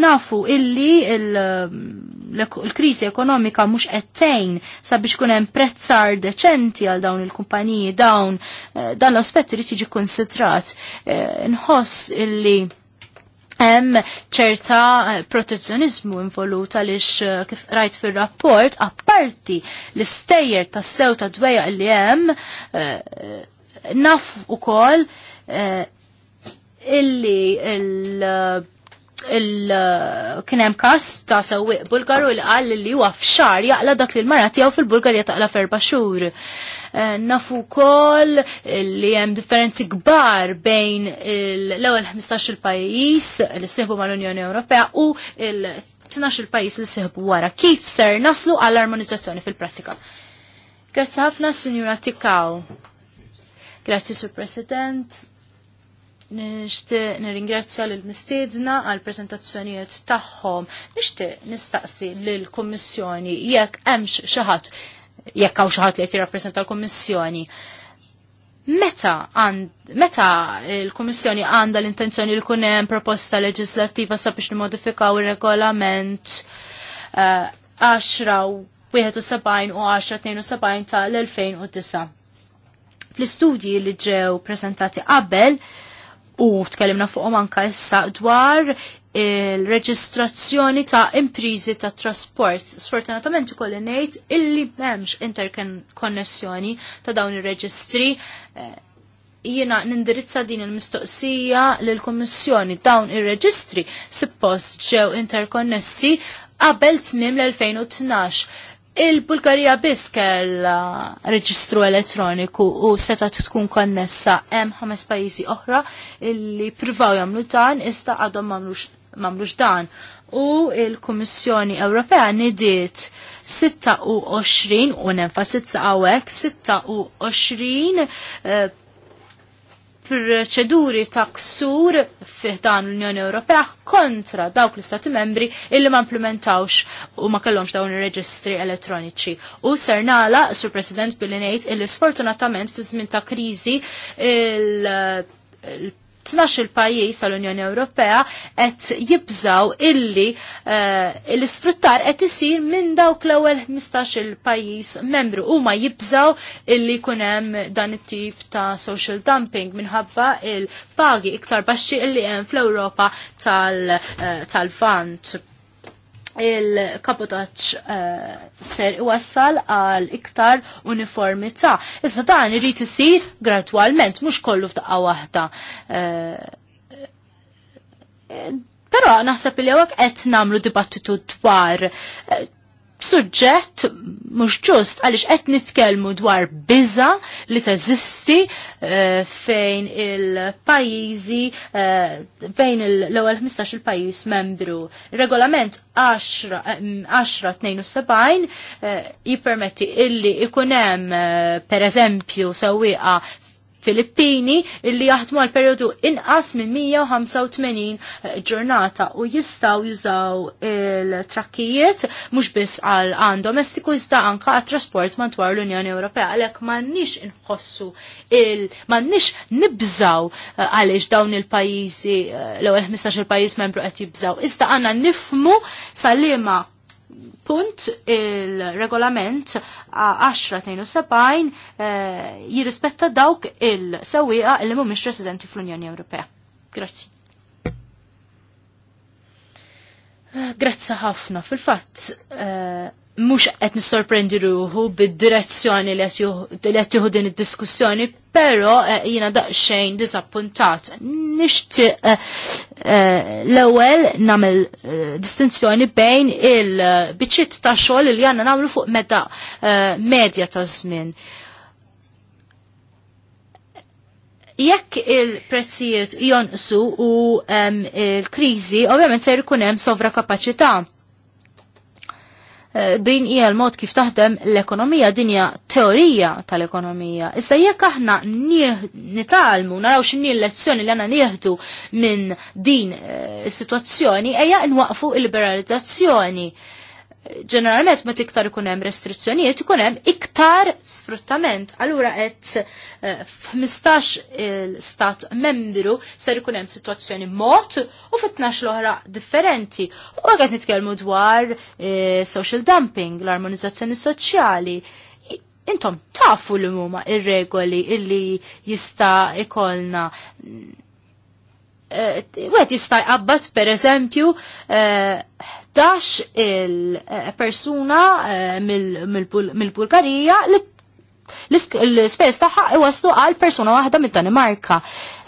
nafu illi l-krisi ekonomika mhux ettejn sabiex kun hemm prezzar deċenti għal dawn il-kumpaniji dawn eh, dan l-aspett irid jiġi konsidrat. Eh, nħoss illi hemm ċerta eh, protezzjonizmu involut għaliex kif rajt fir-rapport apparti l-istejjer tas-sew ta' dweja li hemm naf ukoll Eh, illi il- il-kienem kas ta' sawiq bulgaru li qal li huwa f'xar jaqla dak li l-mara tiegħu fil-Bulgarija taqla f'erba' xhur. Eh, nafu wkoll li hemm differenzi kbar bejn l-ewwel 15-il pajjiż li sieħbu mal-Unjoni Ewropea u l 12 il-pajjiż li sieħbu wara. Kif ser naslu għall-armonizzazzjoni fil-prattika? Grazzi ħafna, Sinjura Tikaw. Grazzi, Sur President Nishtiq nirringrazzja l mistiedna għal prezentazzjoniet tagħhom. Nixtieq nistaqsi l kummissjoni jekk hemmx xi ħadd jekk hawn xi ħadd li qed jirrappreżenta l-Kummissjoni. Meta and, meta l-Kummissjoni għandha l-intenzjoni li jkun hemm proposta leġislattiva sabiex nimodifikaw ir-regolament uh, 10.71 71 u 10.72 tal-2009. Fl-istudji li ġew prezentati qabel, u tkellimna fuqhom anka issa dwar il-reġistrazzjoni ta' imprizi ta' trasport. Sfortunatament ikolli ngħid illi m'hemmx interkonnessjoni ta' dawn ir-reġistri eh, jiena nindirizza din il-mistoqsija lil kummissjoni dawn ir-reġistri suppost ġew interkonnessi qabel tmiem l-2012 Il-Bulgarija biss kella uh, reġistru elettroniku u seta tkun konnessa hemm ħames pajjiżi oħra li privaw jagħmlu dan iżda għadhom m'għamlux dan. U il-Kummissjoni Ewropea nidiet 26 u nenfa sitsa hawnhekk 26 proċeduri ta' ksur fiħdan l-Unjoni Ewropea kontra dawk l-Istati membri illi ma' implementawx u ma' kellomx dawn il-reġistri elettroniċi. U sernala, Sur President Billinate, illi sfortunatament fi żmien ta' krizi il- 12 il-pajjiż tal-Unjoni Ewropea qed jibżaw illi eh, l-isfruttar qed isir minn dawk l-ewwel 15 il-pajjiż membru huma jibżaw illi jkun hemm dan it-tip ta' social dumping minħabba il-pagi iktar baxxi illi hemm fl-Ewropa eh, tal-Vant. tal Uh, tal il-kapotaċ uh, eh, ser iwassal għal iktar uniformità. Issa dan irrit isir gradualment, mhux kollu f'daqqa waħda. Uh, Però naħseb li hawnhekk qed nagħmlu dibattitu dwar uh, suġġett mhux ġust għaliex qed nitkellmu dwar biża li teżisti eh, fejn il-pajjiżi eh, fejn l-ewwel 15 il-pajjiż membru. Regolament 10-72 eh, jippermetti illi ikun hemm pereżempju sewwieqa Filippini illi jaħdmu għal periodu inqas minn 185 eh, ġurnata u jistaw jużaw il-trakkijiet mhux biss għal għan domestiku iżda anka għat trasport mantwar l-Unjoni Ewropea għalhekk m'għandniex inħossu il m'għandniex nibżaw eh, għaliex dawn il-pajjiżi eh, l-ewwel 15 il-pajjiż membru qed jibżaw. Iżda għandna nifmu salima punt il-regolament 10-72 eh, jirrispetta dawk il-sewwieqa li mhumiex residenti fl-Unjoni Ewropea. Grazzi. Eh, grazzi ħafna. Fil-fatt, eh, mhux qed nissorprendi ruħu bid-direzzjoni li qed jieħu din id-diskussjoni, però jiena daqsxejn disappuntat nixtieq eh, eh, l-ewwel nagħmel eh, distinzjoni bejn il-biċċiet ta' xogħol li għanna nagħmlu fuq meta medja ta' żmien. Jekk il-prezzijiet jonqsu u l-kriżi, ovvjament se jkun hemm sovrakapaċità Eh, din hija l-mod kif taħdem l-ekonomija, dinja teorija tal-ekonomija. Issa jekk aħna nitalmu, naraw x'inhi l-lezzjoni li għandna nieħdu minn din eh, is-sitwazzjoni, ejja nwaqfu il-liberalizzazzjoni ġeneralment ma tiktar ikun hemm restrizzjonijiet ikun hemm iktar sfruttament. Allura qed eh, f'15 il-stat membru ser ikun hemm sitwazzjoni mod u fit-12 l-oħra differenti. U qed nitkellmu dwar eh, social dumping, l-armonizzazzjoni soċjali. Intom tafu li huma ir-regoli illi jista' ikolna eh, Wet jista' jqabbad per eżempju Tax il-persuna eh, mill-Bulgarija l-spess taħħa iwaslu għal persona waħda mid danimarka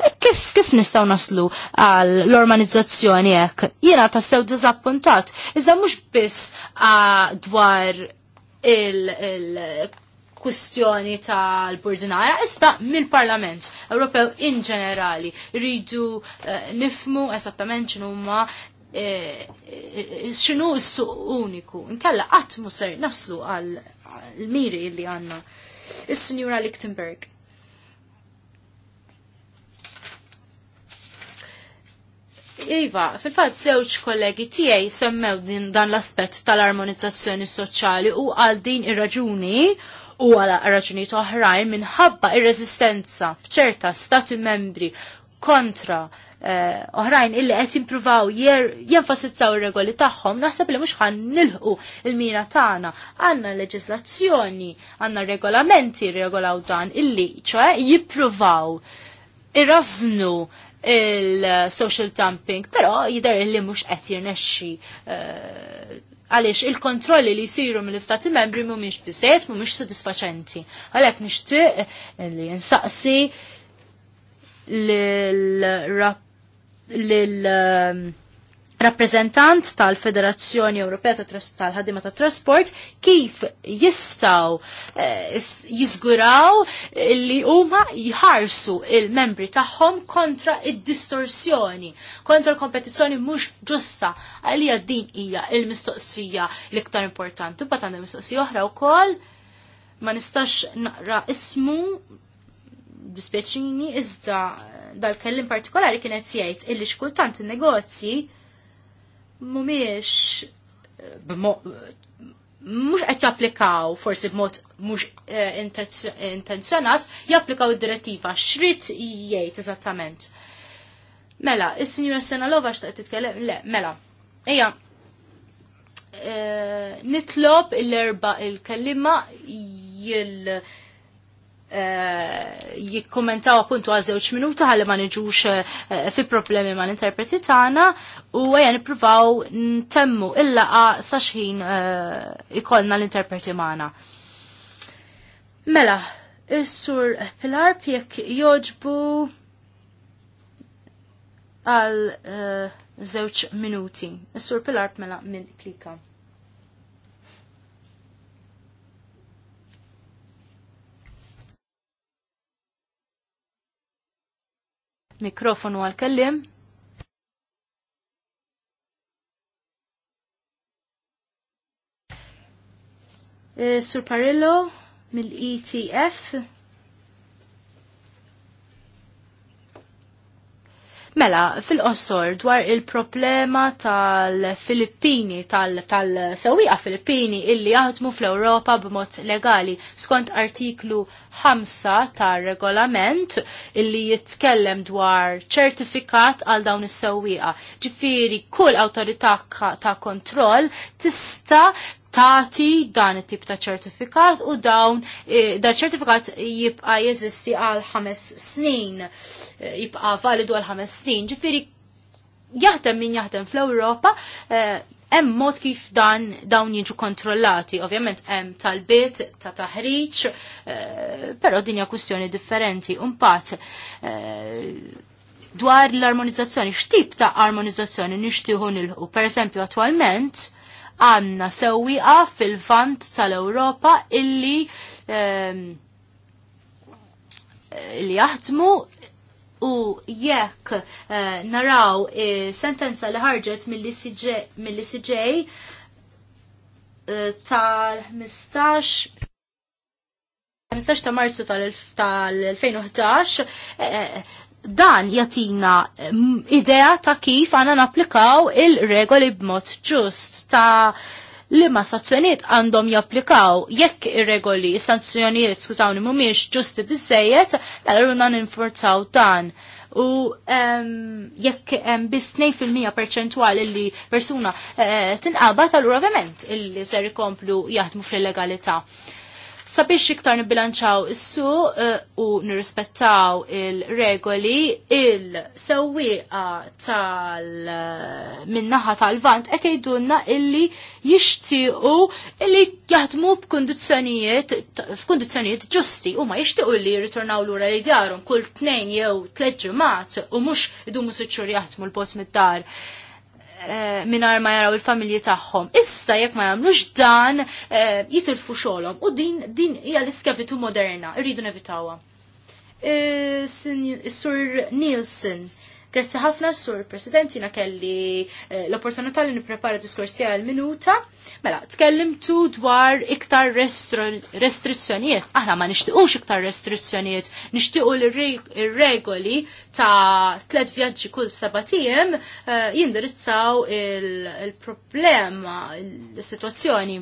eh, Kif, kif nistaw naslu għal l-organizzazzjoni jekk? Jena tassew dizappuntat. Iżda mux biss dwar il-kwistjoni tal-Burdinara, iżda mill-Parlament Ewropew in ġenerali rridu eh, nifmu esattament ċinumma Eh, xinu s-suq uniku. Inkella qatt ser naslu għal l-miri li għanna. Is-Sinjura Lichtenberg. Iva, fil-fat sewċ kollegi tijaj semmew din dan l-aspet tal-armonizzazzjoni soċjali u għal din ir-raġuni u għal raġuni toħrajn minħabba ir-rezistenza fċerta stati membri kontra Eh, oħrajn illi qed jimpruvaw jenfasizzaw ir-regoli tagħhom, naħseb li mhux ħan nilħu il-mira tagħna. Għandna leġislazzjoni, għandna regolamenti regolaw dan illi ċoħe jippruvaw irraznu il-social dumping, però jider illi mhux qed jirnexxi eh, għaliex il-kontrolli li jisiru mill-istati membri mhumiex mu mhumiex sodisfaċenti. Għalhekk nixtieq li nsaqsi l-rapport lil ehm, rappresentant tal-Federazzjoni Ewropea tal-ħadima tat trasport kif jistaw eh, jizguraw li huma jħarsu il-membri tagħhom kontra id-distorsjoni, kontra l-kompetizzjoni mhux ġusta għalija din hija il-mistoqsija l-iktar importanti. Bat għandha mistoqsija oħra wkoll ma nistax naqra ismu dispjaċini iżda eh, dal-kellim partikolari kienet jgħid illi xkultant in-negozji mhumiex eh, mux qed japplikaw forsi b'mod mhux eh, intenzjonat japplikaw id-direttiva x'rid jgħid eżattament. Mela, is-Sinjura Senalova x'taq titkellem? Le, mela. Ejja, nitlob l-erba il-kellima Eh, jikkommentaw appuntu għal żewġ minuta ħalli ma niġux eh, fi problemi ma l-interpreti tagħna u għajja nippruvaw ntemmu il illa sa xħin eh, ikollna l-interpreti maħna. Mela, is-sur Pilar jekk joġbu għal żewġ minuti. Is-sur Pilar mela minn klika. Mikrofonu għal-kellim. Eh, Sur Parillo mill-ETF Mela, fil-qossor dwar il-problema tal-Filippini, tal-sewwieqa Filippini illi jaħdmu fl-Ewropa b'mod legali skont artiklu 5 tar-regolament illi jitkellem dwar ċertifikat għal dawn is-sewwieqa. Ġifieri kull awtorità ta' kontroll tista' tati dan it-tip ta' ċertifikat u dawn e, da' ċertifikat jibqa jeżisti għal ħames snin, e, jibqa validu għal ħames snin. Ġifiri, jaħdem min jaħdem fl-Europa, e, hemm mod kif dan dawn jiġu kontrollati. Ovvjament hemm talbiet ta' taħriġ, però dinja kwistjoni differenti. Umbat, dwar l-armonizzazzjoni, x'tip ta' armonizzazzjoni nixtieħu nilħu. Per eżempju, attualment, għanna sewwieqa fil fant tal-Ewropa illi ehm, illi jaħdmu u jekk eh, naraw eh, sentenza li ħarġet mill-ICJ uh, tal-15 15 ta' marzu tal-2011 dan jatina mm, idea ta' kif għana naplikaw il-regoli b'mod ġust ta' li ma sanzjoniet għandhom japplikaw jekk ir-regoli sanzjoniet skużawni mhumiex ġusti biżejjed, allura ninforzaw dan. U jekk hemm biss 2% perċentwali li persuna eh, tal-uragament il illi ser ikomplu jaħdmu fl-illegalità. Sabiex iktar nibilanċaw issu uh, u nirrispettaw il-regoli il-sewwieqa tal-minnaħa eh, tal-vant qed jgħidulna illi jixtiequ illi jaħdmu b'kundizzjonijiet f'kundizzjonijiet ġusti u ma jixtiequ li jirritornaw lura li djarhom kull tnejn jew tliet ġimgħat u mhux idumu siċċur jaħdmu l-bot mid-dar. Eh, minar ma jaraw il-familji tagħhom. Issa jekk ma jagħmlux dan eh, jitilfu xogħolhom u din din hija l-iskavitu moderna, irridu nevitawha. Eh, Is-Sur Nielsen Grazzi ħafna sur President, jina kelli eh, l-opportunità li niprepara diskorsi għal minuta. Mela, tkellimtu dwar iktar restrizzjonijiet. Aħna ma nishtiqux iktar restrizzjonijiet, nishtiqu l-regoli ta' tlet vjaġġi kull sabatijem eh, jindirizzaw il-problema, il-situazzjoni.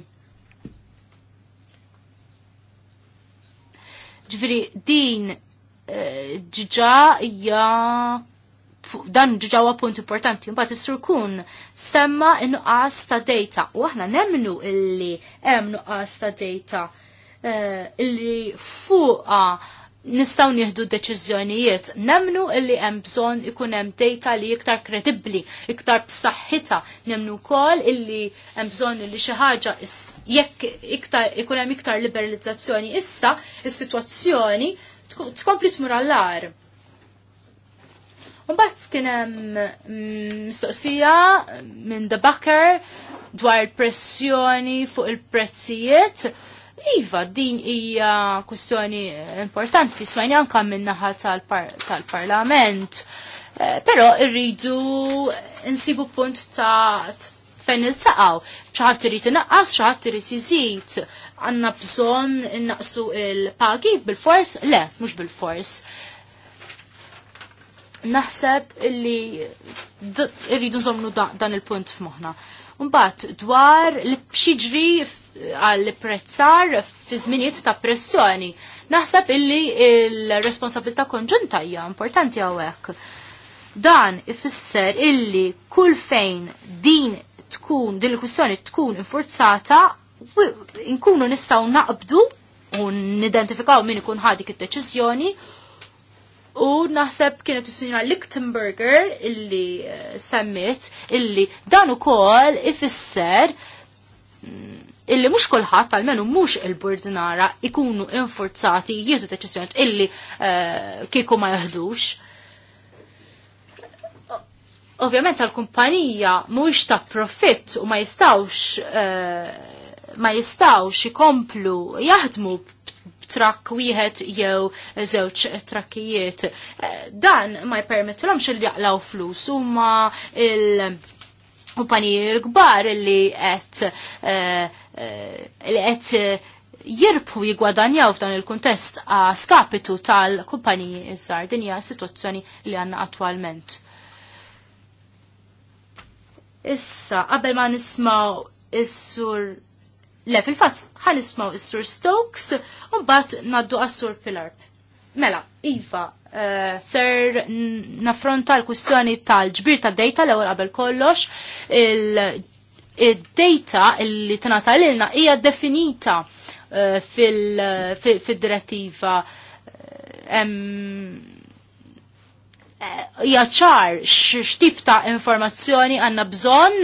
Ġviri, din eh, ġiġa ja dan ġawa punt importanti, mbagħad is-sur kun semma nuqqas ta' data u aħna nemnu illi hemm nuqqas ta' data eh, illi fuqa nistaw nieħdu deċiżjonijiet. Nemnu illi hemm bżonn ikun hemm data li iktar kredibbli, iktar b'saħħitha. Nemnu wkoll illi hemm bżonn illi xi ħaġa jekk iktar ikun hemm iktar liberalizzazzjoni issa is-sitwazzjoni tkompli tmur allarm Mbagħad kien hemm mm, mistoqsija minn da Backer dwar pressjoni fuq il-prezzijiet. Iva, din hija kwestjoni importanti, smajni anka minnaħa tal-parlament. Eh, Pero irridu nsibu punt ta' fejn il-taqaw. ċaħat irrid naqqas, ċaħat irrid iżid. Għanna bżon innaqsu il-pagi bil-fors? Le, mux bil-fors naħseb illi irridu zomnu dan il-punt f'moħħna. Mbagħad dwar li bxiġri għall prezzar fi żminijiet ta' pressjoni. Naħseb illi il-responsabilità konġunta hija importanti hawnhekk. Dan ifisser illi kull fejn din tkun din il-kwistjoni tkun infurzata nkunu nistgħu naqbdu u nidentifikaw min ikun ħadik id-deċiżjoni U naħseb kienet is-sinjora Lichtenberger illi eh, semmit illi dan ukoll ifisser mm, illi mhux kulħadd għalmenu mhux il-burdinara ikunu infurzati jieħdu deċiżjoni illi eh, kieku ma jaħdux. Ovvjament għal-kumpanija mhux ta' profitt u ma jistgħux eh, ma jistgħux ikomplu jaħdmu trakk wieħed jew żewġ trakkijiet. Eh, Dan ma jpermettilhomx li jaqlaw flus huma il- kumpaniji l-kbar li qed eh, li qed jirbħu jigwadanjaw f'dan il-kuntest skapitu tal-kumpaniji iż-żar. Din hija situazzjoni li għandna attwalment. Issa, qabel ma nismaw is-sur Le, fil-fatt, ħan ismaw is-Sur Stokes, un bat naddu għas-Sur Pilarp. Mela, Iva, uh, ser nafronta l-kustjoni tal-ġbir ta' data l ewwel qabel kollox, il-data il li tinata ilna hija definita uh, eh, fil-direttiva eh, hija ċar x'tip ta' informazzjoni għandna bżonn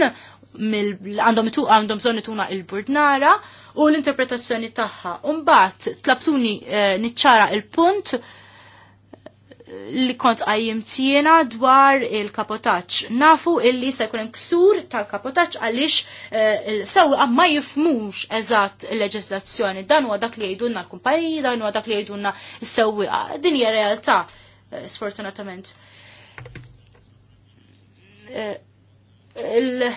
għandhom għandhom bżonn tuna il-burdnara u l-interpretazzjoni tagħha. mbagħad tlabtuni eh, niċċara il-punt eh, li kont għajjimtjena dwar il-kapotaċ. Nafu illi se jkun ksur tal-kapotaċ għaliex eh, sewwa ma jifmux eżatt il-leġislazzjoni. Dan huwa dak li jgħidulna l-kumpaniji, dan huwa dak li jgħidulna s-sewwieqa. Din hija realtà, sfortunatament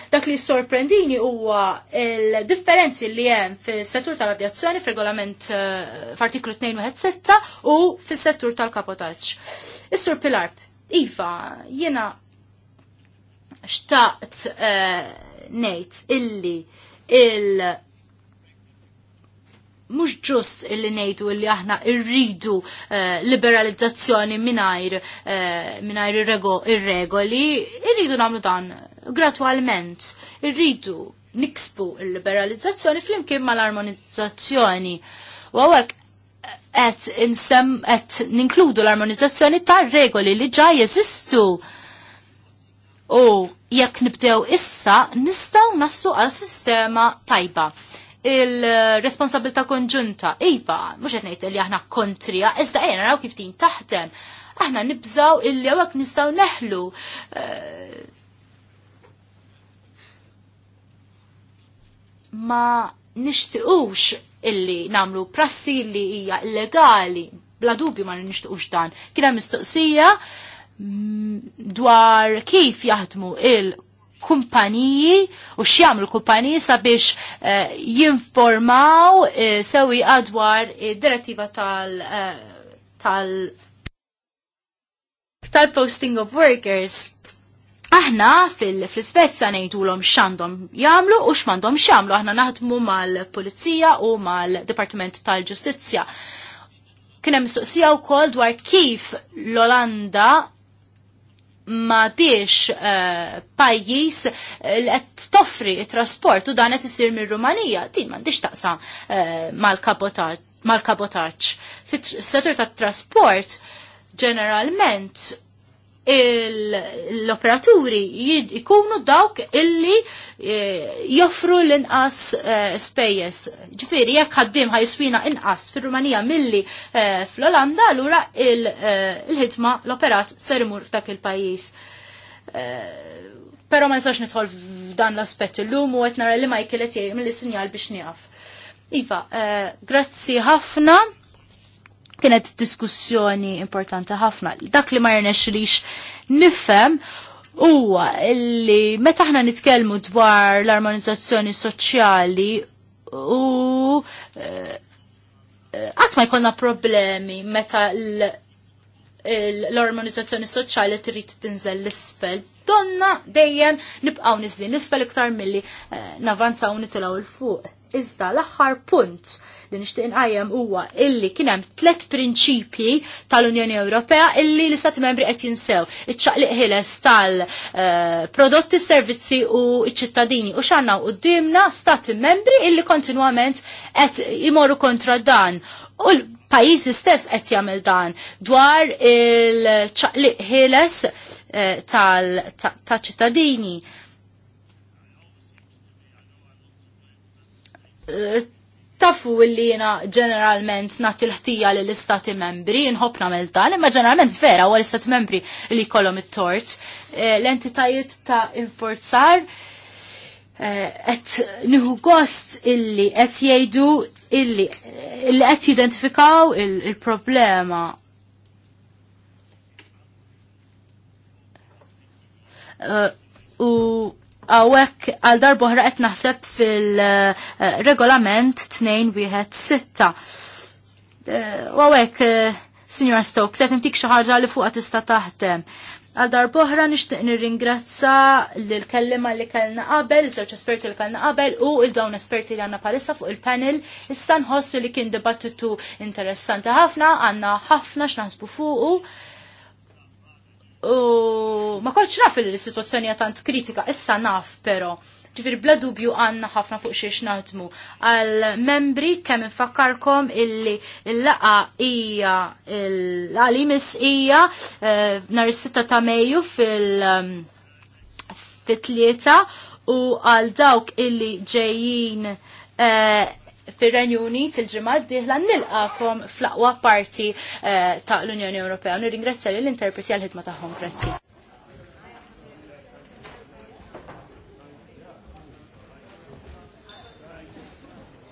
dak li sorprendini huwa il-differenzi li hemm fis-settur tal-avjazzjoni f'regolament eh, f'artiklu 26 u fis-settur tal-kapotaġġ. Is-Sur Pilarp, iva, jiena xtaqt eh, ngħid illi il- mux ġust illi nejdu illi aħna irridu eh, liberalizzazzjoni minajr, uh, ir-regoli, irridu namlu dan gradualment irridu niksbu il-liberalizzazzjoni flimkien mal-armonizzazzjoni. U għawek qed insem et ninkludu l-armonizzazzjoni tar regoli li ġa jeżistu. U jekk nibdew issa nistgħu naslu għal sistema tajba. Il-responsabilità konġunta, iva, mhux qed ngħid li aħna kontrija, iżda ejja raw kif tin taħtem. Aħna nibżaw il-li hawnhekk nistgħu neħlu uh, ma nishtiqux illi namlu prassi li hija illegali, bla dubju ma nishtiqux dan. Kien hemm mistoqsija mm, dwar kif jaħdmu il-kumpaniji u x'jagħmlu l-kumpaniji sabiex uh, jinformaw uh, eh, sewi dwar id-direttiva tal- uh, tal tal-posting of workers Aħna fil-Svezza nejdulom xandom jamlu u xmandom xamlu. Aħna naħdmu mal-Polizija u mal-Departiment tal-Ġustizzja. Kienem mistoqsija u kol dwar kif l-Olanda ma diex uh, eh, pajjiż eh, li qed toffri t trasport u dan qed isir mir-Rumanija, din m'għandix taqsam taqsa eh, Mal kabotaġġ fit tat-trasport ġeneralment l-operaturi ikunu dawk illi eh, joffru l-inqas eh, spejjes. Ġifiri, jekk għaddim ħajswina inqas fil-Rumanija milli eh, fl-Olanda, allura il-ħidma l-operat ser imur f'dak il-pajis. Pero ma nistax nidħol f'dan l-aspett illum u qed nara li ma jkielet jgħi mill-sinjal biex nieqaf. Iva, grazzi ħafna Kienet diskussjoni importanti ħafna. Dak li ma jirnexxilix nifhem huwa li meta aħna nitkellmu dwar l-armonizzazzjoni soċjali u eh, eh, qatt ma jkollna problemi meta l-armonizzazzjoni soċjali trid tinżel l-isfel. Donna dejjem nibqaw nizli l-isfel iktar milli eh, navanzaw nitilgħu l fuq Iżda l-aħħar punt li nixtieq inqajjem huwa illi kien hemm tliet prinċipji tal-Unjoni Ewropea illi l-Istati Membri qed jinsew iċ-ċaqliq ħiles tal-prodotti, servizzi u ċ-ċittadini u x'għandna qudiemna Stati Membri illi kontinwament qed imorru kontra dan. U l-pajjiżi stess qed jagħmel dan dwar il-ċaqliq ħieles eh, tal-ċittadini. Ta ta tafu illi jina ġeneralment nati l-ħtija lill istati membri, nħobb nagħmel tal, imma ġeneralment vera għal l-istati membri li jkollhom it-tort. Eh, l-entitajiet ta' inforzar qed eh, nieħu gost illi qed jgħidu illi qed jidentifikaw il-problema eh, u għawek għal darboħra qed naħseb fil-regolament 6 U eh, għawek, eh, Signor Stokes, qed imtik xi ħaġa li fuqha tista' taħdem. Għal darboħra nixtieq nirringrazza l-kellima li kellna qabel, iż-żewġ esperti li kellna qabel u il-dawn esperti li għandna palissa fuq il-panel. Issa nħossu li kien dibattitu interessanti ħafna, għandna ħafna x'naħsbu fuqu. U ma kolx naf il-situazzjoni tant kritika, issa naf pero. Ġifir bla dubju għanna ħafna fuq xiex naħdmu. Għal-membri kemm infakkarkom illi l-laqa hija l-għalimis hija eh, nhar is-sitta ta' Mejju fil- um, fit-tlieta u għal dawk illi ġejjin eh, fir-Renju Unit il-ġimgħa d nilqakom fl-aqwa parti eh, ta' l-Unjoni Ewropea. Nirringrazzja lill-interpreti għal-ħidma tagħhom. Grazzi.